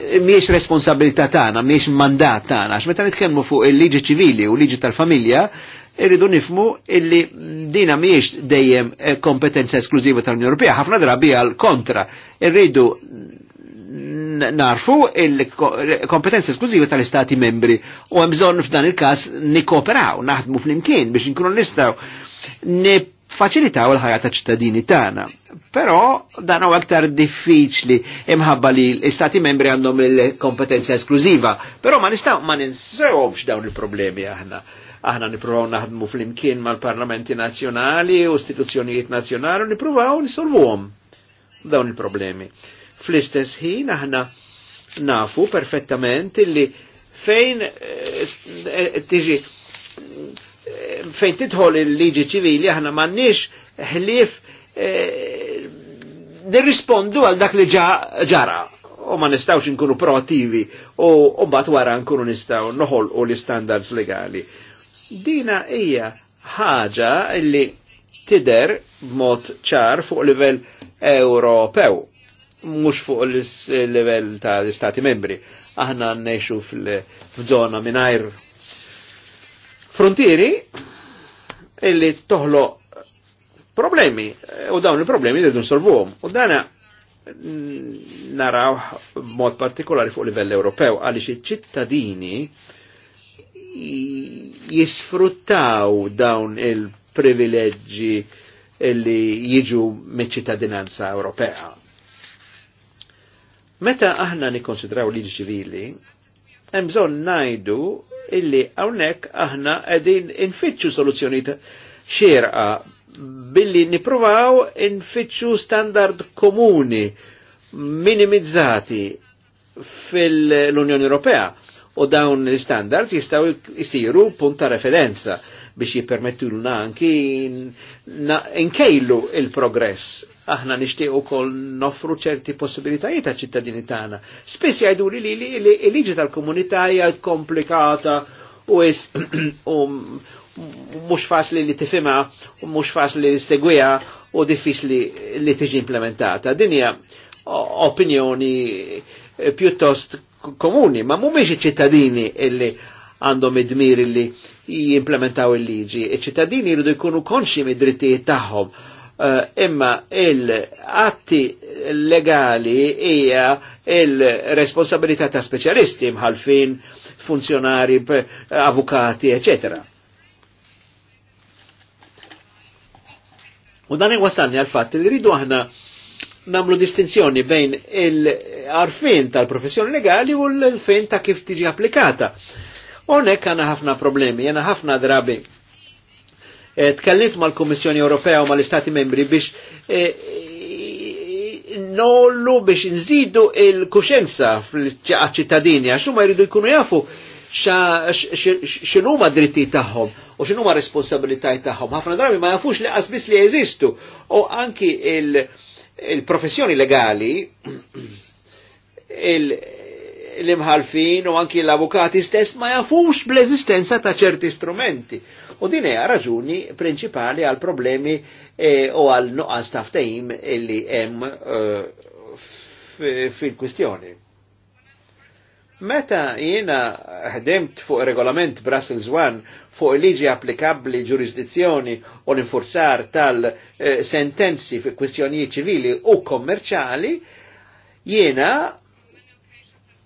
eh, miex responsabilità tagħna, miex mandat tagħna, għax meta nitkellmu fuq il-liġi ċivili u liġi tal-familja, irridu nifmu illi dina miex dejjem eh, kompetenza esklużiva tal-Unjoni Ewropea, ħafna drabi għal kontra. Irridu narfu il-kompetenza esklużiva tal-Istati membri u hemm bżonn f'dan il-każ nikkooperaw, naħdmu flimkien biex inkunu nistaw nifaċilitaw il-ħajja ta' ċittadini tagħna. Però dan huwa aktar diffiċli imħabba li l-Istati membri għandhom il-kompetenza esklużiva, però ma nistaw ma ninsewx dawn il-problemi aħna aħna nipruvaw naħdmu fl-imkien mal-parlamenti nazjonali u istituzzjonijiet nazjonali u nipruvaw nisolvuhom dawn il-problemi. Fl-istess ħin aħna nafu perfettament illi fejn eh, eh, tiġi eh, fejn tidħol il-liġi ċivili aħna m'għandniex ħlief nirrispondu għal dak li ġara u ma nistawx nkunu proattivi u mbagħad wara nkunu nistgħu noħolqu l-istandards legali. Dina hija ħaġa li tider b'mod ċar fuq livell Ewropew mux fuq l-level l istati membri. Aħna neħxu fil-zona minajr frontieri illi toħlo problemi u dawn il-problemi rridu nsolvuhom. U dana naraw mod partikolari fuq livell Ewropew għaliex iċ-ċittadini jisfruttaw dawn il-privileġġi illi jiġu mit-ċittadinanza Ewropea Meta aħna nikkonsidraw liġi ċivili, hemm bżonn ngħidu illi hawnhekk aħna qegħdin infittxu soluzzjonijiet xierqa billi nipruvaw infittxu standard komuni minimizzati fil-Unjoni Ewropea u dawn l-standards jistaw jisiru punta referenza biex jipermettulna anki nkejlu il-progress. Aħna nishtiq ukoll noffru ċerti possibilitajiet ta' ċittadini tagħna. Spiss jgħidu li l-liġi tal-komunità hija komplikata u mhux faċli li tifhimha u mhux faċli li segwija u diffiċli li tiġi implementata. Din hija opinjoni pjuttost komuni, ma mhumiex iċ-ċittadini illi għandhom id-dmir illi jimplementaw il-liġi. Iċ-ċittadini jridu jkunu konxi mid-drittijiet tagħhom. Eh, imma il-atti legali hija il-responsabilità ta' speċjalisti mħalfin funzjonari, avukati, eccetera. U dan iwasalni għal fatt li rridu aħna namlu distinzjoni bejn il-arfin tal-professjoni legali u l fin ta' kif tiġi applikata. Onek għana ħafna problemi, għana ħafna drabi. E, Tkellimt mal komissjoni Ewropea u mal-Istati membri biex e, e, nollu biex nżidu il-kuxenza fil-ċittadini, għax huma jridu jkunu jafu xinu ma dritti tagħhom u xinu ma responsabilitaj tagħhom. Ħafna drabi ma jafux li għasbis li jeżistu. U anki il-professjoni il legali l-imħalfin u anki l-avukati stess ma jafux bl ezistenza ta' ċerti strumenti. U din hija raġuni prinċipali għal problemi e, u għal nuqqas ta' ftehim illi hemm e, fil-kwistjoni. Meta jiena ħdemt fuq regolament Brussels 1 fuq il-liġi applikabli ġurisdizzjoni u l-infurzar tal-sentenzi e, fi kwistjonijiet ċivili u kommerċali, jiena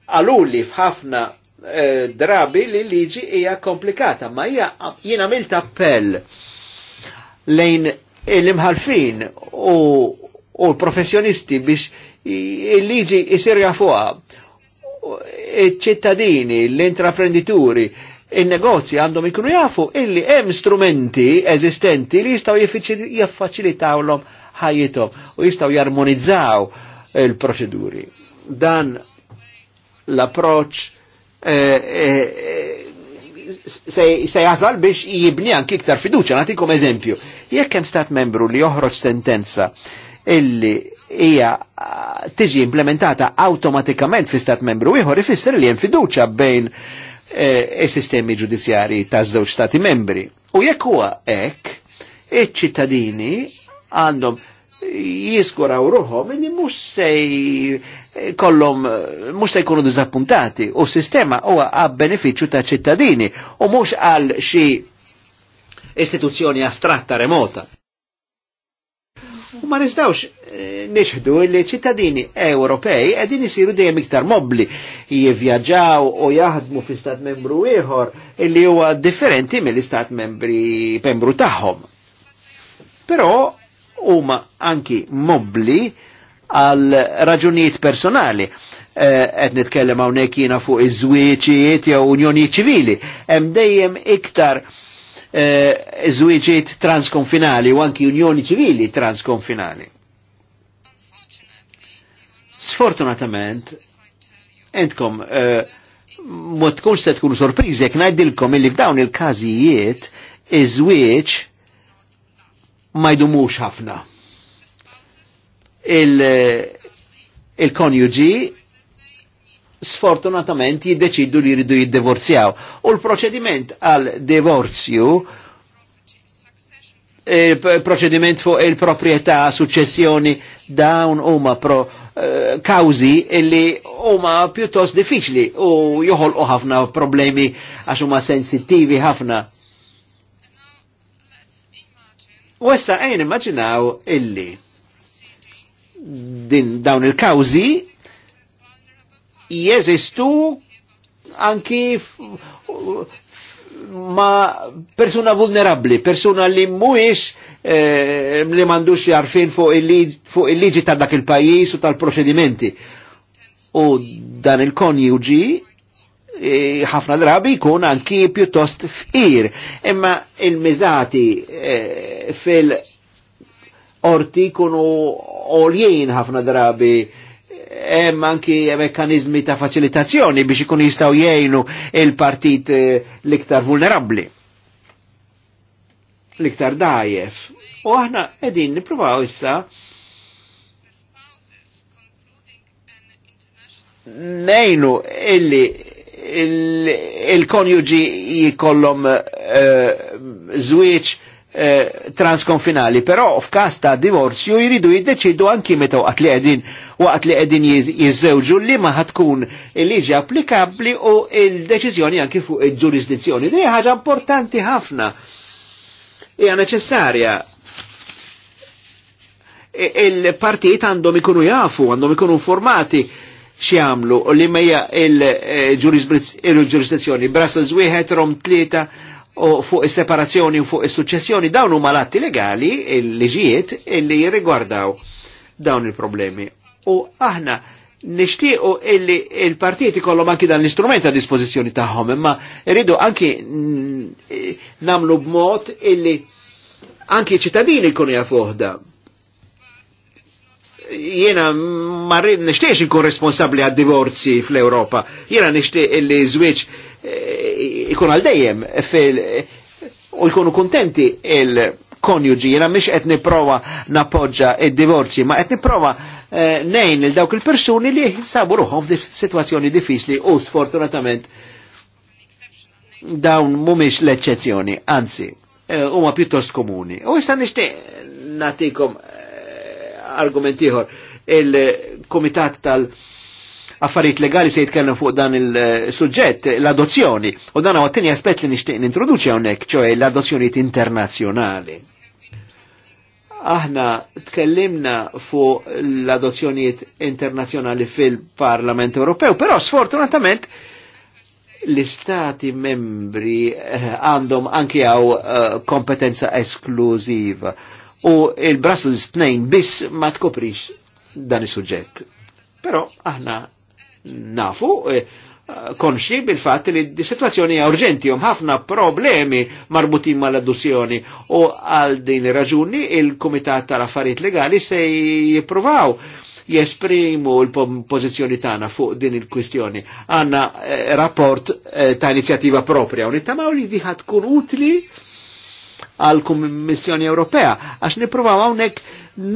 għaluli fħafna eh, drabi li liġi hija komplikata, ma hija jien għamilt appell lejn l-imħalfin u, u l-professjonisti biex il-liġi jisir jafuqa, il ċittadini l-intraprendituri, il-negozji għandhom ikunu jafu illi hemm strumenti eżistenti li jistaw jaffaċilitawlhom ħajjithom u jistaw jarmonizzaw il-proċeduri. Dan l-approċ eh, eh, se jasal biex jibni anki iktar fiduċa. Natikom eżempju, jekk hemm stat membru li joħroġ sentenza illi hija eh, tiġi implementata automatikament fi stat membru ieħor ifisser li hemm fiduċa bejn is-sistemi ġudizjari taż-żewġ stati membri. U jekk huwa hekk, iċ-ċittadini għandhom jiskuraw ruħom inni mux se kollom, mux se jkunu dizappuntati u sistema u għab beneficju ta' ċittadini u mux għal xi istituzzjoni astratta remota. U ma nistawx eh, nixħdu li ċittadini Ewropej edin jisiru dejjem iktar mobli jivjaġaw u jaħdmu fi stat membru ieħor illi huwa differenti mill-istat membri membru tagħhom. Però huma anki mobbli għal raġunijiet personali. Eh, qed nitkellem hawnhekk jiena fuq iż-żwieġijiet jew unjonijiet ċivili. Hemm dejjem iktar uh, transkonfinali u anki unjoni ċivili transkonfinali. Sfortunatament, entkom eh, ma tkunx se tkunu sorpriżi jekk ngħidilkom illi f'dawn il-każijiet iż-żwieġ ma jdumux ħafna. Il-konjugi il sfortunatament jiddeċiddu li jridu jiddivorzjaw. U l-proċediment għal divorzju il-proċediment fuq il-proprietà, successjoni, dawn huma pro eh, kawzi illi huma pjuttost diffiċli u joħolqu ħafna problemi għax huma sensittivi ħafna. U essa għajn immaġinaw illi din dawn il-kawzi jeżistu anki ma persuna vulnerabli, persuna li mwix eh, li mandux jarfin fuq il-liġi ta' dak il-pajjiż u tal-proċedimenti. U dan il-konjuġi E, ħafna drabi jkun anki pjuttost fqir. Imma il mizati e, fil-orti kunu oljien ħafna drabi hemm anki mekkanizmi ta' faċilitazzjoni biex ikun jistgħu jgħinu il-partit e, l-iktar vulnerabbli. L-iktar dajef. U aħna qegħdin nippruvaw issa nejnu illi il-konjuġi jikollom zwieċ eh, eh, transkonfinali, però f'kas ta' divorzju jridu jiddeċidu anki meta waqt li għedin waqt li qegħdin jizzewġu li ma ħatkun il-liġi applikabbli u il-deċiżjoni anki fuq il-ġurisdizzjoni. Dini ħaġa importanti ħafna. Hija neċessarja il-partijiet għandhom ikunu jafu, għandhom ikunu informati xiamlu u li meja eh, il-ġurisdizzjoni. Brussels wieħed Rom tlieta u fuq il separazzjoni u fuq il suċċessjoni dawn huma l-atti legali il-liġijiet li jirrigwardaw dawn il-problemi. U aħna nixtiequ illi il-partiti kollu anki dan l-istrument a dispożizzjoni tagħhom, imma rridu anki namlu b'mod illi anki ċittadini jkunu jafuħda Jiena ma nishtiex nkun responsabli għad divorzi fl-Europa. Jiena nishtiex illi żwieġ eh, ikun għal dejjem fil u jkunu kontenti il-konjuġi. Jiena mish qed nipprova napoġġa id-divorzi, ma qed nipprova eh, nejn il dawk il-persuni li sabu f'di situazzjoni diffiċli u sfortunatament dawn mumiex l eccezzjoni anzi, eh, huma piuttost komuni. U issa nixtieq natikom argument ieħor. Il-Kumitat tal- affarijiet legali se jitkellem fuq dan il-suġġett, l-adozzjoni. U dan għu għattini aspet li nishtiq nintroduċi hawnhekk, ċoħe l adozzjonijiet internazzjonali. Aħna tkellimna fuq l adozzjonijiet internazzjonali fil-Parlament Ewropew, però sfortunatament l-istati membri eh, għandhom anki għaw eh, kompetenza esklużiva u il-Brussels 2 biss ma tkoprix dan is-suġġett. Però aħna nafu eh, konxi bil-fatt li d-situazzjoni urġenti jom ħafna problemi marbutin mal adduzzjoni u għal din raġuni il-Komitat tal-Affarijiet Legali se jippruvaw jesprimu l-pozizjoni tagħna fuq din il-kwistjoni. Għanna eh, rapport eh, ta' inizjativa propria u li diħat kun utli għal-Kummissjoni Ewropea, għax nipruvaw hawnhekk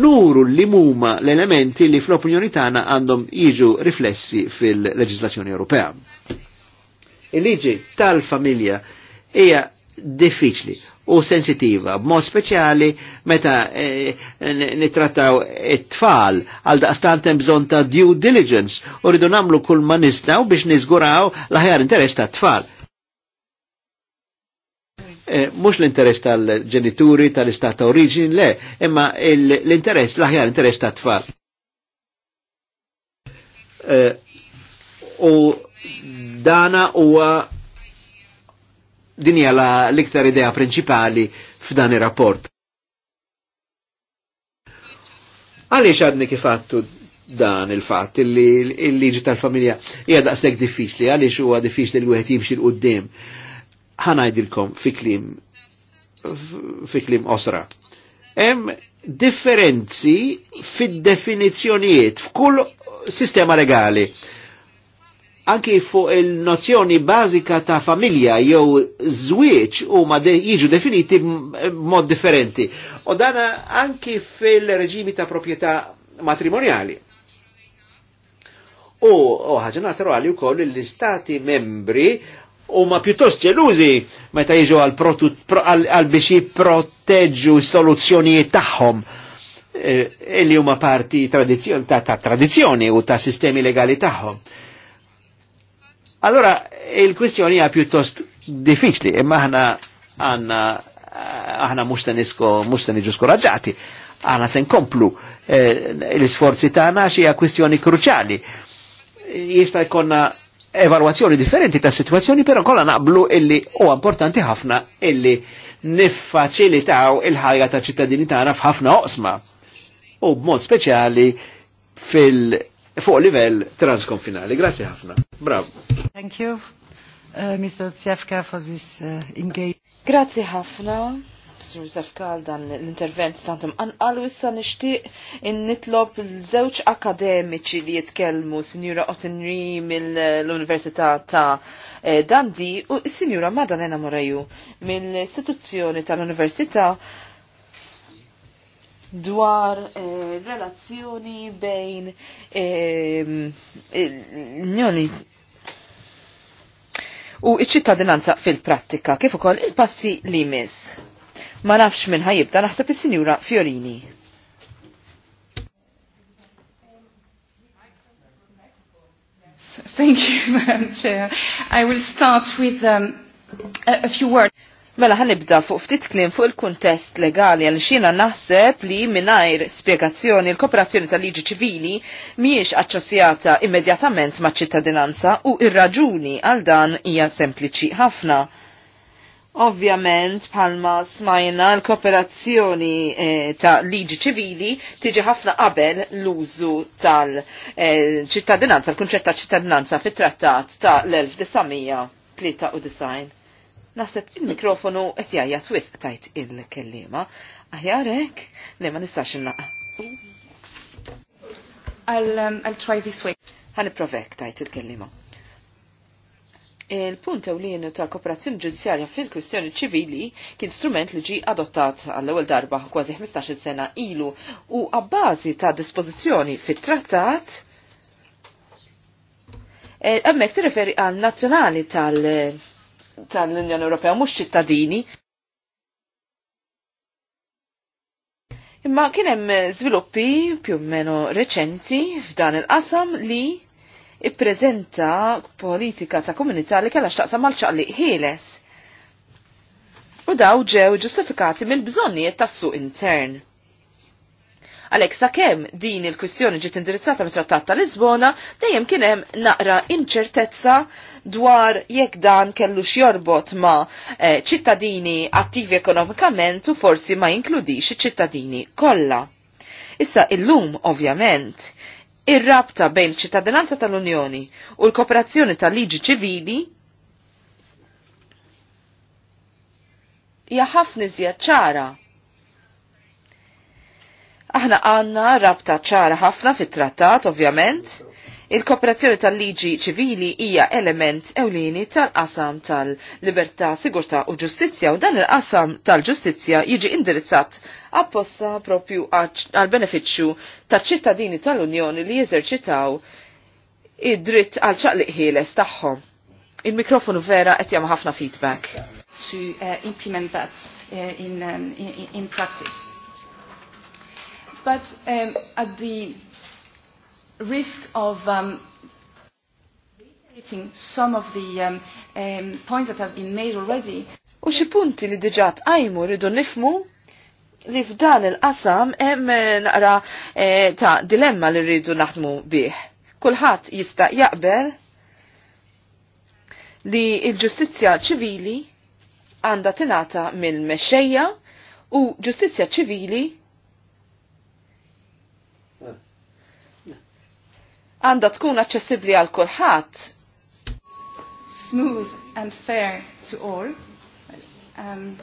nuru li muma l-elementi li fl-opinjoni tana għandhom jiġu riflessi fil-leġislazzjoni Ewropea. Il-liġi tal-familja hija diffiċli u sensitiva, b'mod speċjali meta e, eh, nitrattaw it-tfal għal daqstant hemm bżonn ta' due diligence u rridu nagħmlu kull ma nistgħu biex niżguraw l-aħjar interess tat-tfal Eh, mux l-interess tal-ġenituri, tal-istat ta' oriġin, le, imma l-interess, l-aħjar interess ta' tfal. Eh, u dana huwa dinja l-iktar idea principali f'dan ir-rapport. Għaliex għadni kifattu dan il-fatt il liġi tal-familja hija daqshekk diffiċli, għaliex huwa diffiċli l-wieħed jimxi l-qudiem ħanajdilkom fiklim fiklim fi klim osra. Hemm differenzi fid-definizzjonijiet f'kull sistema legali. Anki fuq il-nozzjoni bażika ta' familja jew żwieġ huma jiġu definiti mod differenti. U dana anki fil-reġimi ta' proprjetà matrimonjali. U ħaġa naturali wkoll l-istati membri u ma pjuttost ġelużi meta jiġu għal biex jipproteġġu soluzzjonijiet tagħhom eh, illi huma parti ta' tradizzjoni u ta' sistemi legali tagħhom. Allora, il-kwistjoni hija pjuttost diffiċli, imma aħna għanna aħna mustanisko mustaniġu skoraġġati, aħna se nkomplu eh, l-isforzi tagħna xi hija kwistjoni kruċjali. Jista' jkollna evalwazzjoni differenti ta' situazzjoni, pero kolla naqblu illi u importanti ħafna illi niffaċilitaw il-ħajja ta' ċittadini tagħna f'ħafna oqsma u b'mod speċjali fil fuq livell transkonfinali. Grazie ħafna. Bravo. Thank you, uh, Mr. Tsefka, for this uh, engagement. Grazie ħafna. Sur Zafkal dan l-intervent tantum. anqal issa nixtieq in nitlob l-żewġ akademiċi li jitkellmu Sinjura Ottenri mill-Università ta' eh, Dandi u Sinjura Madalena Moraju mill-istituzzjoni tal-Università dwar eh, relazzjoni bejn ehm, l-Unjoni u iċ-ċittadinanza fil-prattika kif ukoll il-passi li miss. Ma nafx minn ħajibda naħseb is-Sinjura Fiorini. Thank you, Madam Chair. I will start with um, a, a few words. Mela ħanibda fuq ftit kliem fuq il-kuntest legali għal xina naħseb li mingħajr spjegazzjoni l-kooperazzjoni tal-liġi ċivili mhijiex aċċosjata immedjatament maċ ċittadinanza u ir-raġuni għal dan hija sempliċi ħafna. Ovvjament, palma smajna l-kooperazzjoni eh, ta' liġi ċivili tiġi ħafna qabel l-użu tal-ċittadinanza, eh, l-kunċett ta' ċittadinanza fit-trattat ta' l-1993. Nasib il-mikrofonu qed jajja twisq tajt il-kellima. Aħjarek li ma nistax il I'll, um, I'll try this way. tajt il-kellima. Il-punt ewlienu tal-kooperazzjoni ġudizzjarja fil-kwistjoni ċivili kien strument li ġi adottat għall-ewwel darba kważi 15 sena ilu u għabbażi ta' dispożizzjoni fit-trattat Għammek eh, ti referi għal nazjonali tal-Unjoni Ewropea, mux ċittadini. Imma kienem sviluppi più meno recenti f'dan il-qasam li ippreżenta politika ta' komunità li kellha x'taqsam mal-ċaqli ħieles. U daw ġew ġustifikati mill-bżonnijiet tas-suq intern. Għalek sakemm din il-kwistjoni ġiet indirizzata mit trattat ta' Lisbona, dejjem kien hemm naqra inċertezza dwar jekk dan kellu xjorbot ma' eh, ċittadini attivi ekonomikament u forsi ma' jinkludix ċittadini kollha. Issa illum ovvjament ir-rabta bejn ċittadinanza tal-Unjoni u l-kooperazzjoni tal-liġi ċivili hija ħafna iżjed ċara. Aħna għandna rabta ċara ħafna fit-trattat, ovvjament, Il-kooperazzjoni tal-liġi ċivili hija element ewlieni tal-qasam tal-libertà, sigurtà u ġustizzja u dan il-qasam tal-ġustizzja jiġi indirizzat apposta propju għal benefiċċju taċ-ċittadini tal-Unjoni li jeżerċitaw id-dritt għal ċaqliq ħieles tagħhom. Il-mikrofonu vera qed jagħmel ħafna feedback. To uh, implement that uh, in, um, in, in practice. But um, at the risk of um, reiterating some of the um, um, points that have been made already. U xi punti li diġà tqajmu rridu nifmu li f'dan il-qasam hemm eh, naqra eh, ta' dilemma li rridu naħdmu bih. Kulħadd jista' jaqbel li l-ġustizzja ċivili għandha tingħata mill-mexxejja u ġustizzja ċivili għandha tkun aċċessibbli għal kulħadd. Smooth and fair to all. Um,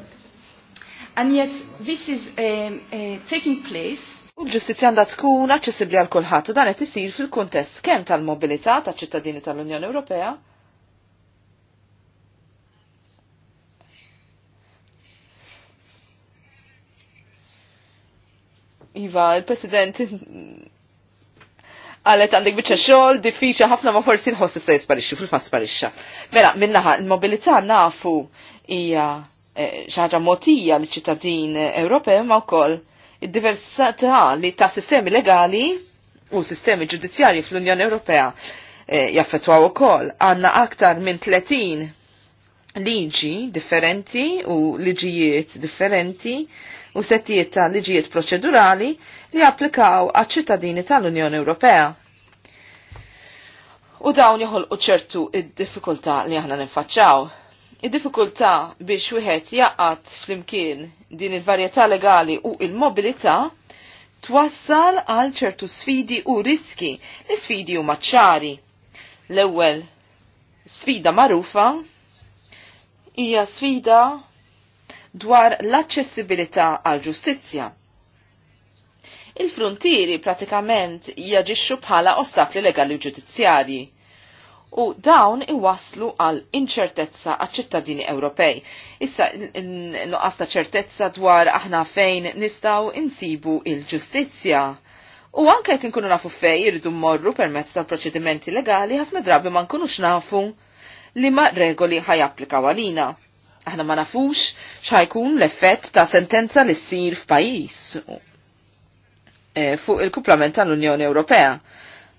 and yet this is um, uh, taking place U l-ġustizja għandha tkun aċċessibbli għal kulħadd u dan qed isir fil-kuntest kemm tal-mobilità taċ-ċittadini tal-Unjoni Ewropea Iva, il-President għalet għandek bieċa xol, diffiċa ħafna ma forsi nħossi se jisparixxu, fil-fat sparixxa. Mela, minnaħa, il-mobilità nafu hija eh, xaħġa motija li ċittadin Ewropew ma wkoll id-diversità li ta' sistemi legali u sistemi ġudizzjarji fl-Unjoni Ewropea eh, jaffetwaw ukoll. Għandna aktar minn 30 liġi differenti u liġijiet differenti u settijiet ta' liġijiet proċedurali li applikaw għat ċittadini tal-Unjoni Ewropea. U dawn joħolqu ċertu id-diffikultà li aħna nifaċċaw. Id-diffikultà biex wieħed jaqat flimkien din il-varjetà legali u il-mobilità twassal għal ċertu sfidi u riski. L-sfidi huma ċari. L-ewwel sfida magħrufa hija sfida dwar l-aċċessibilità għal ġustizzja. Il-frontieri pratikament jaġixxu bħala ostakli legali u ġudizzjarji u dawn iwaslu għal inċertezza għal ċittadini Ewropej. Issa nuqqas ta' ċertezza dwar aħna fejn nistaw insibu il-ġustizzja. U anke jekk nkunu nafu fej irridu mmorru permezz tal-proċedimenti legali ħafna drabi ma nkunux nafu li ma regoli ħajapplikaw għalina. Aħna ma nafux xajkun l-effett ta' sentenza li ssir f'pajjiż e, fuq il-kuplament tal-Unjoni Ewropea.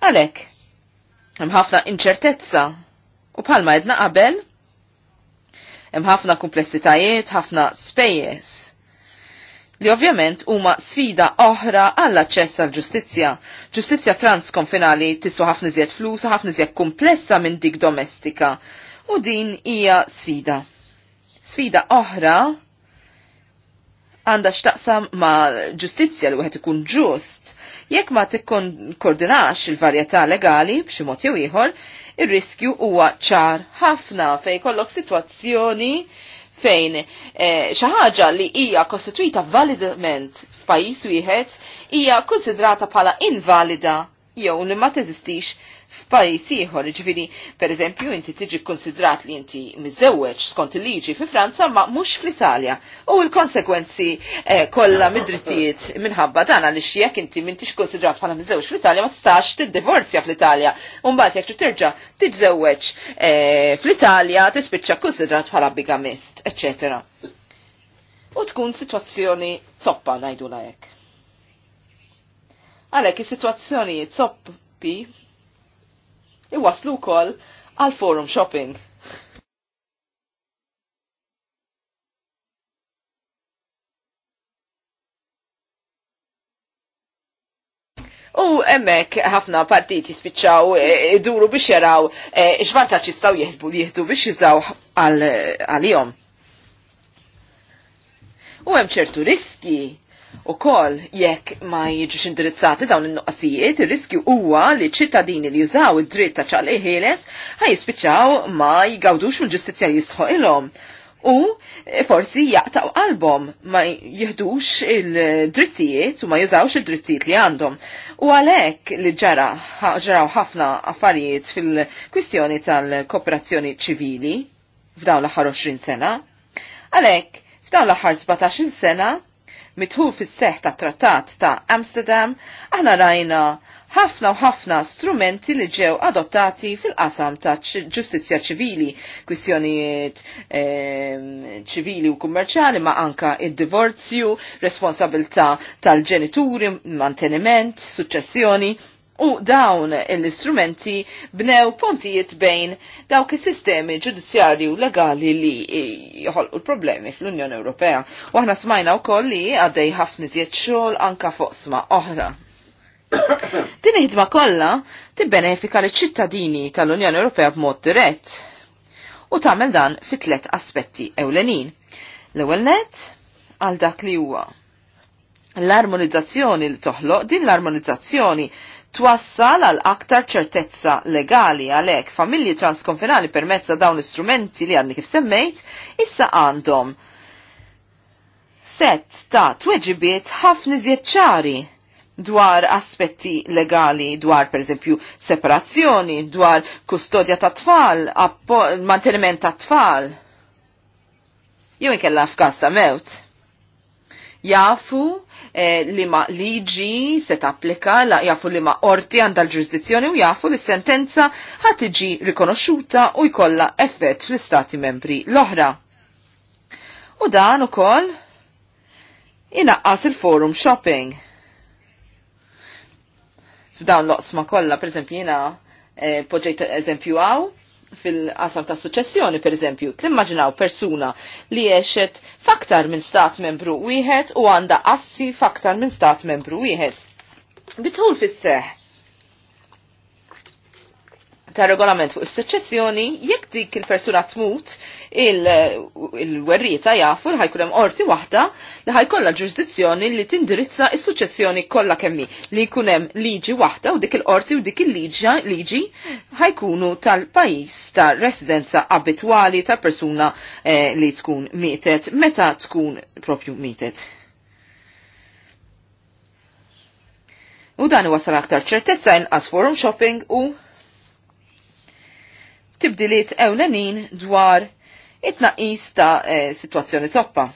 Għalhekk, hemm ħafna inċertezza u bħalma jedna qabel hemm ħafna ħafna spejjeż li ovvjament huma sfida oħra għall aċċess għal ġustizzja. Ġustizzja transkonfinali tiswa ħafna iżjed flus, u ħafna iżjed komplessa minn dik domestika. U din hija sfida. Sfida oħra għandha x'taqsam ma' ġustizzja li wieħed ikun ġust. Jekk ma tikkoordinax il-varjetà legali b'xi mod jew ieħor, ir-riskju huwa ċar ħafna fejn kollok sitwazzjoni fejn eh, xi ħaġa li hija kostituita validament f'pajjiż wieħed hija konsidrata bħala invalida jew li ma teżistix f'pajjiż ieħor, per pereżempju inti tiġi konsidrat li inti mizzewċ skont il-liġi fi Franza ma mhux fl-Italja. U l-konsekwenzi eh, kollha mid-drittijiet minħabba dan għaliex jekk inti m'intix konsidrat bħala mizzewċ fl-Italja ma tistax tiddivorzja fl-Italja. U mbagħad jekk terġa' tiġżewweġ eh, fl-Italja tispiċċa konsidrat bħala bigamist, ecc. U tkun situazzjoni zoppa najdu lajek. Għalhekk is situazzjoni zoppi iwaslu wkoll għal forum shopping. U emmek ħafna partiti spiċċaw e, e, iduru biex jaraw e, x'vantaġġ jistgħu jieħdu jieħdu biex jiżaw jom U hemm ċertu riski U kol, jekk ma jiġux indirizzati dawn il-nuqqasijiet, il-riskju huwa li ċittadini li jużaw id-dritt ta' ċalli ħieles jispiċaw ma jgawdux mill-ġustizja li jistħoq ilhom. U e, forsi jaqtaw qalbhom ma jihdux il-drittijiet u ma jużawx id-drittijiet li għandhom. U għalhekk li ġara ġaraw ħafna affarijiet fil-kwistjoni tal-kooperazzjoni ċivili f'dawn l-aħħar 20 sena. Għalhekk f'dawn l-aħħar 17 sena mitħu fis-seħ ta' trattat ta' Amsterdam, aħna rajna ħafna u ħafna strumenti li ġew adottati fil-qasam ta' ġustizja ċivili, kwistjonijiet ehm, ċivili u kummerċali ma' anka id-divorzju, responsabilta tal-ġenituri, manteniment, suċessjoni, U dawn l-istrumenti bnew pontijiet bejn dawk is-sistemi ġudizzjarju u legali li joħolqu l-problemi fl-Unjoni Ewropea. U aħna smajna wkoll li għaddej ħafna iżjed xogħol anka fuq sma oħra. Din ħidma kollha tibbenefika liċ ċittadini tal-Unjoni Ewropea b'mod dirett. U tagħmel dan fi tliet aspetti ewlenin. L-ewwel net għal dak li huwa l-armonizzazzjoni li toħloq din l-armonizzazzjoni twassal għal aktar ċertezza legali għalhekk familji transkonfinali permezza dawn l-istrumenti li għadni kif semmejt issa għandhom set ta' tweġibiet ħafna ċari dwar aspetti legali, dwar per esempio separazzjoni, dwar kustodja ta' tfal, manteniment ta' tfal. Jew ikella f'każ ta' mewt. Jafu Eh, li ma liġi se tapplika, la jafu li ma orti għanda l-ġurisdizzjoni u jafu li sentenza ħat iġi rikonoxxuta u jkollha effett fl-istati membri l-oħra. U dan ukoll inaqqas il-forum shopping. F'dawn l-oqsma kollha, per eżempju, jiena eh, poġġejt eżempju għaw, fil-qasam ta' suċessjoni, per eżempju, timmaġinaw persuna li jiexet faktar minn stat membru wieħed u għanda assi faktar minn stat membru wieħed. Bitħul fis-seħ ta' regolament fuq is-suċċessjoni, jekk dik il-persuna tmut, il-werrieta il jafu li ħajkun hemm qorti waħda li ħajkollha ġurisdizzjoni li tindirizza is-suċċessjoni kollha kemmi li jkun hemm liġi waħda u dik il-qorti u dik il-liġi liġi ħajkunu tal-pajjiż ta' residenza abitwali ta' persuna eh, li tkun mietet meta tkun propju mietet. U dan wasal aktar ċertezza inqas forum shopping u tibdiliet ewlenin dwar it-naqis ta' eh, situazzjoni toppa.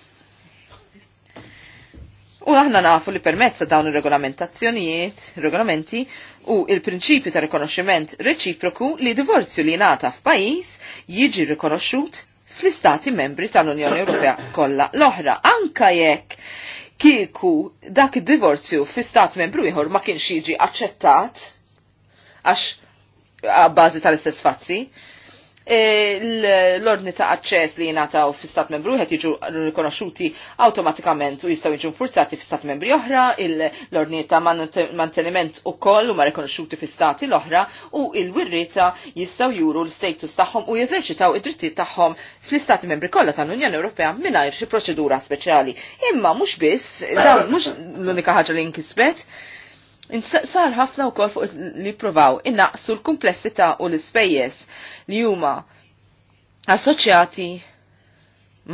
U aħna nafu li permezz ta' dawn ir-regolamentazzjonijiet, regolamenti u il-prinċipju ta' rikonoxximent reċiproku li divorzju li nata f'pajjiż jiġi rikonoxxut fl-istati membri tal-Unjoni Ewropea kollha l-oħra anka jekk kieku dak id-divorzju fl-istati membru ieħor ma kienx jiġi aċċettat għax għabbażi tal-istess fazzi. E, l-ordni ta' aċċess li jenataw fi istat membru jħet jiġu rikonoxuti automatikament u jistaw jiġu forzati fi membri oħra, l-ordni ta' manteniment u koll u ma' rikonoxuti fi l-oħra u il-wirrita jistaw juru l-status tagħhom u jeżerċitaw id-drittijiet tagħhom fl-istati membri kollha tal-Unjoni Ewropea mingħajr xi proċedura speċjali. Imma mhux biss, dawn mhux l-unika ħaġa li nkisbet, Sar ħafna u kol li provaw innaqsu l-komplessità u l-spejjes li huma assoċjati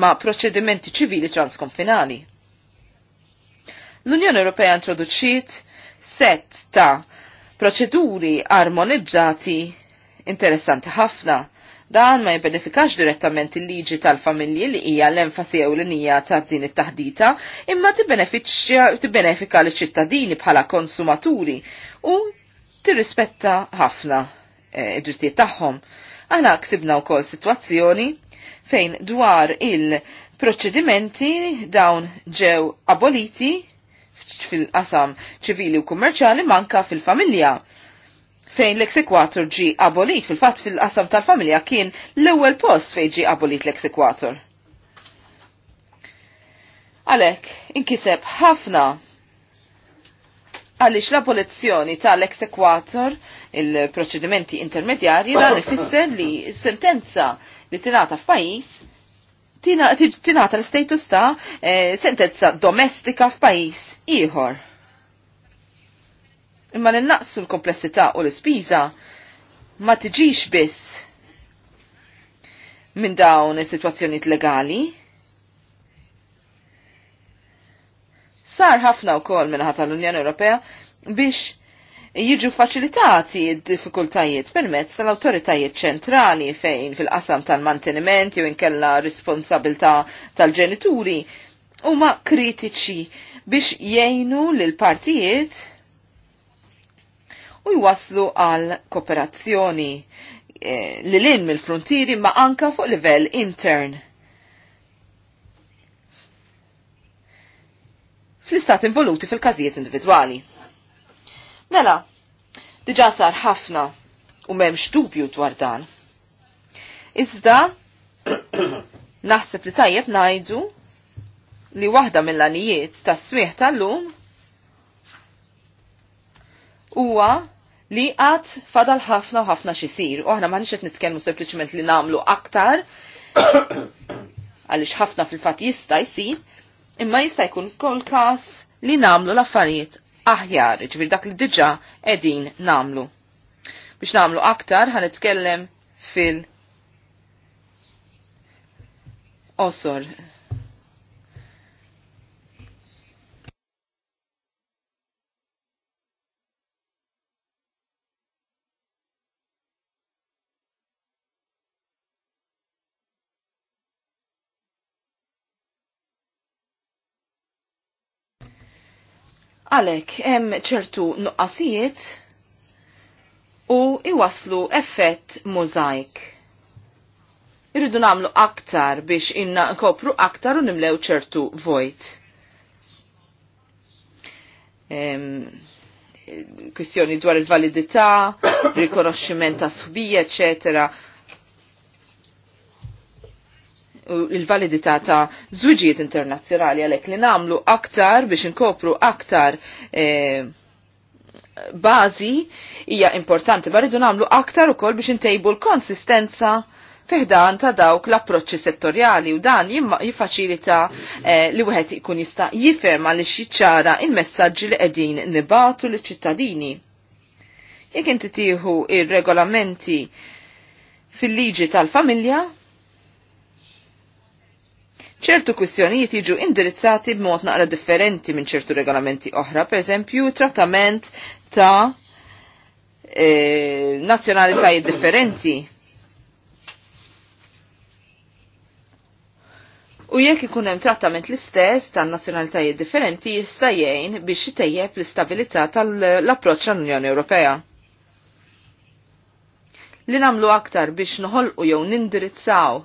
ma' proċedimenti ċivili transkonfinali. L-Unjoni Ewropea introduċiet set ta' proċeduri armonizzati interessanti ħafna Dan ma jibbenefikax direttament il-liġi tal-familji li hija l-enfasi u l-nija ta' din it-taħdita, imma tibbenefika l-ċittadini bħala konsumaturi u tirrispetta ħafna eh, id-drittijiet tagħhom. Aħna ksibna wkoll sitwazzjoni fejn dwar il-proċedimenti dawn ġew aboliti fil-qasam ċivili u kummerċali manka fil-familja fejn l 4 ġi abolit fil-fat fil-qasam tal-familja kien l-ewwel post fejn ġi abolit l-eksekwator. Għalek, inkiseb ħafna għalix l-abolizzjoni tal-eksekwator il-proċedimenti intermedjarji dan ifisser li sentenza li tinata f'pajis tinata l-status ta' eh, sentenza domestika f'pajis ieħor imma li naqsu l-komplessità u l-ispiża ma tiġix biss minn dawn is-sitwazzjonijiet legali. Sar ħafna wkoll minn ħata tal-Unjoni Ewropea biex jiġu faċilitati d-diffikultajiet permezz tal-autoritajiet ċentrali fejn fil-qasam tal-manteniment jew inkella responsabilità tal-ġenituri huma kritiċi biex jgħinu l partijiet u jwaslu għal kooperazzjoni eh, li l-in mill-frontieri ma anka fuq livell intern. Fl-istat involuti fil-każijiet individwali. Mela, diġa sar ħafna u memx dubju dwar dan. Iżda, naħseb li tajjeb najdu li waħda mill-anijiet tas smieħ tal-lum huwa li għat fadal ħafna u ħafna xisir. U ħana maħniċet qed nitkellmu sempliċement li namlu aktar, għalix ħafna fil-fat jista jisir, imma jista jkun kol kas li namlu l aħjar, ġvir dak li diġa edin namlu. Biex namlu aktar ħan nitkellem fil- osor Għalek, hemm ċertu nuqqasijiet u iwaslu effett mużajk. Irridu namlu aktar biex inna nkopru aktar u nimlew ċertu vojt. Kwistjoni dwar il-validità, rikonoxximent ta' subija, eccetera il-validità ta' żwiġijiet internazzjonali għalhekk li nagħmlu aktar biex inkopru aktar bazi e, bażi hija importanti barridu nagħmlu aktar ukoll biex intejbu l-konsistenza fiħdan ta' dawk l-approċċi settorjali u dan jiffaċilita e, li wieħed ikun jista' jifhem għaliex jiċċara il-messaġġi li qegħdin nibatu l ċittadini Jekk inti tieħu ir-regolamenti fil-liġi tal-familja, ċertu kwistjonijiet jiġu indirizzati b'mod naqra differenti minn ċertu regolamenti oħra, per eżempju, trattament ta' e, nazzjonalitajiet differenti. U jekk ikun hemm trattament l-istess ta' nazzjonalitajiet differenti jista' jgħin biex itejjeb l-istabilità tal-approċċ għall-Unjoni Ewropea li namlu aktar biex noħolqu jew nindirizzaw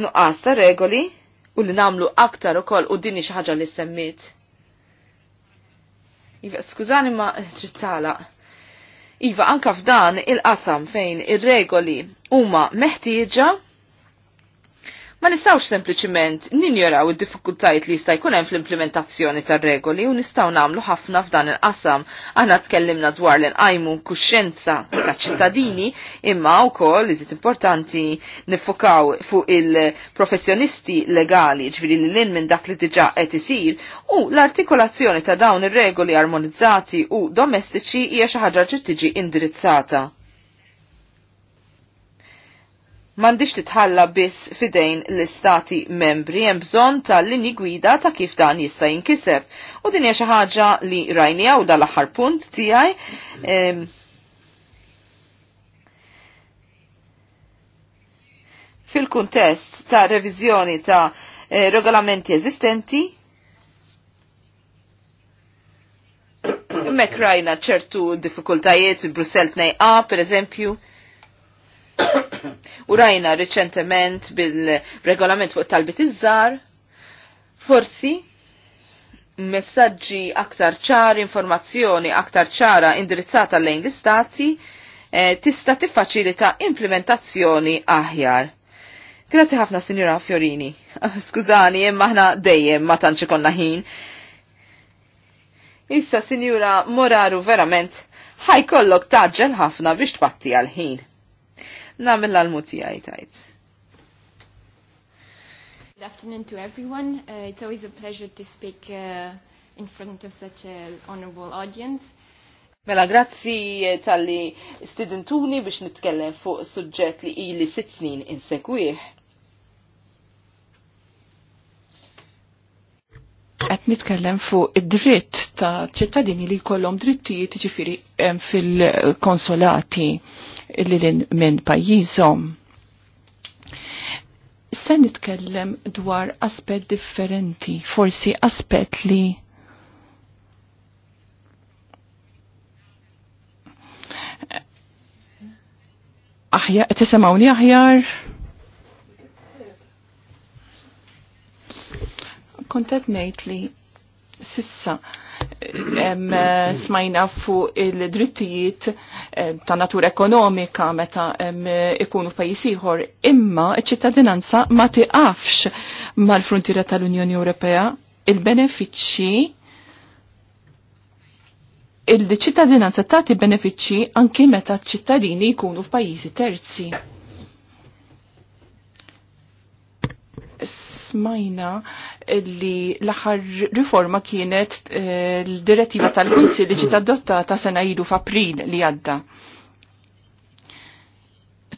nuqqas ta' regoli u li namlu aktar ukoll u dini xi ħaġa li semmit. Iva, skużani ma ċittala. Iva, anka f'dan il-qasam fejn ir-regoli huma meħtieġa Ma nistawx sempliciment ninjoraw id-diffikultajiet li jista' jkun hemm fl-implementazzjoni tar-regoli u nistgħu nagħmlu ħafna f'dan il-qasam. Aħna tkellimna dwar li nqajmu kuxjenza taċ-ċittadini imma wkoll iżid importanti nifokaw fuq il-professjonisti legali ġifieri li lin minn dak li diġà qed isir u l-artikolazzjoni ta' dawn ir-regoli armonizzati u domestiċi hija xi ħaġa ġiet tiġi indirizzata mandiċ titħalla biss fidejn l-istati membri hemm bżonn tal-lini gwida ta' kif dan jista' jinkiseb. U din hija xi ħaġa li rajnija u dal-aħħar punt tiegħi. fil-kuntest ta' reviżjoni ta' eh, regolamenti eżistenti, Mek rajna ċertu diffikultajiet, Brussel tnejqa, per eżempju, U rajna riċentement bil-regolament fuq talbit iż-żar, forsi messaġġi aktar ċar, informazzjoni aktar ċara indirizzata lejn l-istati eh, tista' tiffaċilita implementazzjoni aħjar. Grazzi ħafna Sinjora Fiorini. Skużani, imma aħna dejjem ma tantx konna ħin. Issa Sinjura Moraru verament kollok taġġel ħafna biex tbatti għal ħin namel l-almuti għaj tajt. Good afternoon to everyone. Uh, it's always a pleasure to speak uh, in front of such an honorable audience. Mela, grazzi eh, tal-li studentuni biex nitkellem fuq suġġett li ili sitt snin insegwih. Qed nitkellem fuq id-dritt ta' ċittadini li jkollhom drittijiet ġifieri eh, fil-konsolati lilin minn pajjiżhom. Se nitkellem dwar aspett differenti, forsi aspett li aħjar, tisemawni aħjar? Kontet nejt li sissa Eh, smajna fuq il-drittijiet eh, ta' natura ekonomika meta ikunu pajisiħor ieħor, imma ċ-ċittadinanza ma tiqafx mal-frontiera tal-Unjoni Ewropea il-benefiċċji il-ċittadinanza tagħti benefiċċji anki meta ċ-ċittadini jkunu f'pajjiżi terzi. smajna li l-aħħar riforma kienet eh, l-direttiva tal-Kunsil li ġiet adottata sena jidu f'April li għadda.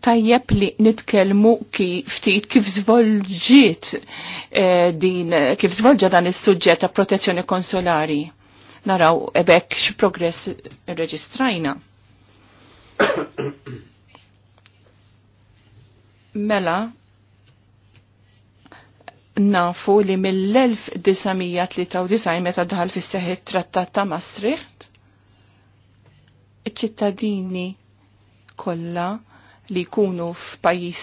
Tajjeb li nitkellmu kif ftit kif żvolġiet eh, din kif zvolġa dan is-suġġett ta' protezzjoni konsolari. Naraw ebek x'progress reġistrajna. mela nafu li mill-1993 meta dħal fi seħħ trattat ta' Maastricht, iċ-ċittadini kollha li jkunu f'pajjiż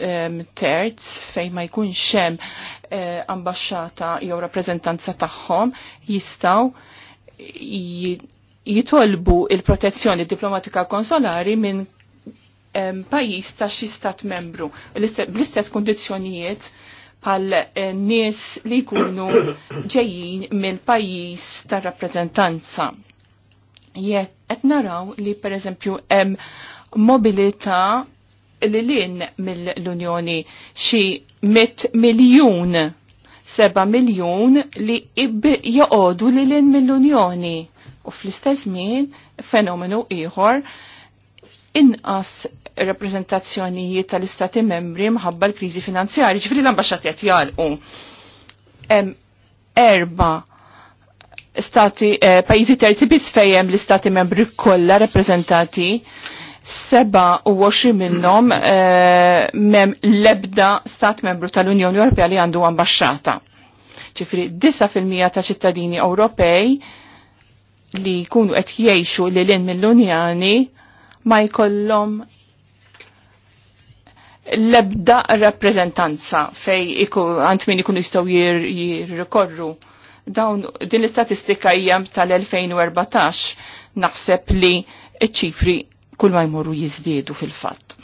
ehm, terz fejn ma jkunx xem eh, ambasċata jew rappreżentanza tagħhom jistgħu jitolbu il-protezzjoni diplomatika konsolari minn ehm, pajjiż ta' xi stat membru bl-istess kundizzjonijiet pal eh, nies li jkunu ġejjin mill pajjiż tar-rappreżentanza. Jekk qed naraw li pereżempju hemm mobilità li lin mill-Unjoni xi mit miljun seba miljun li joqogħdu li lin mill-Unjoni. U fl-istess min fenomenu ieħor inqas rappresentazzjonijiet tal-istati membri mħabba l-krizi finanzjari, ġifri l-ambasċat jgħat jgħalqu. Erba stati, eh, pajizi terzi bis fejem l-istati membri kolla rappresentati, seba u waxi minnom eh, mem lebda stat membru tal-Unjoni Ewropea li għandu ambasċata. fil 9% ta' ċittadini Ewropej li jkunu qed jgħixu li l-in mill-Unjani ma jkollhom l-ebda rappreżentanza fej iku min ikunu jistgħu jirrikorru. Dawn din l-istatistika hija tal-2014 naħseb li ċ-ċifri kull ma jmorru jiżdiedu fil-fatt.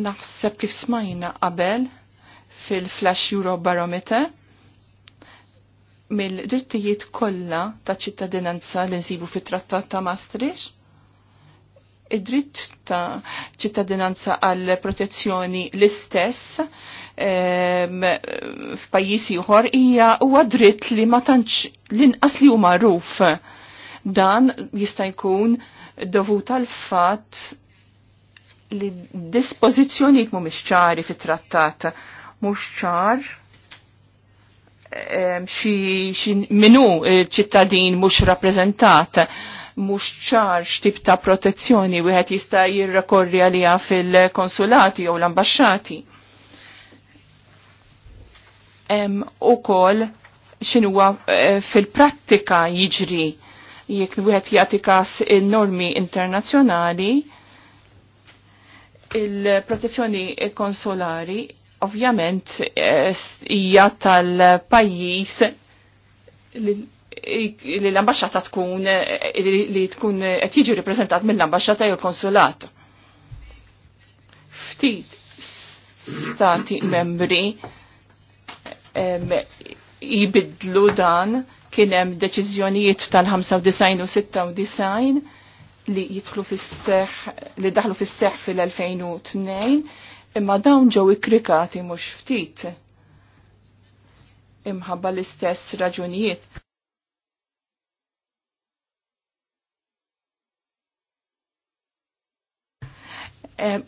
Naħseb kif smajna qabel fil-Flash Euro Barometer mill-drittijiet kollha ta' ċittadinanza li nsibu fit-Trattat ta' Maastricht, id-dritt ta' ċittadinanza għal protezzjoni l-istess ehm, f'pajjiżi oħor hija huwa dritt li ma tantx l-inqas li huma magħruf. Dan jista' jkun dovut għal fatt li dispożizzjonijiet mhumiex ċari fit-trattat mhux ċar xi minu ċittadin mhux rappreżentat mhux ċar tip ta' protezzjoni wieħed jista' jirrekorri għalija fil-konsulati jew l-ambaxxati. Ukoll x'inhuwa eh, fil-prattika jiġri jekk wieħed jagħti każ il-normi internazzjonali il-protezzjoni konsolari ovvjament eh, hija tal-pajjiż li l-ambasċata tkun eh, li tkun eh, qed jiġi rippreżentat mill-ambasċata jew konsulat. Ftit stati membri jibidlu dan kien hemm deċiżjonijiet tal-95 u 96 li jidħlu fis seħħ li daħlu fis seħħ fil-2002 imma dawn ġew ikkrikati mhux ftit imħabba l-istess raġunijiet.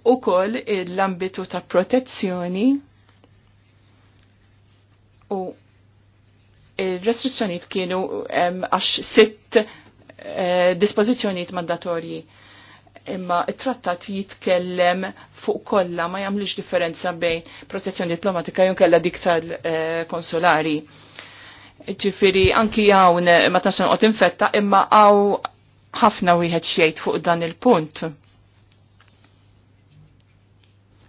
U koll l-ambitu ta' protezzjoni u il-restrizzjoniet kienu għax sitt eh, dispozizjoniet mandatorji imma it-trattat jitkellem fuq kollha ma jagħmlux differenza bejn protezzjoni diplomatika jew kellha dik tal-konsolari. Ġifieri anki hawn ma tantx noqgħod infetta imma hawn ħafna wieħed xejn fuq dan il-punt.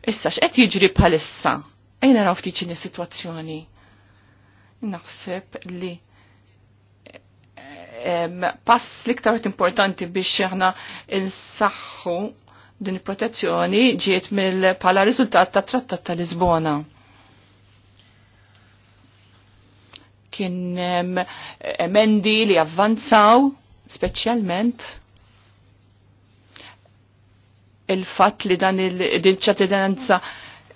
Issa x'qed jiġri bħalissa? Ejna raw ftit x'inhi sitwazzjoni. Naħseb li pass l-iktar importanti biex il-saxħu din il-protezzjoni ġiet mill pala riżultat ta' trattat ta' Lisbona. Kien emendi li avvanzaw speċjalment il-fatt li dan il-ċatidanza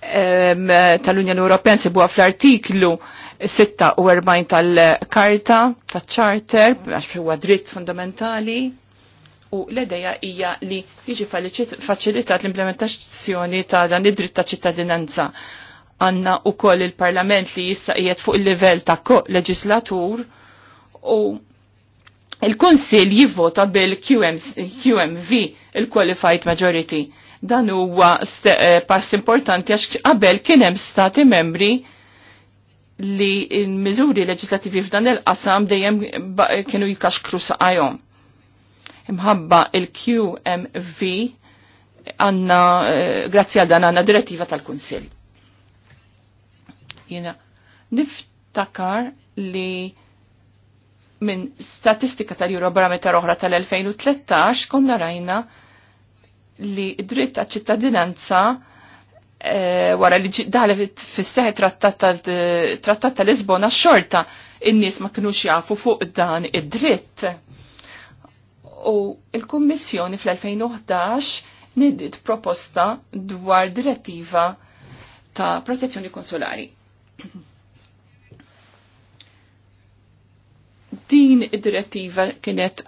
tal-Unjoni Ewropea nsibuha fl-artiklu 46 tal-karta, tal-charter, għax huwa dritt fundamentali, u l-edeja hija li jiġi faċilitat l-implementazzjoni ta' dan id-dritt ta' ċittadinanza. Għanna u koll il-parlament li jissa jiet fuq il-level ta' leġislatur u il konsil jivvota bil-QMV, il-Qualified Majority. Dan huwa eh, pass importanti għax qabel kien hemm stati membri li il-mizuri leġislativi f'dan il-qasam dejjem kienu jikaxkru saqajhom. Imħabba il-QMV għanna, eh, grazzi għal dan għanna direttiva tal-Kunsil. Jena, niftakar li minn statistika tal-Eurobarometer oħra tal-2013 konna rajna li dritt għal ċittadinanza Eh, wara li ġidale fis-seħ trattat tal-Lisbona xorta in-nies ma kinux jafu fuq dan id-dritt. U il-Kummissjoni fl-2011 nidit proposta dwar direttiva ta' protezzjoni konsolari. Din id-direttiva kienet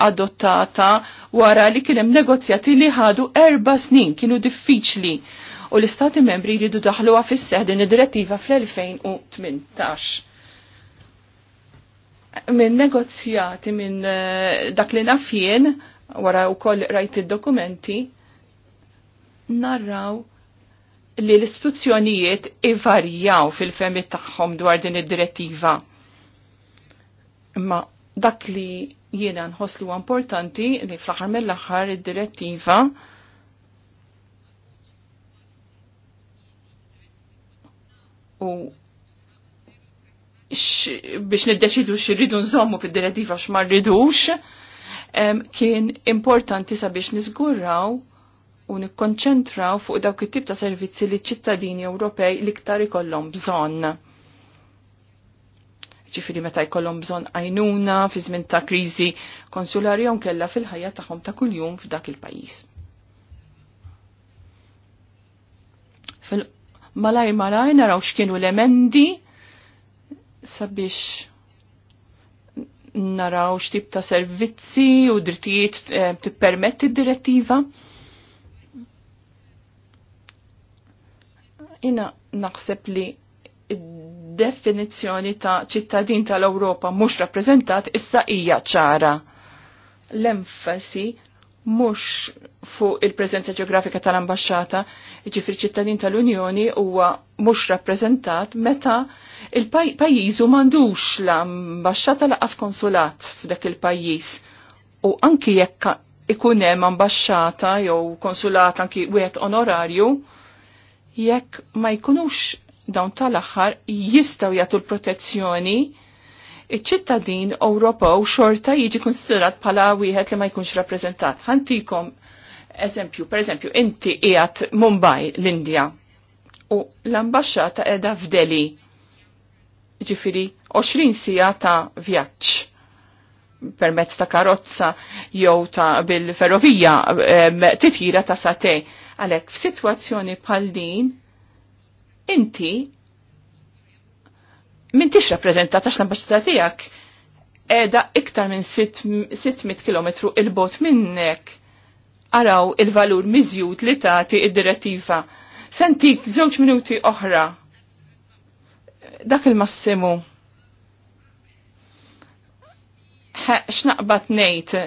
adottata wara li kienem negozjati li ħadu erba snin kienu diffiċli u l-Istati membri jridu daħluha fis-seħ din id-direttiva fl-2018. Min negozjati minn eh, dak li nafjien wara wkoll rajt id-dokumenti narraw li l-istituzzjonijiet ivarjaw fil-femi tagħhom dwar din id-direttiva. Ma dak li jiena nħoslu importanti li fl-aħħar mill-aħħar id-direttiva u biex niddeċidu xirridu nżommu fid-direttiva x'ma rridux kien importanti sabiex nizgurraw u nikkonċentraw fuq dawk it-tip ta' servizzi li ċittadini Ewropej liktar ikollhom bżonn. Ġifiri meta jkollhom bżonn għajnuna fi żmien ta' kriżi konsulari hawn kella fil-ħajja tagħhom ta' kuljum f'dak il-pajjiż malaj malaj naraw x'kienu l-emendi sabiex naraw x'tip ta' servizzi u drittijiet eh, tippermetti d-direttiva. Ina naħseb li id-definizzjoni ta' ċittadin tal-Ewropa mhux rappreżentat issa hija ċara. L-enfasi mux fuq il-prezenza ġeografika tal-ambasċata, ġifri ċittadin tal-Unjoni huwa mux rappresentat meta il-pajjiżu mandux l-ambasċata laqas konsulat f'dak il-pajjiż. U anki jekk ikun hemm ambasċata jew konsulat anki wieħed onorarju, jekk ma jkunux dawn tal-aħħar jistgħu jagħtu l-protezzjoni iċ-ċittadin Ewropew xorta jiġi konsiderat bħala wieħed li ma jkunx rappreżentat. Ħantikom eżempju, pereżempju, inti qiegħed Mumbai l-Indja u l-ambaxxata qiegħda f'Deli. Ġifieri 20 sija ta' vjaġġ permezz ta' karozza jew ta' bil-ferrovija titjira ta' satej. Għalhekk f'sitwazzjoni bħal din inti mintix rappreżentat għax l-ambasċita tiegħek qiegħda iktar minn 600 km il-bot minnek araw il-valur miżjud li tagħti id-direttiva. Sentik żewġ minuti oħra. Dak il-massimu. X'naqbad ngħid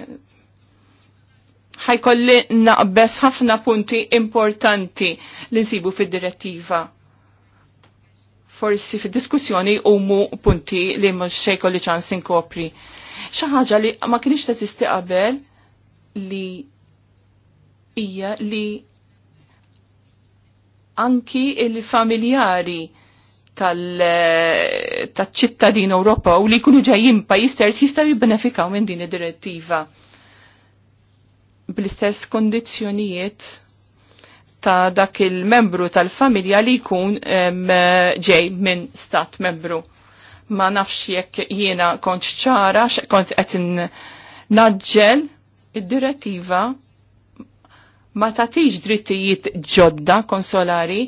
ħajkolli naqbes ħafna punti importanti li nsibu fid-direttiva forsi fi diskussjoni umu punti li mhux xejko li ċans inkopri. ħaġa li ma kienx teżisti qabel li hija li anki il-familjari eh, tal-ċittadin tal u li jkunu ġejjin pajjiż terz jistgħu jibbenefikaw minn din id-direttiva bl-istess kondizjonijiet ta' dak il-membru tal-familja li jkun ġej minn stat membru. Ma nafx jekk jiena kont ċara, kont qed naġġel id-direttiva ma tatix drittijiet ġodda konsolari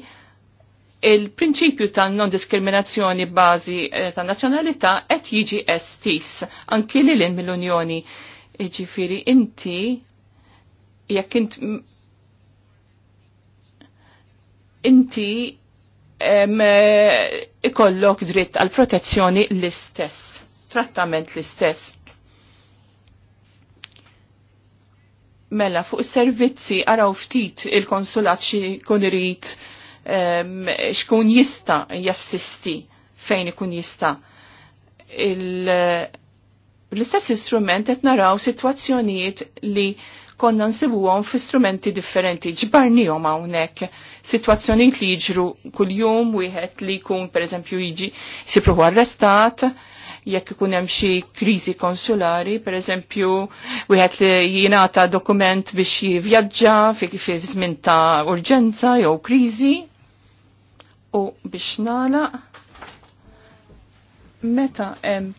il-prinċipju ta' non-diskriminazzjoni bazi eh, ta' nazzjonalità qed jiġi estis anki lil mill-Unjoni. Ġifiri inti jekk int inti eh, ikollok dritt għal protezzjoni l-istess, trattament l-istess. Mela, fuq servizzi għaraw ftit il-konsulat xikun irrit xkun jista jassisti fejn ikun jista. Eh, l-istess istrument qed naraw li konna nsibuhom fi strumenti differenti, għom hawnhekk sitwazzjonijiet li jiġru kuljum wieħed li jkun pereżempju jiġi sipruħu arrestat, jekk ikun hemm xi kriżi konsulari, pereżempju wieħed li jingħata dokument biex jivvjaġġa fi żmien ta' urġenza jew kriżi. U biex nagħlaq meta hemm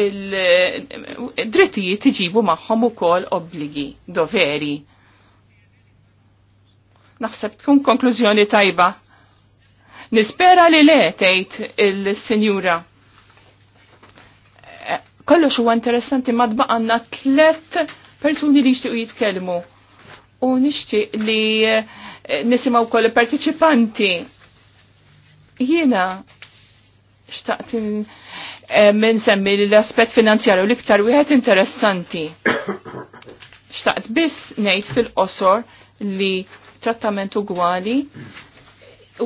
il-drittijiet iġibu magħhom ukoll obbligi, doveri. Naħseb tkun konklużjoni tajba. Nispera li le tgħid il-Sinjura. Eh, kollox huwa interessanti madba għandna tlet persuni li jixtiequ jitkellmu. U nixtieq li eh, nisimgħu wkoll il-partiċipanti. Jiena xtaqt Eh, minn semmi l-aspet finanzjarju l-iktar wieħed interessanti. Xtaqt biss ngħid fil-qosor li trattament ugwali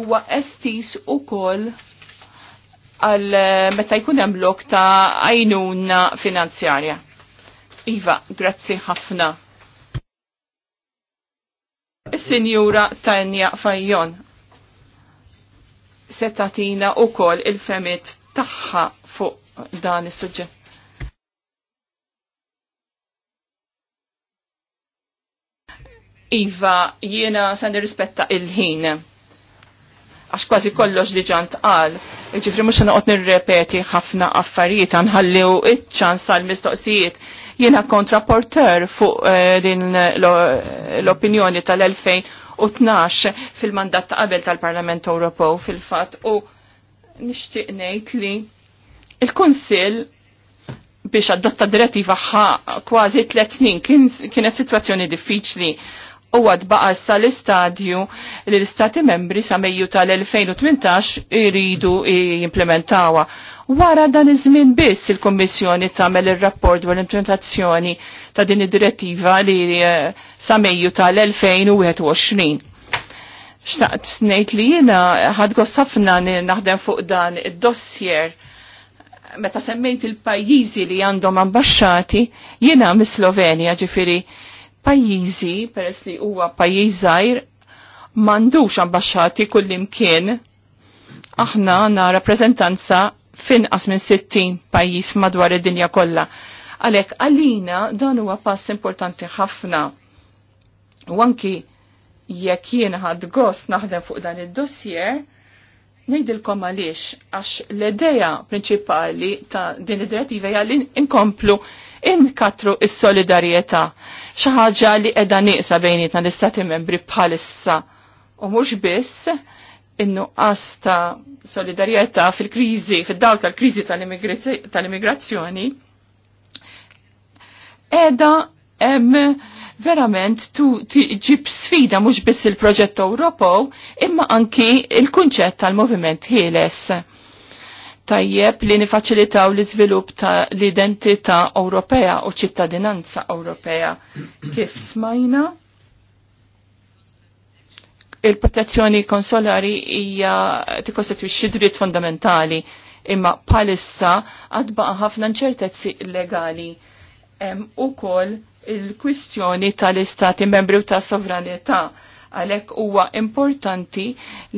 huwa estis ukoll għal eh, meta jkun hemm lok ta' għajnuna finanzjarja. Iva, grazzi ħafna. Is-Sinjura Tanja Fajjon se tatina ukoll il-femit tagħha dan is-suġġett. Iva, jiena se nirrispetta il-ħin. Għax kważi kollox li ġant għal, ġifri mux naqot nirrepeti ħafna affarijiet, għanħalliw iċ-ċans għal-mistoqsijiet. Jiena kontraporter fuq eh, din l-opinjoni tal-2012 fil-mandat ta' qabel tal-Parlament Ewropew fil-fat u nixtieq ngħid li il konsil biex adotta direttiva ħa kważi tlet snin kienet situazzjoni diffiċli u għad baqa sa l-istadju li l-istati membri sa meju tal-2018 iridu jimplementawa. Wara dan iż-żmien biss il-Kommissjoni tagħmel ir-rapport dwar l-implementazzjoni ta' din id-direttiva li eh, sa meju tal-2021. Xtaqt ngħid li jiena ħadgos ħafna naħdem fuq dan id-dossier meta semmejt il-pajjiżi li għandhom ambasċati, jiena mis-Slovenja ġifiri pajjiżi, peress li huwa pajjiż żgħir, m'għandux ambasċati kullimkien. Aħna għandna rappreżentanza finqas minn 60 pajjiż madwar id-dinja kollha. Għalhekk għalina dan huwa pass importanti ħafna. U anki jekk jien ħadd gost naħdem fuq dan id-dossier, Nejdilkom għaliex, għax l-ideja prinċipali ta' din id-direttiva hija li inkomplu inkatru is-solidarjetà. Xi ħaġa li qiegħda nieqsa bejnietna l-istati membri bħalissa u mhux biss in-nuqqas ta' solidarjetà fil-kriżi, fid-dawl tal-kriżi tal-immigrazzjoni, qiegħda hemm verament tu ġib sfida mhux biss il-proġett Ewropew imma anki il-kunċett tal-moviment ħieles. Tajjeb li nifaċilitaw l-iżvilupp ta' l-identità Ewropea u ċittadinanza Ewropea. Kif smajna? Il-protezzjoni konsolari hija tikkostitwixxi dritt fundamentali imma palissa għadbaqa ħafna nċertezzi legali hemm ukoll il-kwistjoni tal-istati membri u ta' sovranità għalek huwa importanti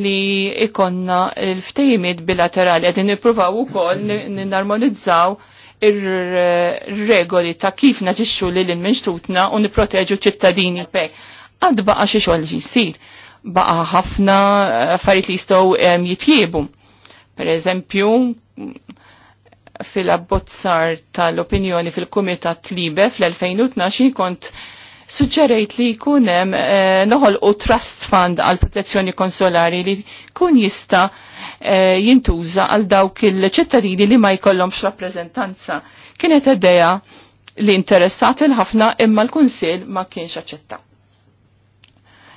li ikonna l-ftejmiet bilaterali għedin nipruvaw u koll narmonizzaw ir-regoli ta' kif naġiċu li l-minxtutna u niproteġu ċittadini pek. Għad baqa xie xoħl ġisir, baqa ħafna affarijiet li jistow jitjiebu. Per eżempju, fil-abbozzar tal-opinjoni fil-Kumitat Tlibe fl-2012 kont suġġerejt li kunem eh, noħol u trust fund għal protezzjoni konsolari li kun jista eh, jintuża għal dawk il-ċittadini li ma jkollhomx rappreżentanza. Kienet idea li interessat il-ħafna imma l-Kunsil ma kienx aċċetta.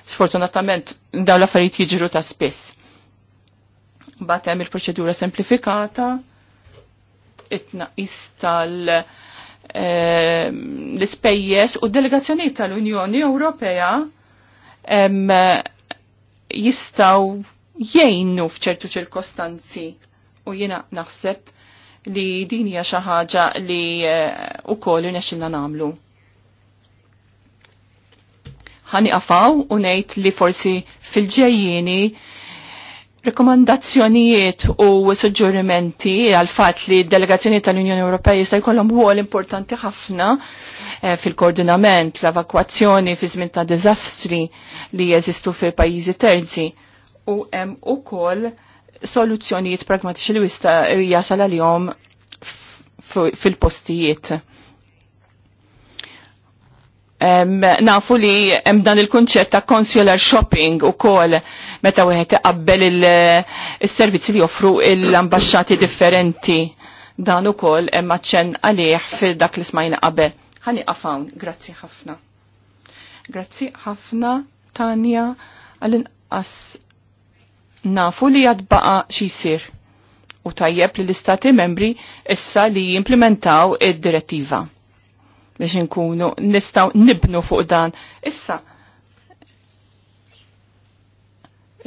Sfortunatament dawn l-affarijiet jiġru ta' spiss. Batem il-proċedura semplifikata, it-naqis tal- ehm, l spejjes u d-delegazzjoni tal-Unjoni Ewropea ehm, jistaw jgħinu f'ċertu ċirkostanzi u jiena naħseb li din hija xi ħaġa li wkoll eh, namlu. nagħmlu. Ħani qafaw u ngħid li forsi fil ġejjini Rekomandazzjonijiet u suġġurimenti għal fatt li d-delegazzjoni tal-Unjoni Ewropea jista' jkollhom ruol importanti ħafna eh, fil-koordinament, l-evakwazzjoni fi żmien ta' diżastri li jeżistu fil pajjiżi terzi u hemm ukoll soluzzjonijiet pragmatiċi li jista' jasal għalihom fil-postijiet nafu li hemm dan il-kunċett ta' consular shopping u kol meta wieħed iqabbel il-servizzi li joffru l-ambasċati differenti dan ukoll hemm aċċenn għalih fil dak li smajna qabel. Ħani hawn, grazzi ħafna. Grazzi ħafna Tanja għall-inqas nafu li għad baqa xisir u tajjeb li l-istati membri issa li jimplementaw id-direttiva biex nkunu nistaw nibnu fuq dan. Issa,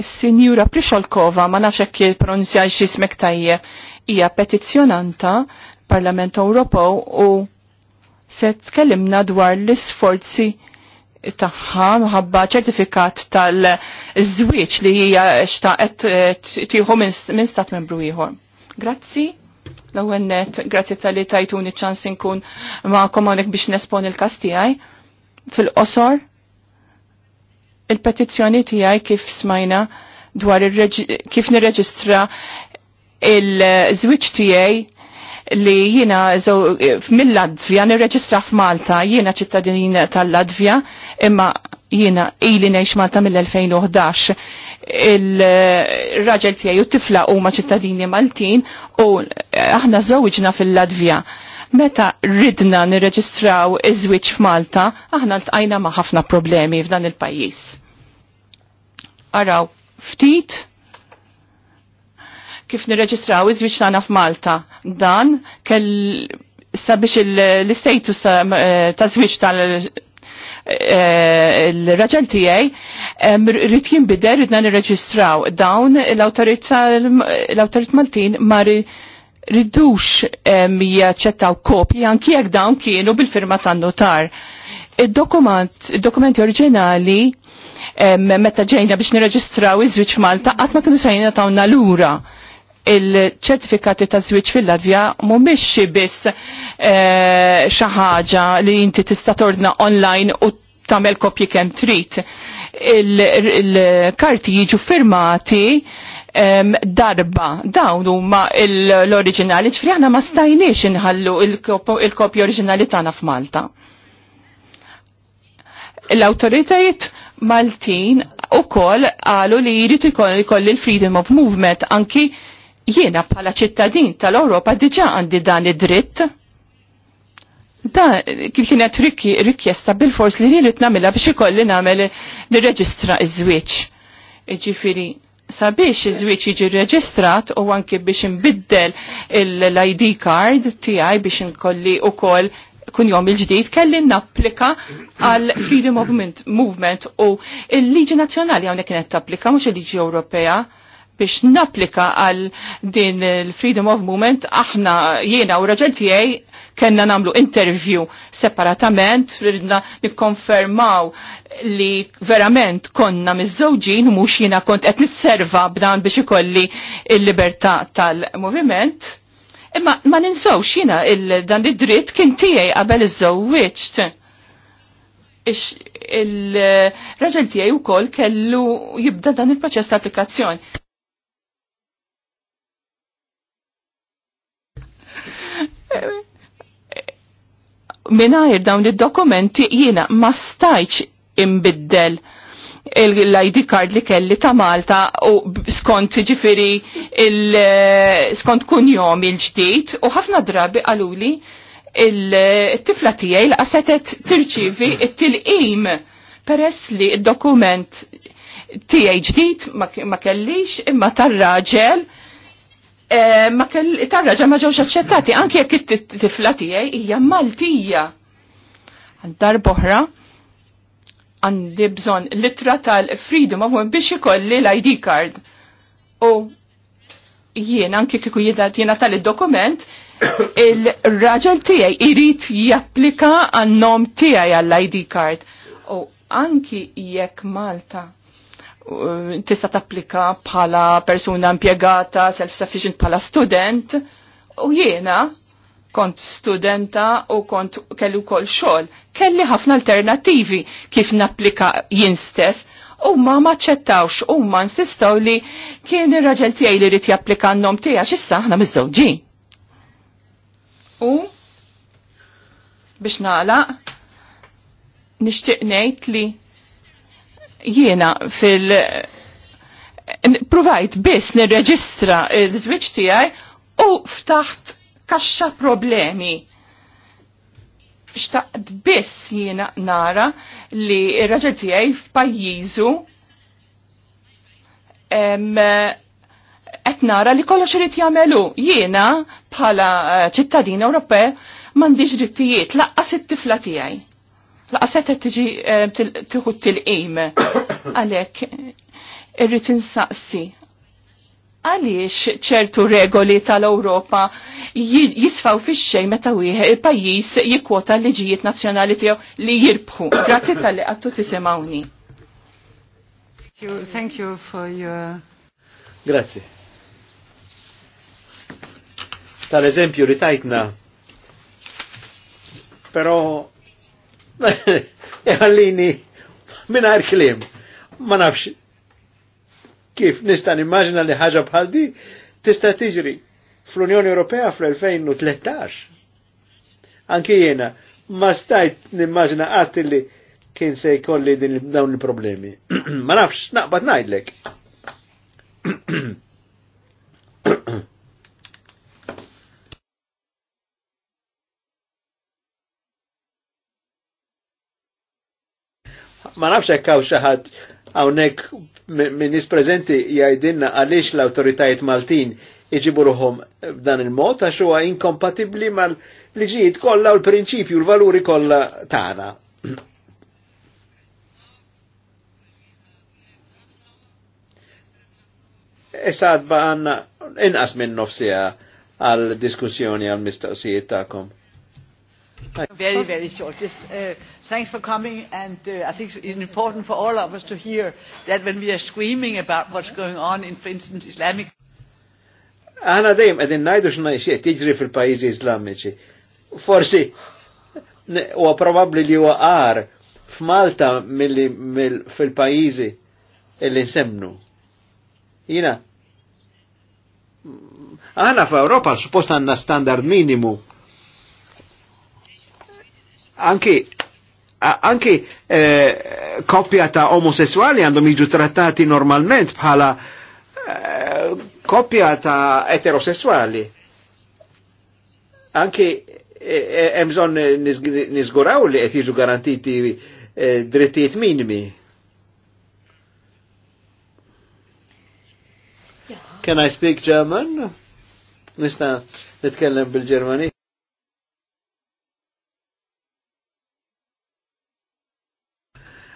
Sinjura Prisholkova, ma nafx jekk jippronunzja x'ismek tajjeb, hija petizzjonanta Parlament Ewropew u se tkellimna dwar l-isforzi tagħha minħabba ċertifikat tal-żwieġ li hija xtaqet tieħu minn stat membru ieħor. Grazzi. L-ewwel net, grazzi tal-li tajtuni ċans inkun ma'kom hawnhekk biex nespon il kastijaj tiegħi. Fil-qosor, il-petizzjoni tiegħi kif smajna dwar kif nirreġistra il-żwiġ tiegħi li jina mill-Latvja nirreġistra f'Malta, jina ċittadin tal-Latvja, imma jina ili ngħix Malta mill-2011 il-raġel tiegħi u tifla huma ċittadini Maltin u eh, aħna żewġna fil ladvija Meta ridna nirreġistraw iż-żwieġ f'Malta, aħna ltqajna ma' ħafna problemi f'dan il-pajjiż. Araw, ftit kif nirreġistraw iż-żwieġ tagħna f'Malta. Dan kell sabiex l-istatus eh, ta' żwieġ tal Eh, il-raġel tiegħi rrid jinbidel ridna nirreġistraw dawn l-awtorit Maltin ma ridux jaċċettaw kopji anki jekk dawn kienu bil-firma tan-notar. Id-dokument, id-dokumenti oriġinali meta ġejna biex nirreġistraw iż żwieġ Malta qatt ma kienu sejna tawna lura il-ċertifikati ta' żwieġ fil ladvja mhumiex eh, xi biss xaħġa ħaġa li inti tista' torna online u tagħmel kopji kemm trid. Il-karti jiġu firmati darba dawn huma l-oriġinali ġifri għana ma stajniex inħallu il-kopji oriġinali tagħna f'Malta. L-awtoritajiet Maltin u koll għalu li jiritu jkolli il freedom of movement anki Jiena bħala ċittadin tal-Ewropa diġa għandi dan id-dritt. Da kif kienet rikjesta bil-fors li rrit nagħmilha biex ikolli nagħmel nirreġistra iż-żwieġ. Ġifieri sabiex iż-żwieġ jiġi rreġistrat u anke biex inbiddel l-ID card tiegħi biex inkolli ukoll kun jom il-ġdijt kelli napplika għal Freedom of Movement u il-Liġi Nazjonali għawnek kienet tapplika, mux il-Liġi Ewropea, biex naplika għal din il-Freedom of Movement aħna jiena u raġel tiegħi kena namlu interview separatament, rridna nikkonfermaw li verament konna miż-żewġin mhux jiena kont qed nisserva b'dan biex ikolli il-libertà tal-moviment. Imma ma ninsawx jiena dan id-dritt kien tiegħi qabel iż-żewġt il-raġel tiegħi wkoll kellu jibda dan il-proċess ta' applikazzjoni. minajr dawn id-dokumenti jiena ma stajċ imbiddel l-ID card li kelli ta' Malta u skont ġifiri eh, skont kunjom il-ġdijt u ħafna drabi għaluli il-tifla tijaj l-qasetet tirċivi il-tilqim peress li il-dokument tijaj ġdijt ma kellix imma tar-raġel Eh, ma kell tarraġa ma ġewx aċċettati anke jekk it-tifla tiegħi hija Maltija. Dar boħra għandi bżonn litra tal-freedom of biex ikolli l-ID card. U jien anke kieku jiena tal-dokument il-raġel tiegħi irid japplika għan-nom tiegħi għall-ID card. U anki jekk Malta Uh, tista tapplika bħala persuna impiegata, self-sufficient bħala student, u jiena kont studenta u kont kellu kol xol. Kelli ħafna alternativi kif napplika jien stess u ma maċċettawx u ma nsistaw li kien ir-raġel tiegħi li rid japplika n-nom tiegħek issa aħna miż-żewġin. U biex nagħlaq nixtieq ngħid li Jiena fil- provajt biss nirreġistra l zwiċ tiegħi u ftaħt kaxxa problemi Ftaħt biss jiena nara li r-raġel tiegħi f'pajjiżu qed nara li kollox irid jagħmelu. Jiena bħala eh, ċittadin Ewropej m'għandix drittijiet laqqas it-tifla tiegħi. Laqaset qed tiġi eh, tieħu til-qim. Għalhekk irrid insaqsi għaliex ċertu regoli tal-Ewropa jisfaw fix xejn meta wieħed il-pajjiż jikkwota l-liġijiet nazzjonali tiegħu li jirbħu. Grazzi tal-li għattu tisimgħuni. Thank you for your Grazzi. Tal-eżempju li tajtna, Jħallini minar klim. Ma nafx kif nista' immaġna li ħaġa bħal di tista' tiġri fl-Unjoni Ewropea fl-2013. Anki jiena ma stajt nimmaġina qatt li kien se jkolli dawn il-problemi. ma nafx naqbad ngħidlek. Ma nafx hekk hawn xi ħadd hawnhekk min nies preżenti jgħidilna għaliex l-awtoritajiet Maltin iġibu ruħom b'dan il-mod għax huwa inkompatibbli mal-liġijiet kollha u l-prinċipju l-valuri kollha tagħna. Esad ba' għanna inqas minn nofsija għal diskussjoni għal mistoqsijiet ta'kom. Very, very short. Just uh, thanks for coming, and uh, I think it's important for all of us to hear that when we are screaming about what's going on in, for instance, Islamic. Għana dejjem qegħdin ngħidu x'najxiet jiġri fil-pajjiżi Islamiċi. Forsi huwa probabbli li huwa qar f'Malta milli fil-pajjiżi illi nsemmnu. Jina, Aħna f'Europa suppost għandna standard minimu anki anki koppja eh, ta' omosessuali għandhom jiġu trattati normalment bħala koppja eh, ta' eterosessuali. Anki eh, hemm eh, li qed jiġu garantiti drittijiet minimi. Can I speak German? Nista' nitkellem bil-Ġermani.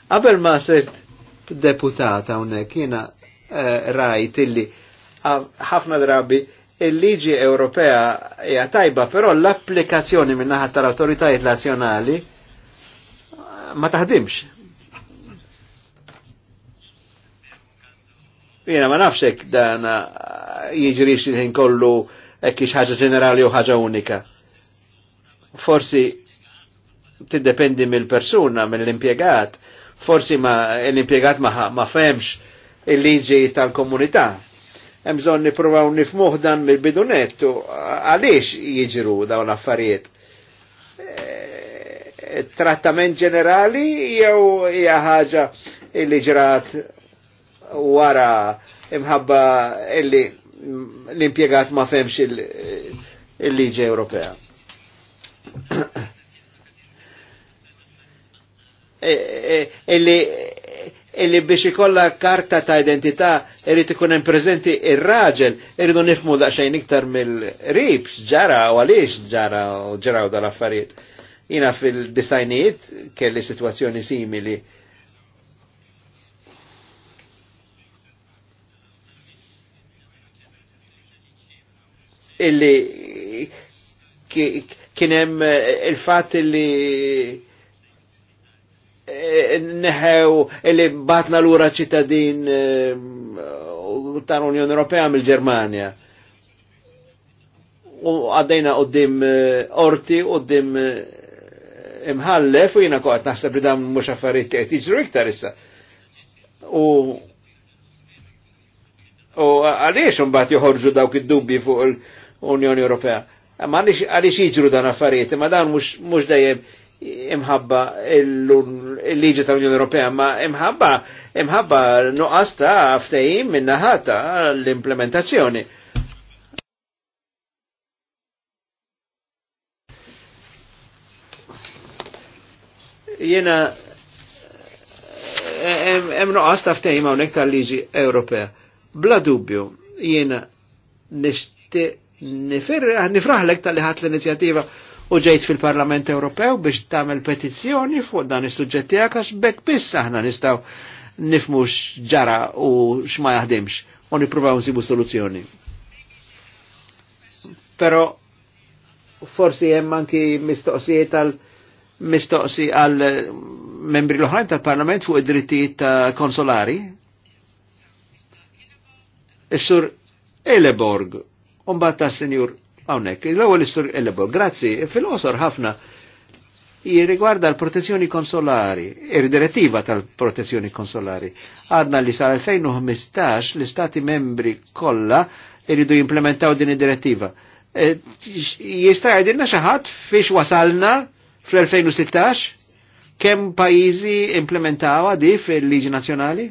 Qabel ma sirt deputata hawnhekk jiena eh, rajt illi ħafna drabi il-liġi Ewropea hija tajba, però l-applikazzjoni minn naħa tal-awtoritajiet nazzjonali eh, ma taħdimx. Jiena ma nafx hekk dan eh, jiġri xi kollu hekk ħaġa ġenerali u ħaġa unika. Forsi tiddependi mill-persuna, mill-impjegat, forsi ma l-impiegat ma, ma femx il-liġi tal-komunità. Hemm bżonn nippruvaw nifmuh dan mill-bidunet għaliex jiġru dawn affarijiet. E, trattament ġenerali jew hija ħaġa illi ġrat wara imħabba illi l-impiegat ma femx il-liġi Ewropea. E, e, illi illi biex ikolla karta ta' identità irrid ikun hemm preżenti ir-raġel irridu nifmu daqsxejn iktar mill-rib ġara u għaliex ġara u ġraw dal-affarijiet. Jina fil-disajnijiet kelli situazzjoni simili. Illi kienem eh, il-fat illi Eh, neħew li batna l-ura ċittadin eh, tal-Unjoni Ewropea mill-Germania. U għaddejna u qoddim eh, orti, u qoddim imħallef u jina koqgħod naħseb li dam mux affarijiet qed jiġru iktar issa. U u għaliex imbagħad joħorġu dawk id-dubbi fuq l-Unjoni Ewropea. Ma għaliex jiġru dan affarijiet, ma dan mhux dejjem imħabba l il-liġi tal-Unjoni Ewropea, ma imħabba imħabba nuqqas ta' ftehim minnaħata l-implementazzjoni. Jena eh, eh, hemm nuqqas ta' ftehim hawnhekk tal-liġi Ewropea. Bla dubju, jiena nixtieq nifraħlek tal-li ħadd l-inizjattiva u ġejt fil-Parlament Ewropew biex tagħmel petizzjoni fuq dan is-suġġett tiegħek għax bekk biss aħna nistgħu nifmu x'ġara u x'ma jaħdimx u nippruvaw nsibu soluzzjoni. Però forsi hemm anki mistoqsijiet għal mistoqsi għal membri l-oħrajn tal-Parlament fuq id-drittijiet konsolari. Is-sur Eleborg, un-bat ta' senjur Hawnhekk, l-ewwel istur elebo, grazzi, fil osor ħafna jirrigwarda l-protezzjoni konsolari, ir-direttiva tal-protezzjoni konsolari. Għadna li sal-2015 l-istati membri kollha iridu jimplementaw din id-direttiva. E, jista' jgħidilna xi ħadd fiex wasalna fl-2016? Kemm pajjiżi implementawa di fil-liġi nazzjonali?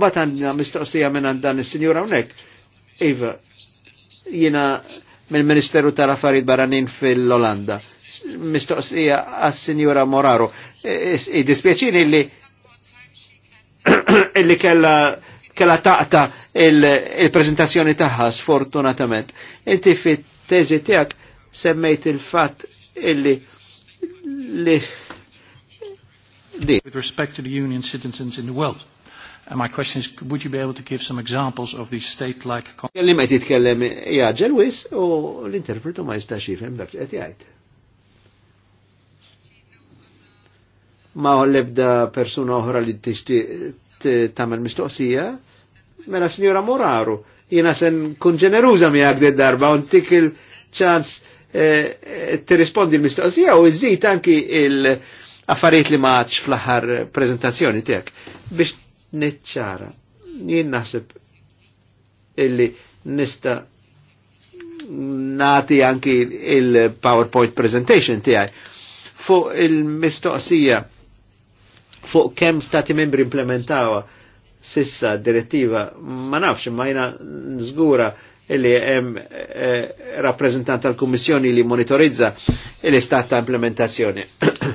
bat għandina mistoqsija minn dan is-sinjura hawnhekk Iva, jina mill-Ministeru tal-Affarijiet Barranin fil-Olanda. Mistoqsija għas-Sinjura Moraro. id dispieċini li illi kella kella taqta il-prezentazzjoni taħħa sfortunatament. Inti fit teżi tijak semmejt il fat illi li With respect to the union citizens in the world. And my question is, would you be able to give some examples of these state-like... Kellim għet jitkellem jaġel wis u l-interpretu ma jistax jifem dak qed jgħid. Ma l-ebda persuna oħra li tixti tamel mistoqsija, mela Signora Moraru, jina sen kun ġeneruza mi għagde darba un tik il-ċans eh, t-rispondi l-mistoqsija u iżid anki il- affariet li maħċ fl-ħar prezentazzjoni tiegħek biex neċċara. Jien naħseb illi nista nati anki il-PowerPoint presentation tiegħi fuq il-mistoqsija fuq kemm stati membri implementawa sissa direttiva ma nafx ma jina nżgura illi hemm eh, rappresentant tal-Kummissjoni li monitorizza l-istat ta' implementazzjoni.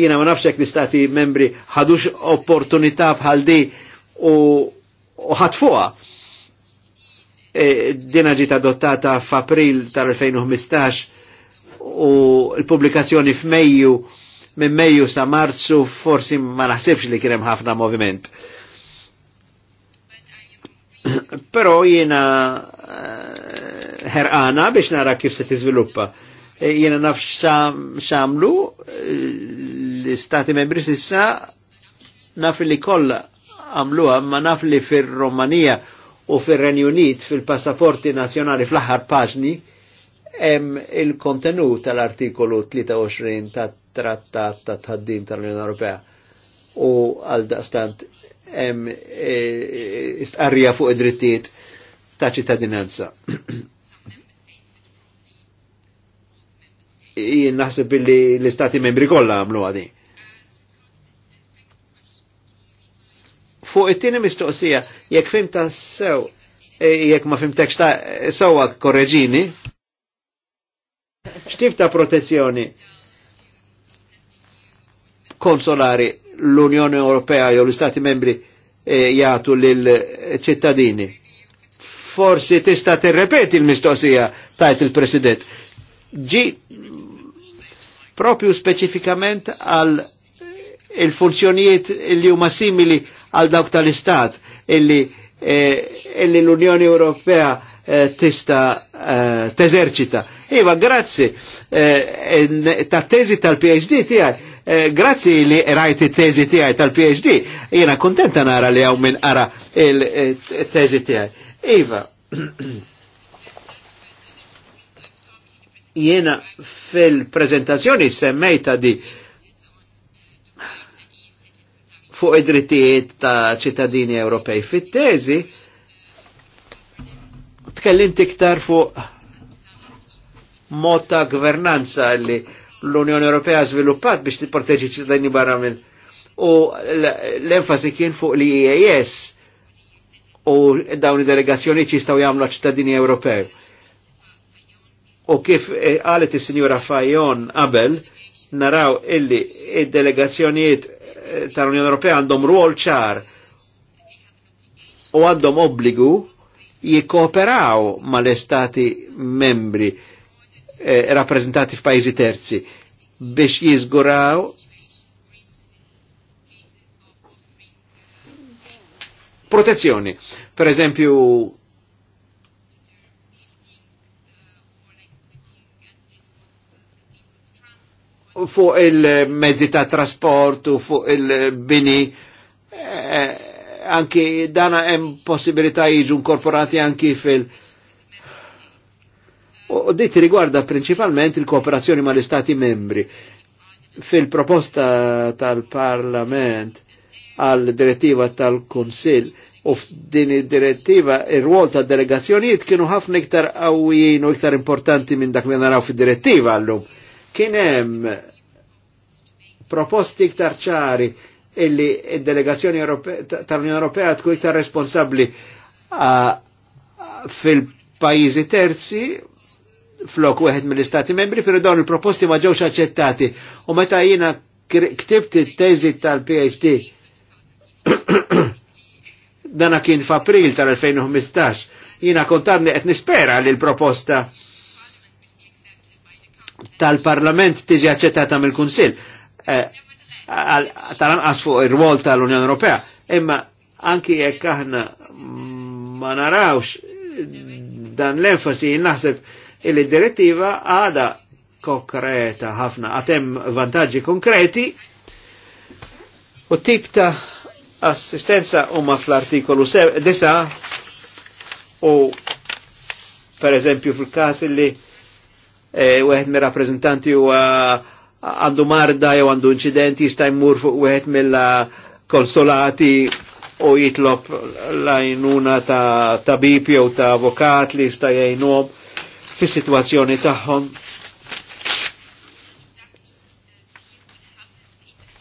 Jina ma nafxek li stati membri ħadux opportunità bħal di u ħatfuha. E, Dina ġiet adottata f'April tal-2015 u l-pubblikazzjoni f'Mejju minn Mejju sa Marzu forsi ma naħsibx li kien hemm ħafna moviment. Però jiena eh, ħerqana biex nara kif se tiżviluppa. E, jiena nafx xamlu eh, l-istati membri sissa naf li kolla għamluha ma naf li fir romania u fir-Renju Unit fil-passaporti nazzjonali fl-aħħar paġni hemm il-kontenut tal-artikolu 23 tat-trattat ta' tħaddim tal-Unjoni Ewropea u għal daqstant hemm e, istqarrija fuq id-drittijiet ta' ċittadinanza. Jien naħseb billi l-istati membri kollha għamlu għadin. Fuq it-tieni mistoqsija, jekk fim ta' sew, e, jekk ma fimtekx ta' sewwa korreġini, xtif ta' protezzjoni konsolari l-Unjoni Ewropea jew l-Istati membri e, jgħatu l ċittadini. Forsi tista' tirrepeti l-mistoqsija tajt il-President. Ġi propju speċifikament għal il-funzjonijiet li huma simili għal dawk tal-istat illi eh, l-Unjoni Ewropea eh, tista eh, teżerċita. Iva, grazzi ta' tezi tal-PhD tijaj, grazzi li rajti tezi tijaj tal-PhD, jena kontenta nara li għaw minn ara il-tezi tijaj. Iva, jena fil-prezentazzjoni semmejta di fuq id-drittijiet ta' ċittadini Ewropej. Fit-teżi, tkellimt iktar fuq mod ta' gvernanza li l-Unjoni Ewropea żviluppat biex tipporteġi ċittadini barra minn u l-enfasi kien fuq li IAS u dawn id-delegazzjoni ċistaw jagħmlu ċittadini Ewropej. U kif e, qalet is Signora Fajon qabel naraw illi id-delegazzjonijiet tal-Unjoni Ewropea għandhom ruol ċar u għandhom obbligu jikkooperaw mal-estati membri eh, rappresentati f'pajjiżi terzi biex jizguraw protezzjoni. Per eżempju, fuq il-mezzi ta' trasport u fuq il-bini eh, anki dana hemm possibilità jiġu inkorporati anki fil- U ditti riguarda principalment il-kooperazzjoni ma' l-Istati membri. Fil-proposta tal-Parlament għal-direttiva tal-Konsil u din id-direttiva ir-rwol tad delegazzjonijiet kienu ħafna iktar għawijin u iktar importanti minn dak li naraw fil direttiva għallum Kienem proposti iktar ċari illi il-delegazzjoni tal-Unjoni Ewropea tkun iktar responsabli fil-pajizi terzi flok wieħed mill-istati membri, pero dawn il-proposti ma ġewx aċċettati. U meta jiena ktibt it-teżi tal-PhD dana kien f'April tal-2015, jiena kontarni qed nispera li l-proposta tal-Parlament tiġi aċċettata mill-Kunsill eh, tal-anqas fuq ir-rwol tal-Unjoni Ewropea. Imma anki jekk aħna ma narawx dan l-enfasi naħseb il-direttiva għada konkreta ħafna, għatem vantaġġi konkreti u tip ta' assistenza huma fl-artikolu 9 u per eżempju fil-kas li E, Weħed mir rappresentanti u għandu marda jew għandu incident, jista' jmur fuq wieħed mill-konsolati uh, u jitlob lajnuna ta' tabib jew ta' avokat li jista' jgħinhom fis-sitwazzjoni tagħhom.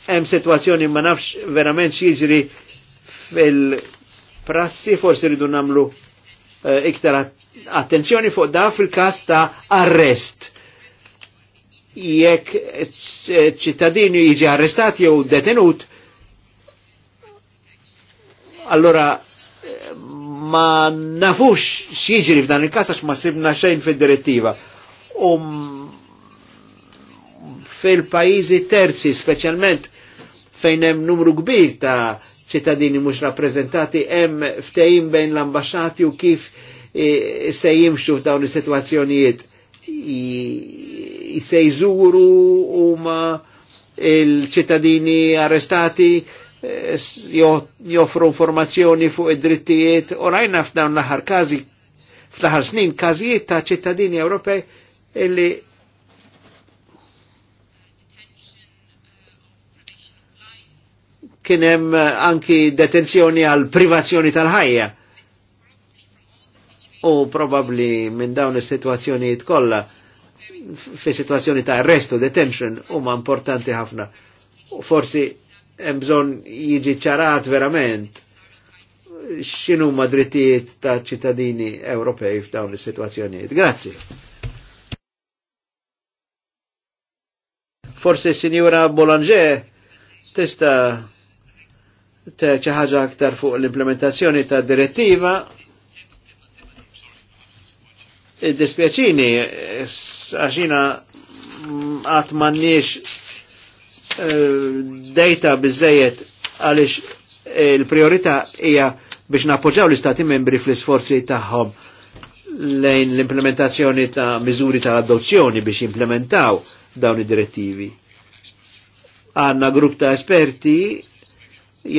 Hemm sitwazzjoni ma nafx verament x'jiġri fil-prassi forsi rridu nagħmlu eh, iktar attenzjoni fuq da fil-kas ta' arrest. Jekk ċittadini jiġi arrestat jew detenut, allora ma nafux xieġri f'dan il-kas għax ma sibna xejn fil-direttiva. um, fil-pajizi terzi, specialment fejn hemm numru kbir ta' ċittadini mhux rappreżentati hemm ftehim bejn l-ambasċati u kif se jimxu f'dawn is-sitwazzjonijiet se jżuru huma il-ċittadini arrestati eh, joffru informazzjoni fuq id-drittijiet u rajna f'dawn l-aħħar każi fl-aħħar snin każijiet ta' ċittadini Ewropej illi kien hemm anki detenzjoni għal privazzjoni tal-ħajja u probabli minn dawn is-sitwazzjonijiet kollha fi situazzjoni ta' arrestu, detention, huma importanti ħafna. Forsi hemm bżonn jiġi ċarat verament x'inhu ma drittijiet ta' ċittadini Ewropej f'dawn is-sitwazzjonijiet. Grazzi. Forsi Sinjura Boulanger tista' ħaġa aktar fuq l-implementazzjoni ta' direttiva Dispjaċini, għaxina mm, għatmanniex eh, dejta bizzejiet għalix eh, il-priorita hija biex nappoġġaw l-istati membri fl-isforzi tagħhom lejn l-implementazzjoni ta' miżuri tal-adozzjoni biex implementaw dawn id-direttivi. Għanna grupp ta' esperti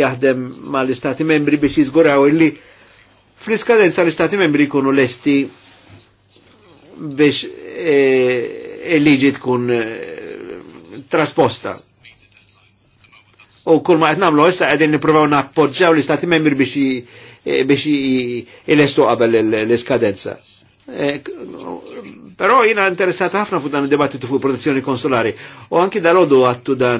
jaħdem mal istati membri biex jizguraw illi fl-iskadenza l-istati membri jkunu lesti biex il-liġi e, e tkun e, trasposta. U kull ma qed nagħmlu issa qegħdin nippruvaw nappoġġjaw l-istati membri biex biex il-estu qabel l-iskadenza. Però jina interessat ħafna fu dan il-debattitu fu protezzjoni konsolari u anki dal odu għattu dan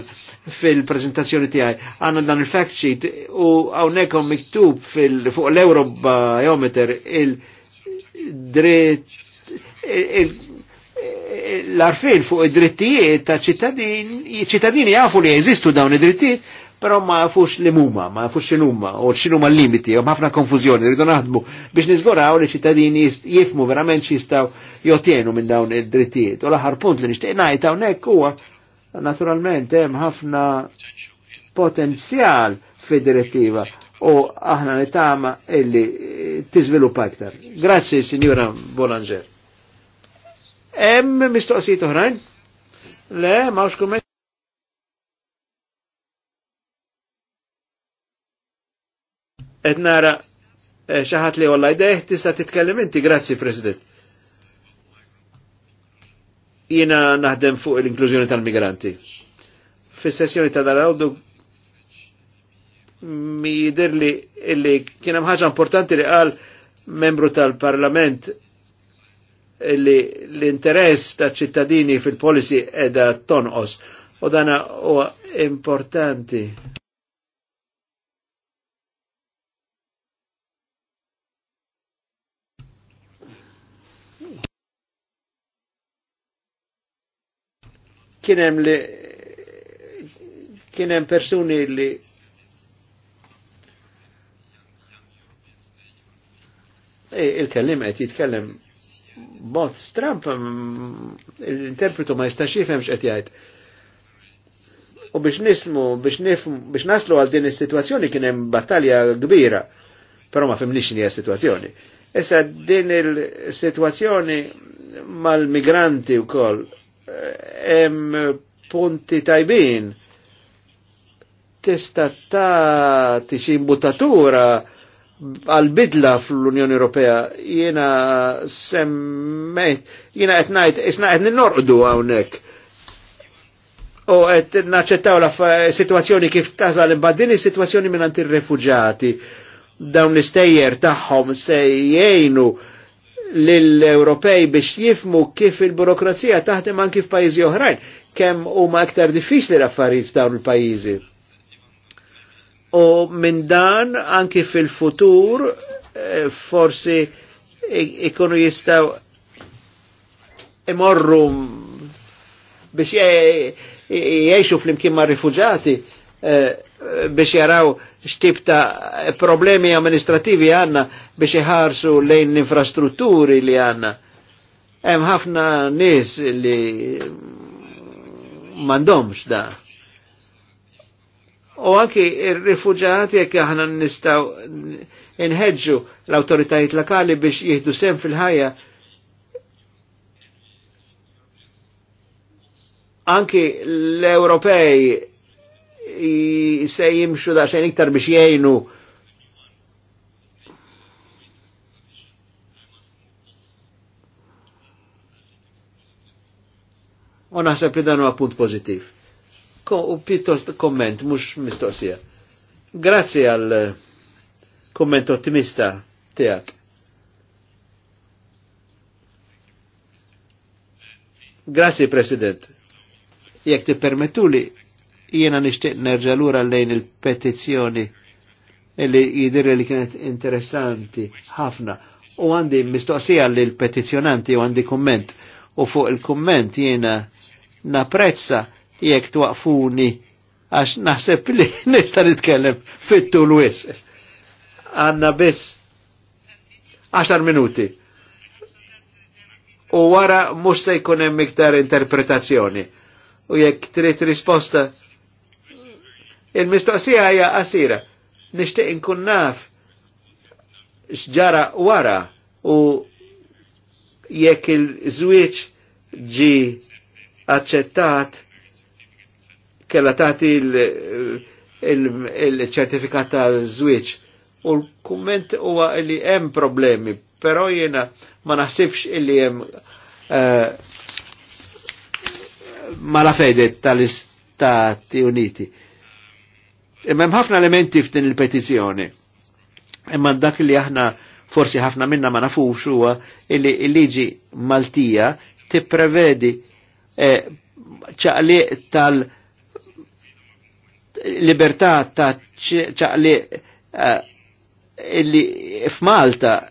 fil-prezentazzjoni ti għaj għanna dan il-fact sheet u hawnhekk miktub fuq l-Eurobarometer il-dritt l-arfin fuq id-drittijiet ta' ċittadini, ċittadini jafu li jeżistu dawn id-drittijiet, però ma jafux li muma, ma jafux x'inhuma, u x'inhuma l-limiti, u ħafna konfuzjoni, rridu naħdmu biex niżgoraw li ċittadini jifmu verament xistaw jotienu minn dawn id-drittijiet. U l-aħħar punt li nixtieq ngħid hawnhekk huwa naturalment hemm ħafna potenzjal fid-direttiva u aħna nitama illi tiżviluppa aktar. Grazzi, Signora Bolanger. Em mistoqsijiet oħrajn? Le, mawx kumment. Qed nara eh, xaħat li għolla idej tista' titkellem inti, grazzi President. Jiena naħdem fuq l-inklużjoni tal-migranti. Fis-sessjoni ta' dal-għawdu mi jidir li, kien kienem ħaġa importanti li qal membru tal-parlament li l-interess ta' ċittadini fil polisi edha tonqos u dana u importanti. kienem li kienem persuni li eh, il-kellim għet jitkellem mod stramp mm, l-interpretu ma jistax jifhem x'qed jgħid. U biex nismu, biex nifmu, biex naslu għal din is-sitwazzjoni kien hemm battalja kbira, però ma fimniex li hija sitwazzjoni. Issa din il-sitwazzjoni mal-migranti wkoll eh, hemm punti tajbin tista ta' tixin buttatura għal-bidla fl-Unjoni Ewropea jiena semmejt, jiena qed ngħid isna qed norqdu hawnhekk. U qed naċċettaw la sitwazzjoni kif tażal imbaddini sitwazzjoni minn ir refuġjati dawn l-istejjer tagħhom se jgħinu lill-Ewropej biex jifmu kif il-burokrazija taħdem anki f'pajjiżi oħrajn kemm huma aktar diffiċli l-affarijiet f'dawn il-pajjiżi u minn dan anki fil-futur eh, forsi ikunu jistaw imorru biex jiexu fl-imkien ma' rifugġati eh, biex jaraw xtib ta' problemi amministrativi għanna biex jħarsu lejn l-infrastrutturi li għanna. Hemm ħafna nies li mandomx da' U anki il-rifugġati jekk aħna nistaw inħedġu l-autoritajiet lokali biex jihdu sem fil-ħajja. Anki l-Ewropej se jimxu da xejn iktar biex jgħinu U naħseb li dan huwa punt pożittiv u pittost komment, mux mistoqsija. Grazie għal eh, komment ottimista tijak. Grazie, President. Jek ti permettuli, jiena nishtiq nerġa lura lejn il petizjoni li jidirri li kienet interessanti ħafna. U għandi mistoqsija li l-petizjonanti u għandi komment. U fuq il-komment jiena naprezza jekk twaqfuni għax naħseb li nista' nitkellem fit-tul wis. Għanna biss 10 minuti. U wara mhux se jkun hemm iktar interpretazzjoni. U jekk trid risposta il-mistoqsija hija qasira. Nixtieq inkun naf x'ġara wara u jekk il-żwieġ ġi aċċettat kella tati il-ċertifikat ta' zwiċ. U l-kumment huwa li hemm problemi, però jiena ma naħsibx illi hemm eh, mala fede tal-Istati Uniti. Imma hemm ħafna elementi f'din il-petizzjoni. Imma dak li aħna forsi ħafna minna ma nafux huwa illi il-liġi Maltija tipprevedi eh, ċaqliq tal- libertà ta' ċaqli eh, illi f'Malta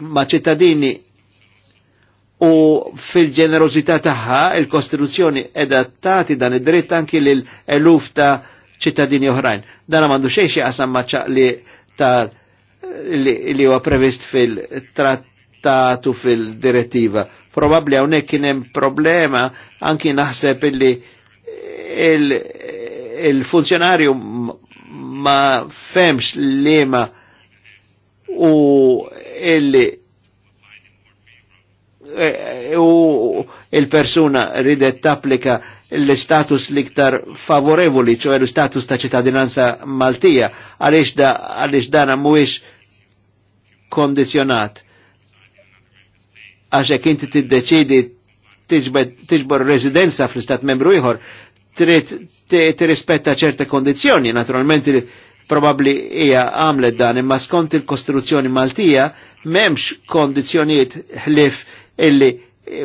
ma' ċittadini u fil-ġenerozità tagħha il-Kostituzzjoni edha tagħti dan id-dritt anki lil eluf ta' ċittadini oħrajn. Dan m'għandu xejn xi qasam ma' ċaqli ta' li huwa previst fil-trattatu fil-direttiva. Probabbli hawnhekk kien hemm problema anki naħseb illi il il-funzjonarju ma femx li ma u illi eh, u il-persuna ridet tapplika l-status liktar favorevoli, ċoħe l-status ta' ċittadinanza maltija, għalix da, għalix dana muwix kondizjonat. Għaxek inti t-deċidi t tiġbor rezidenza fl-istat membru iħor, trid tirrispetta ċerte kondizzjoni, naturalment probabli hija għamlet dan, imma skont il kostruzzjoni Maltija m'hemmx kondizzjonijiet ħlif illi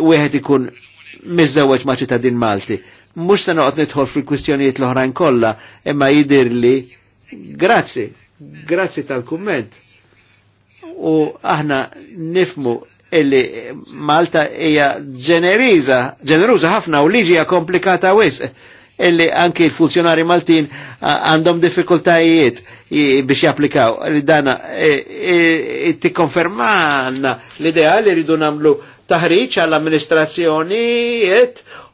wieħed ikun miżewweġ ma' ċittadin Malti. Mhux se noqgħod nidħol fil-kwistjonijiet l-oħrajn kollha, imma li grazzi, grazzi tal-kumment. U aħna nifmu illi Malta hija ġeneriża, ġeneruża ħafna u liġi hija komplikata wisq illi anki il-funzjonari Maltin għandhom diffikultajiet biex japplikaw. Ridana, e, e, e, ti konfermanna l-idea li rridu namlu taħriċ għall amministrazzjoni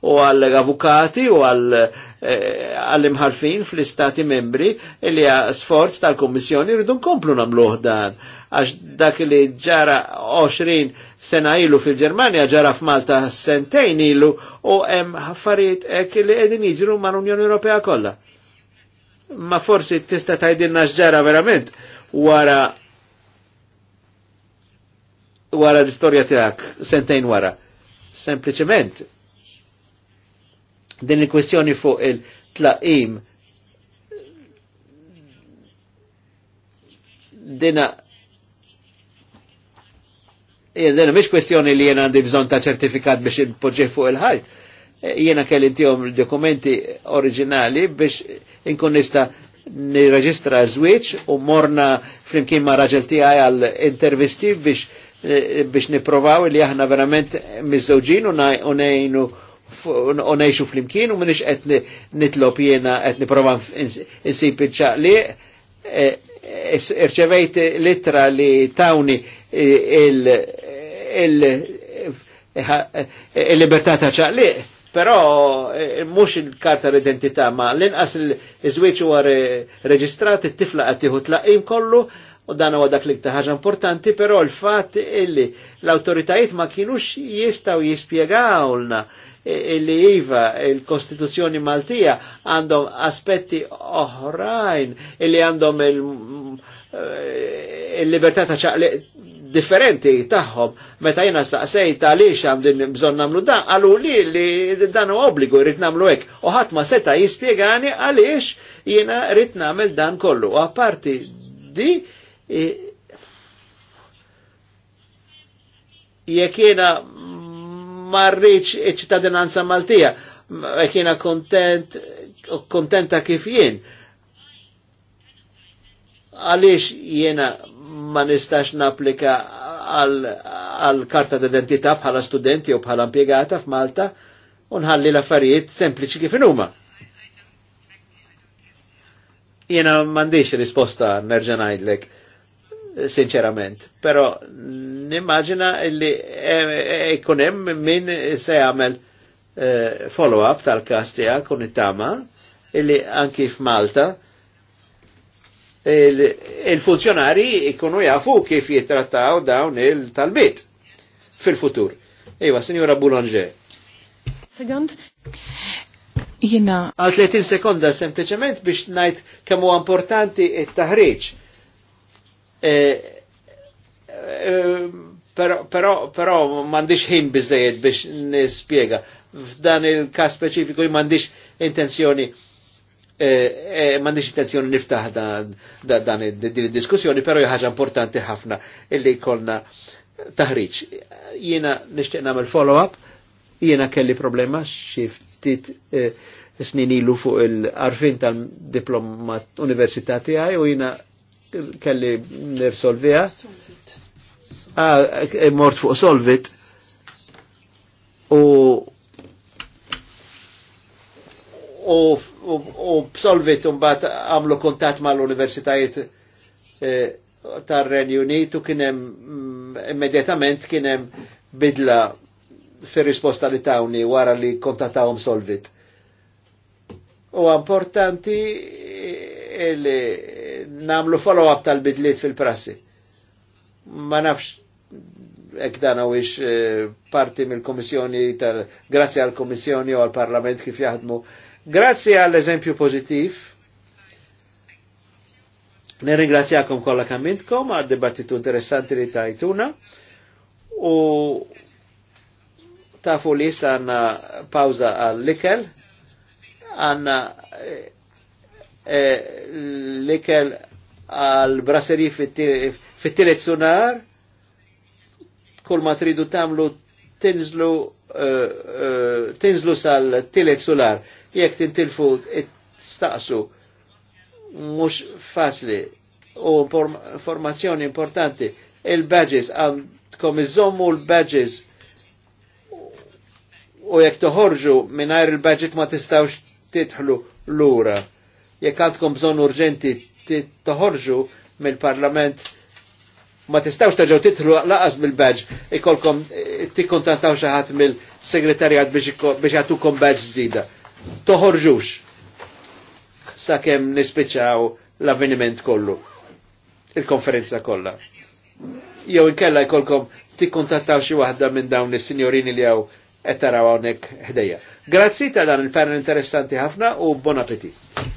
u għall-avukati u għall-imħarfin fl-istati membri illi sforz tal-Kommissjoni rridu nkomplu namluħ dan għax dak li ġara 20 sena ilu fil-Germania ġara f'Malta sentejn ilu u hemm ħaffariet ek li qegħdin jiġru mal-Unjoni Ewropea kollha. Ma forsi tista' tgħidilna x'ġara verament wara wara l-istorja tiegħek sentejn wara. Sempliċement din il-kwestjoni fuq il-tlaqim dina Jena eh, mish kwestjoni li jena għandi bżon ta' ċertifikat biex il fuq il-ħajt. Eh, jena kelli tijom dokumenti oriġinali biex inkun nista nirreġistra żwieġ u morna flimkien ma' raġel tijaj għal intervisti biex eh, biex niprovaw li aħna verament mizzawġin unajnu unajxu fl-imkien u minix qed nitlob jena qed niprova insib li irċevejt litra li tawni il-libertà ta' ċaqli, però eh, mux il-karta l-identità ma l-inqas il u għar reġistrat il tifla għattiħu tlaqim kollu u dan huwa dak li ħaġa importanti, però l fat illi l autoritajiet ma kienux jistaw jispiegawlna illi jiva il-Kostituzzjoni Maltija għandhom aspetti oħrajn illi għandhom eh, il-libertà ta' ċaqli differenti tagħhom meta jiena saqsejt għaliex hemm din bżonn nagħmlu dan għalu li li dan u obbligu jrid nagħmlu hekk u ħadd ma seta' jispjegani għaliex jiena rrit nagħmel dan kollu. U apparti di jek jiena ma rridx iċ-ċittadinanza Maltija, jekk jiena kontent kontenta kif jien. Għaliex jiena ma nistax naplika għal karta d-identità bħala studenti u bħala impiegata f'Malta u nħalli l-affarijiet sempliċi kif huma. Jena mandiċ risposta nerġa' ngħidlek sinċerament, pero nimmaġina illi jkun e, e, minn se għamel eh, follow-up tal kastija kun it-tama illi anki f'Malta il-funzjonari ikunu jafu kif jittrattaw dawn il-talbit fil-futur. Ewa, iva, Signora Boulanger. Second. Jena. Għal 30 sekonda sempliciment biex najt kemm huwa importanti il taħriġ e, e, Però, però mandiċ ħin bizzejed biex nispiega. F'dan il-każ speċifiku m'għandix intenzjoni Eh, eh, mandiċ intenzjoni niftaħ dan din id-diskussjoni, pero ħaġa importanti ħafna illi kolna taħriċ. Jiena nixtieq nagħmel follow-up, jiena kelli problema xiftit ftit eh, snin ilu fuq il-arfin tal-diplomat università tiegħi u jiena kelli nirsolvija. Ah, mort fuq solvit u u b'solvit mbagħad għamlu kuntatt mal-universitajiet eh, tar-Renju Unit u kien hemm immedjatament kien hemm bidla fir-risposta li tawni wara li kontattawhom solvit. U importanti eh, li namlu follow-up tal-bidliet fil-prassi. Ma nafx ek dan għawix eh, parti mill-Komissjoni, grazzi għal-Komissjoni u għal-Parlament kif jaħdmu Grazzi għall-eżempju pozittiv, nirringrazzjakom kolla kamintkom għad debattitu interessanti li tajtuna u tafu li issa għanna pawza għall-likel, għanna e, eh, e, eh, likel għal-braseri fit-tilet sunar, kull ma tridu tamlu tinżlu uh, uh, tinżlu sal-tilet sunar jekk tintilfu staqsu mhux faċli u informazzjoni importanti il-badges għandkom iżommu l-badges u jekk toħorġu mingħajr il badget ma tistawx titħlu lura. Jekk għandkom bżonn urġenti toħorġu mill-parlament ma tistawx taġaw titħlu laqas mill-badge ikolkom eh, tikkontattaw xi ħadd mill-segretarjat biex jagħtukom badge ġdida toħorġux sakemm nispiċaw l-avveniment kollu, il-konferenza kollha. Jew inkella jkollkom tikkuntattaw xi waħda minn dawn is-sinjorini li jew qed taraw hawnhekk ħdejja. Grazzi ta' dan il-panel interessanti ħafna u bon appetit.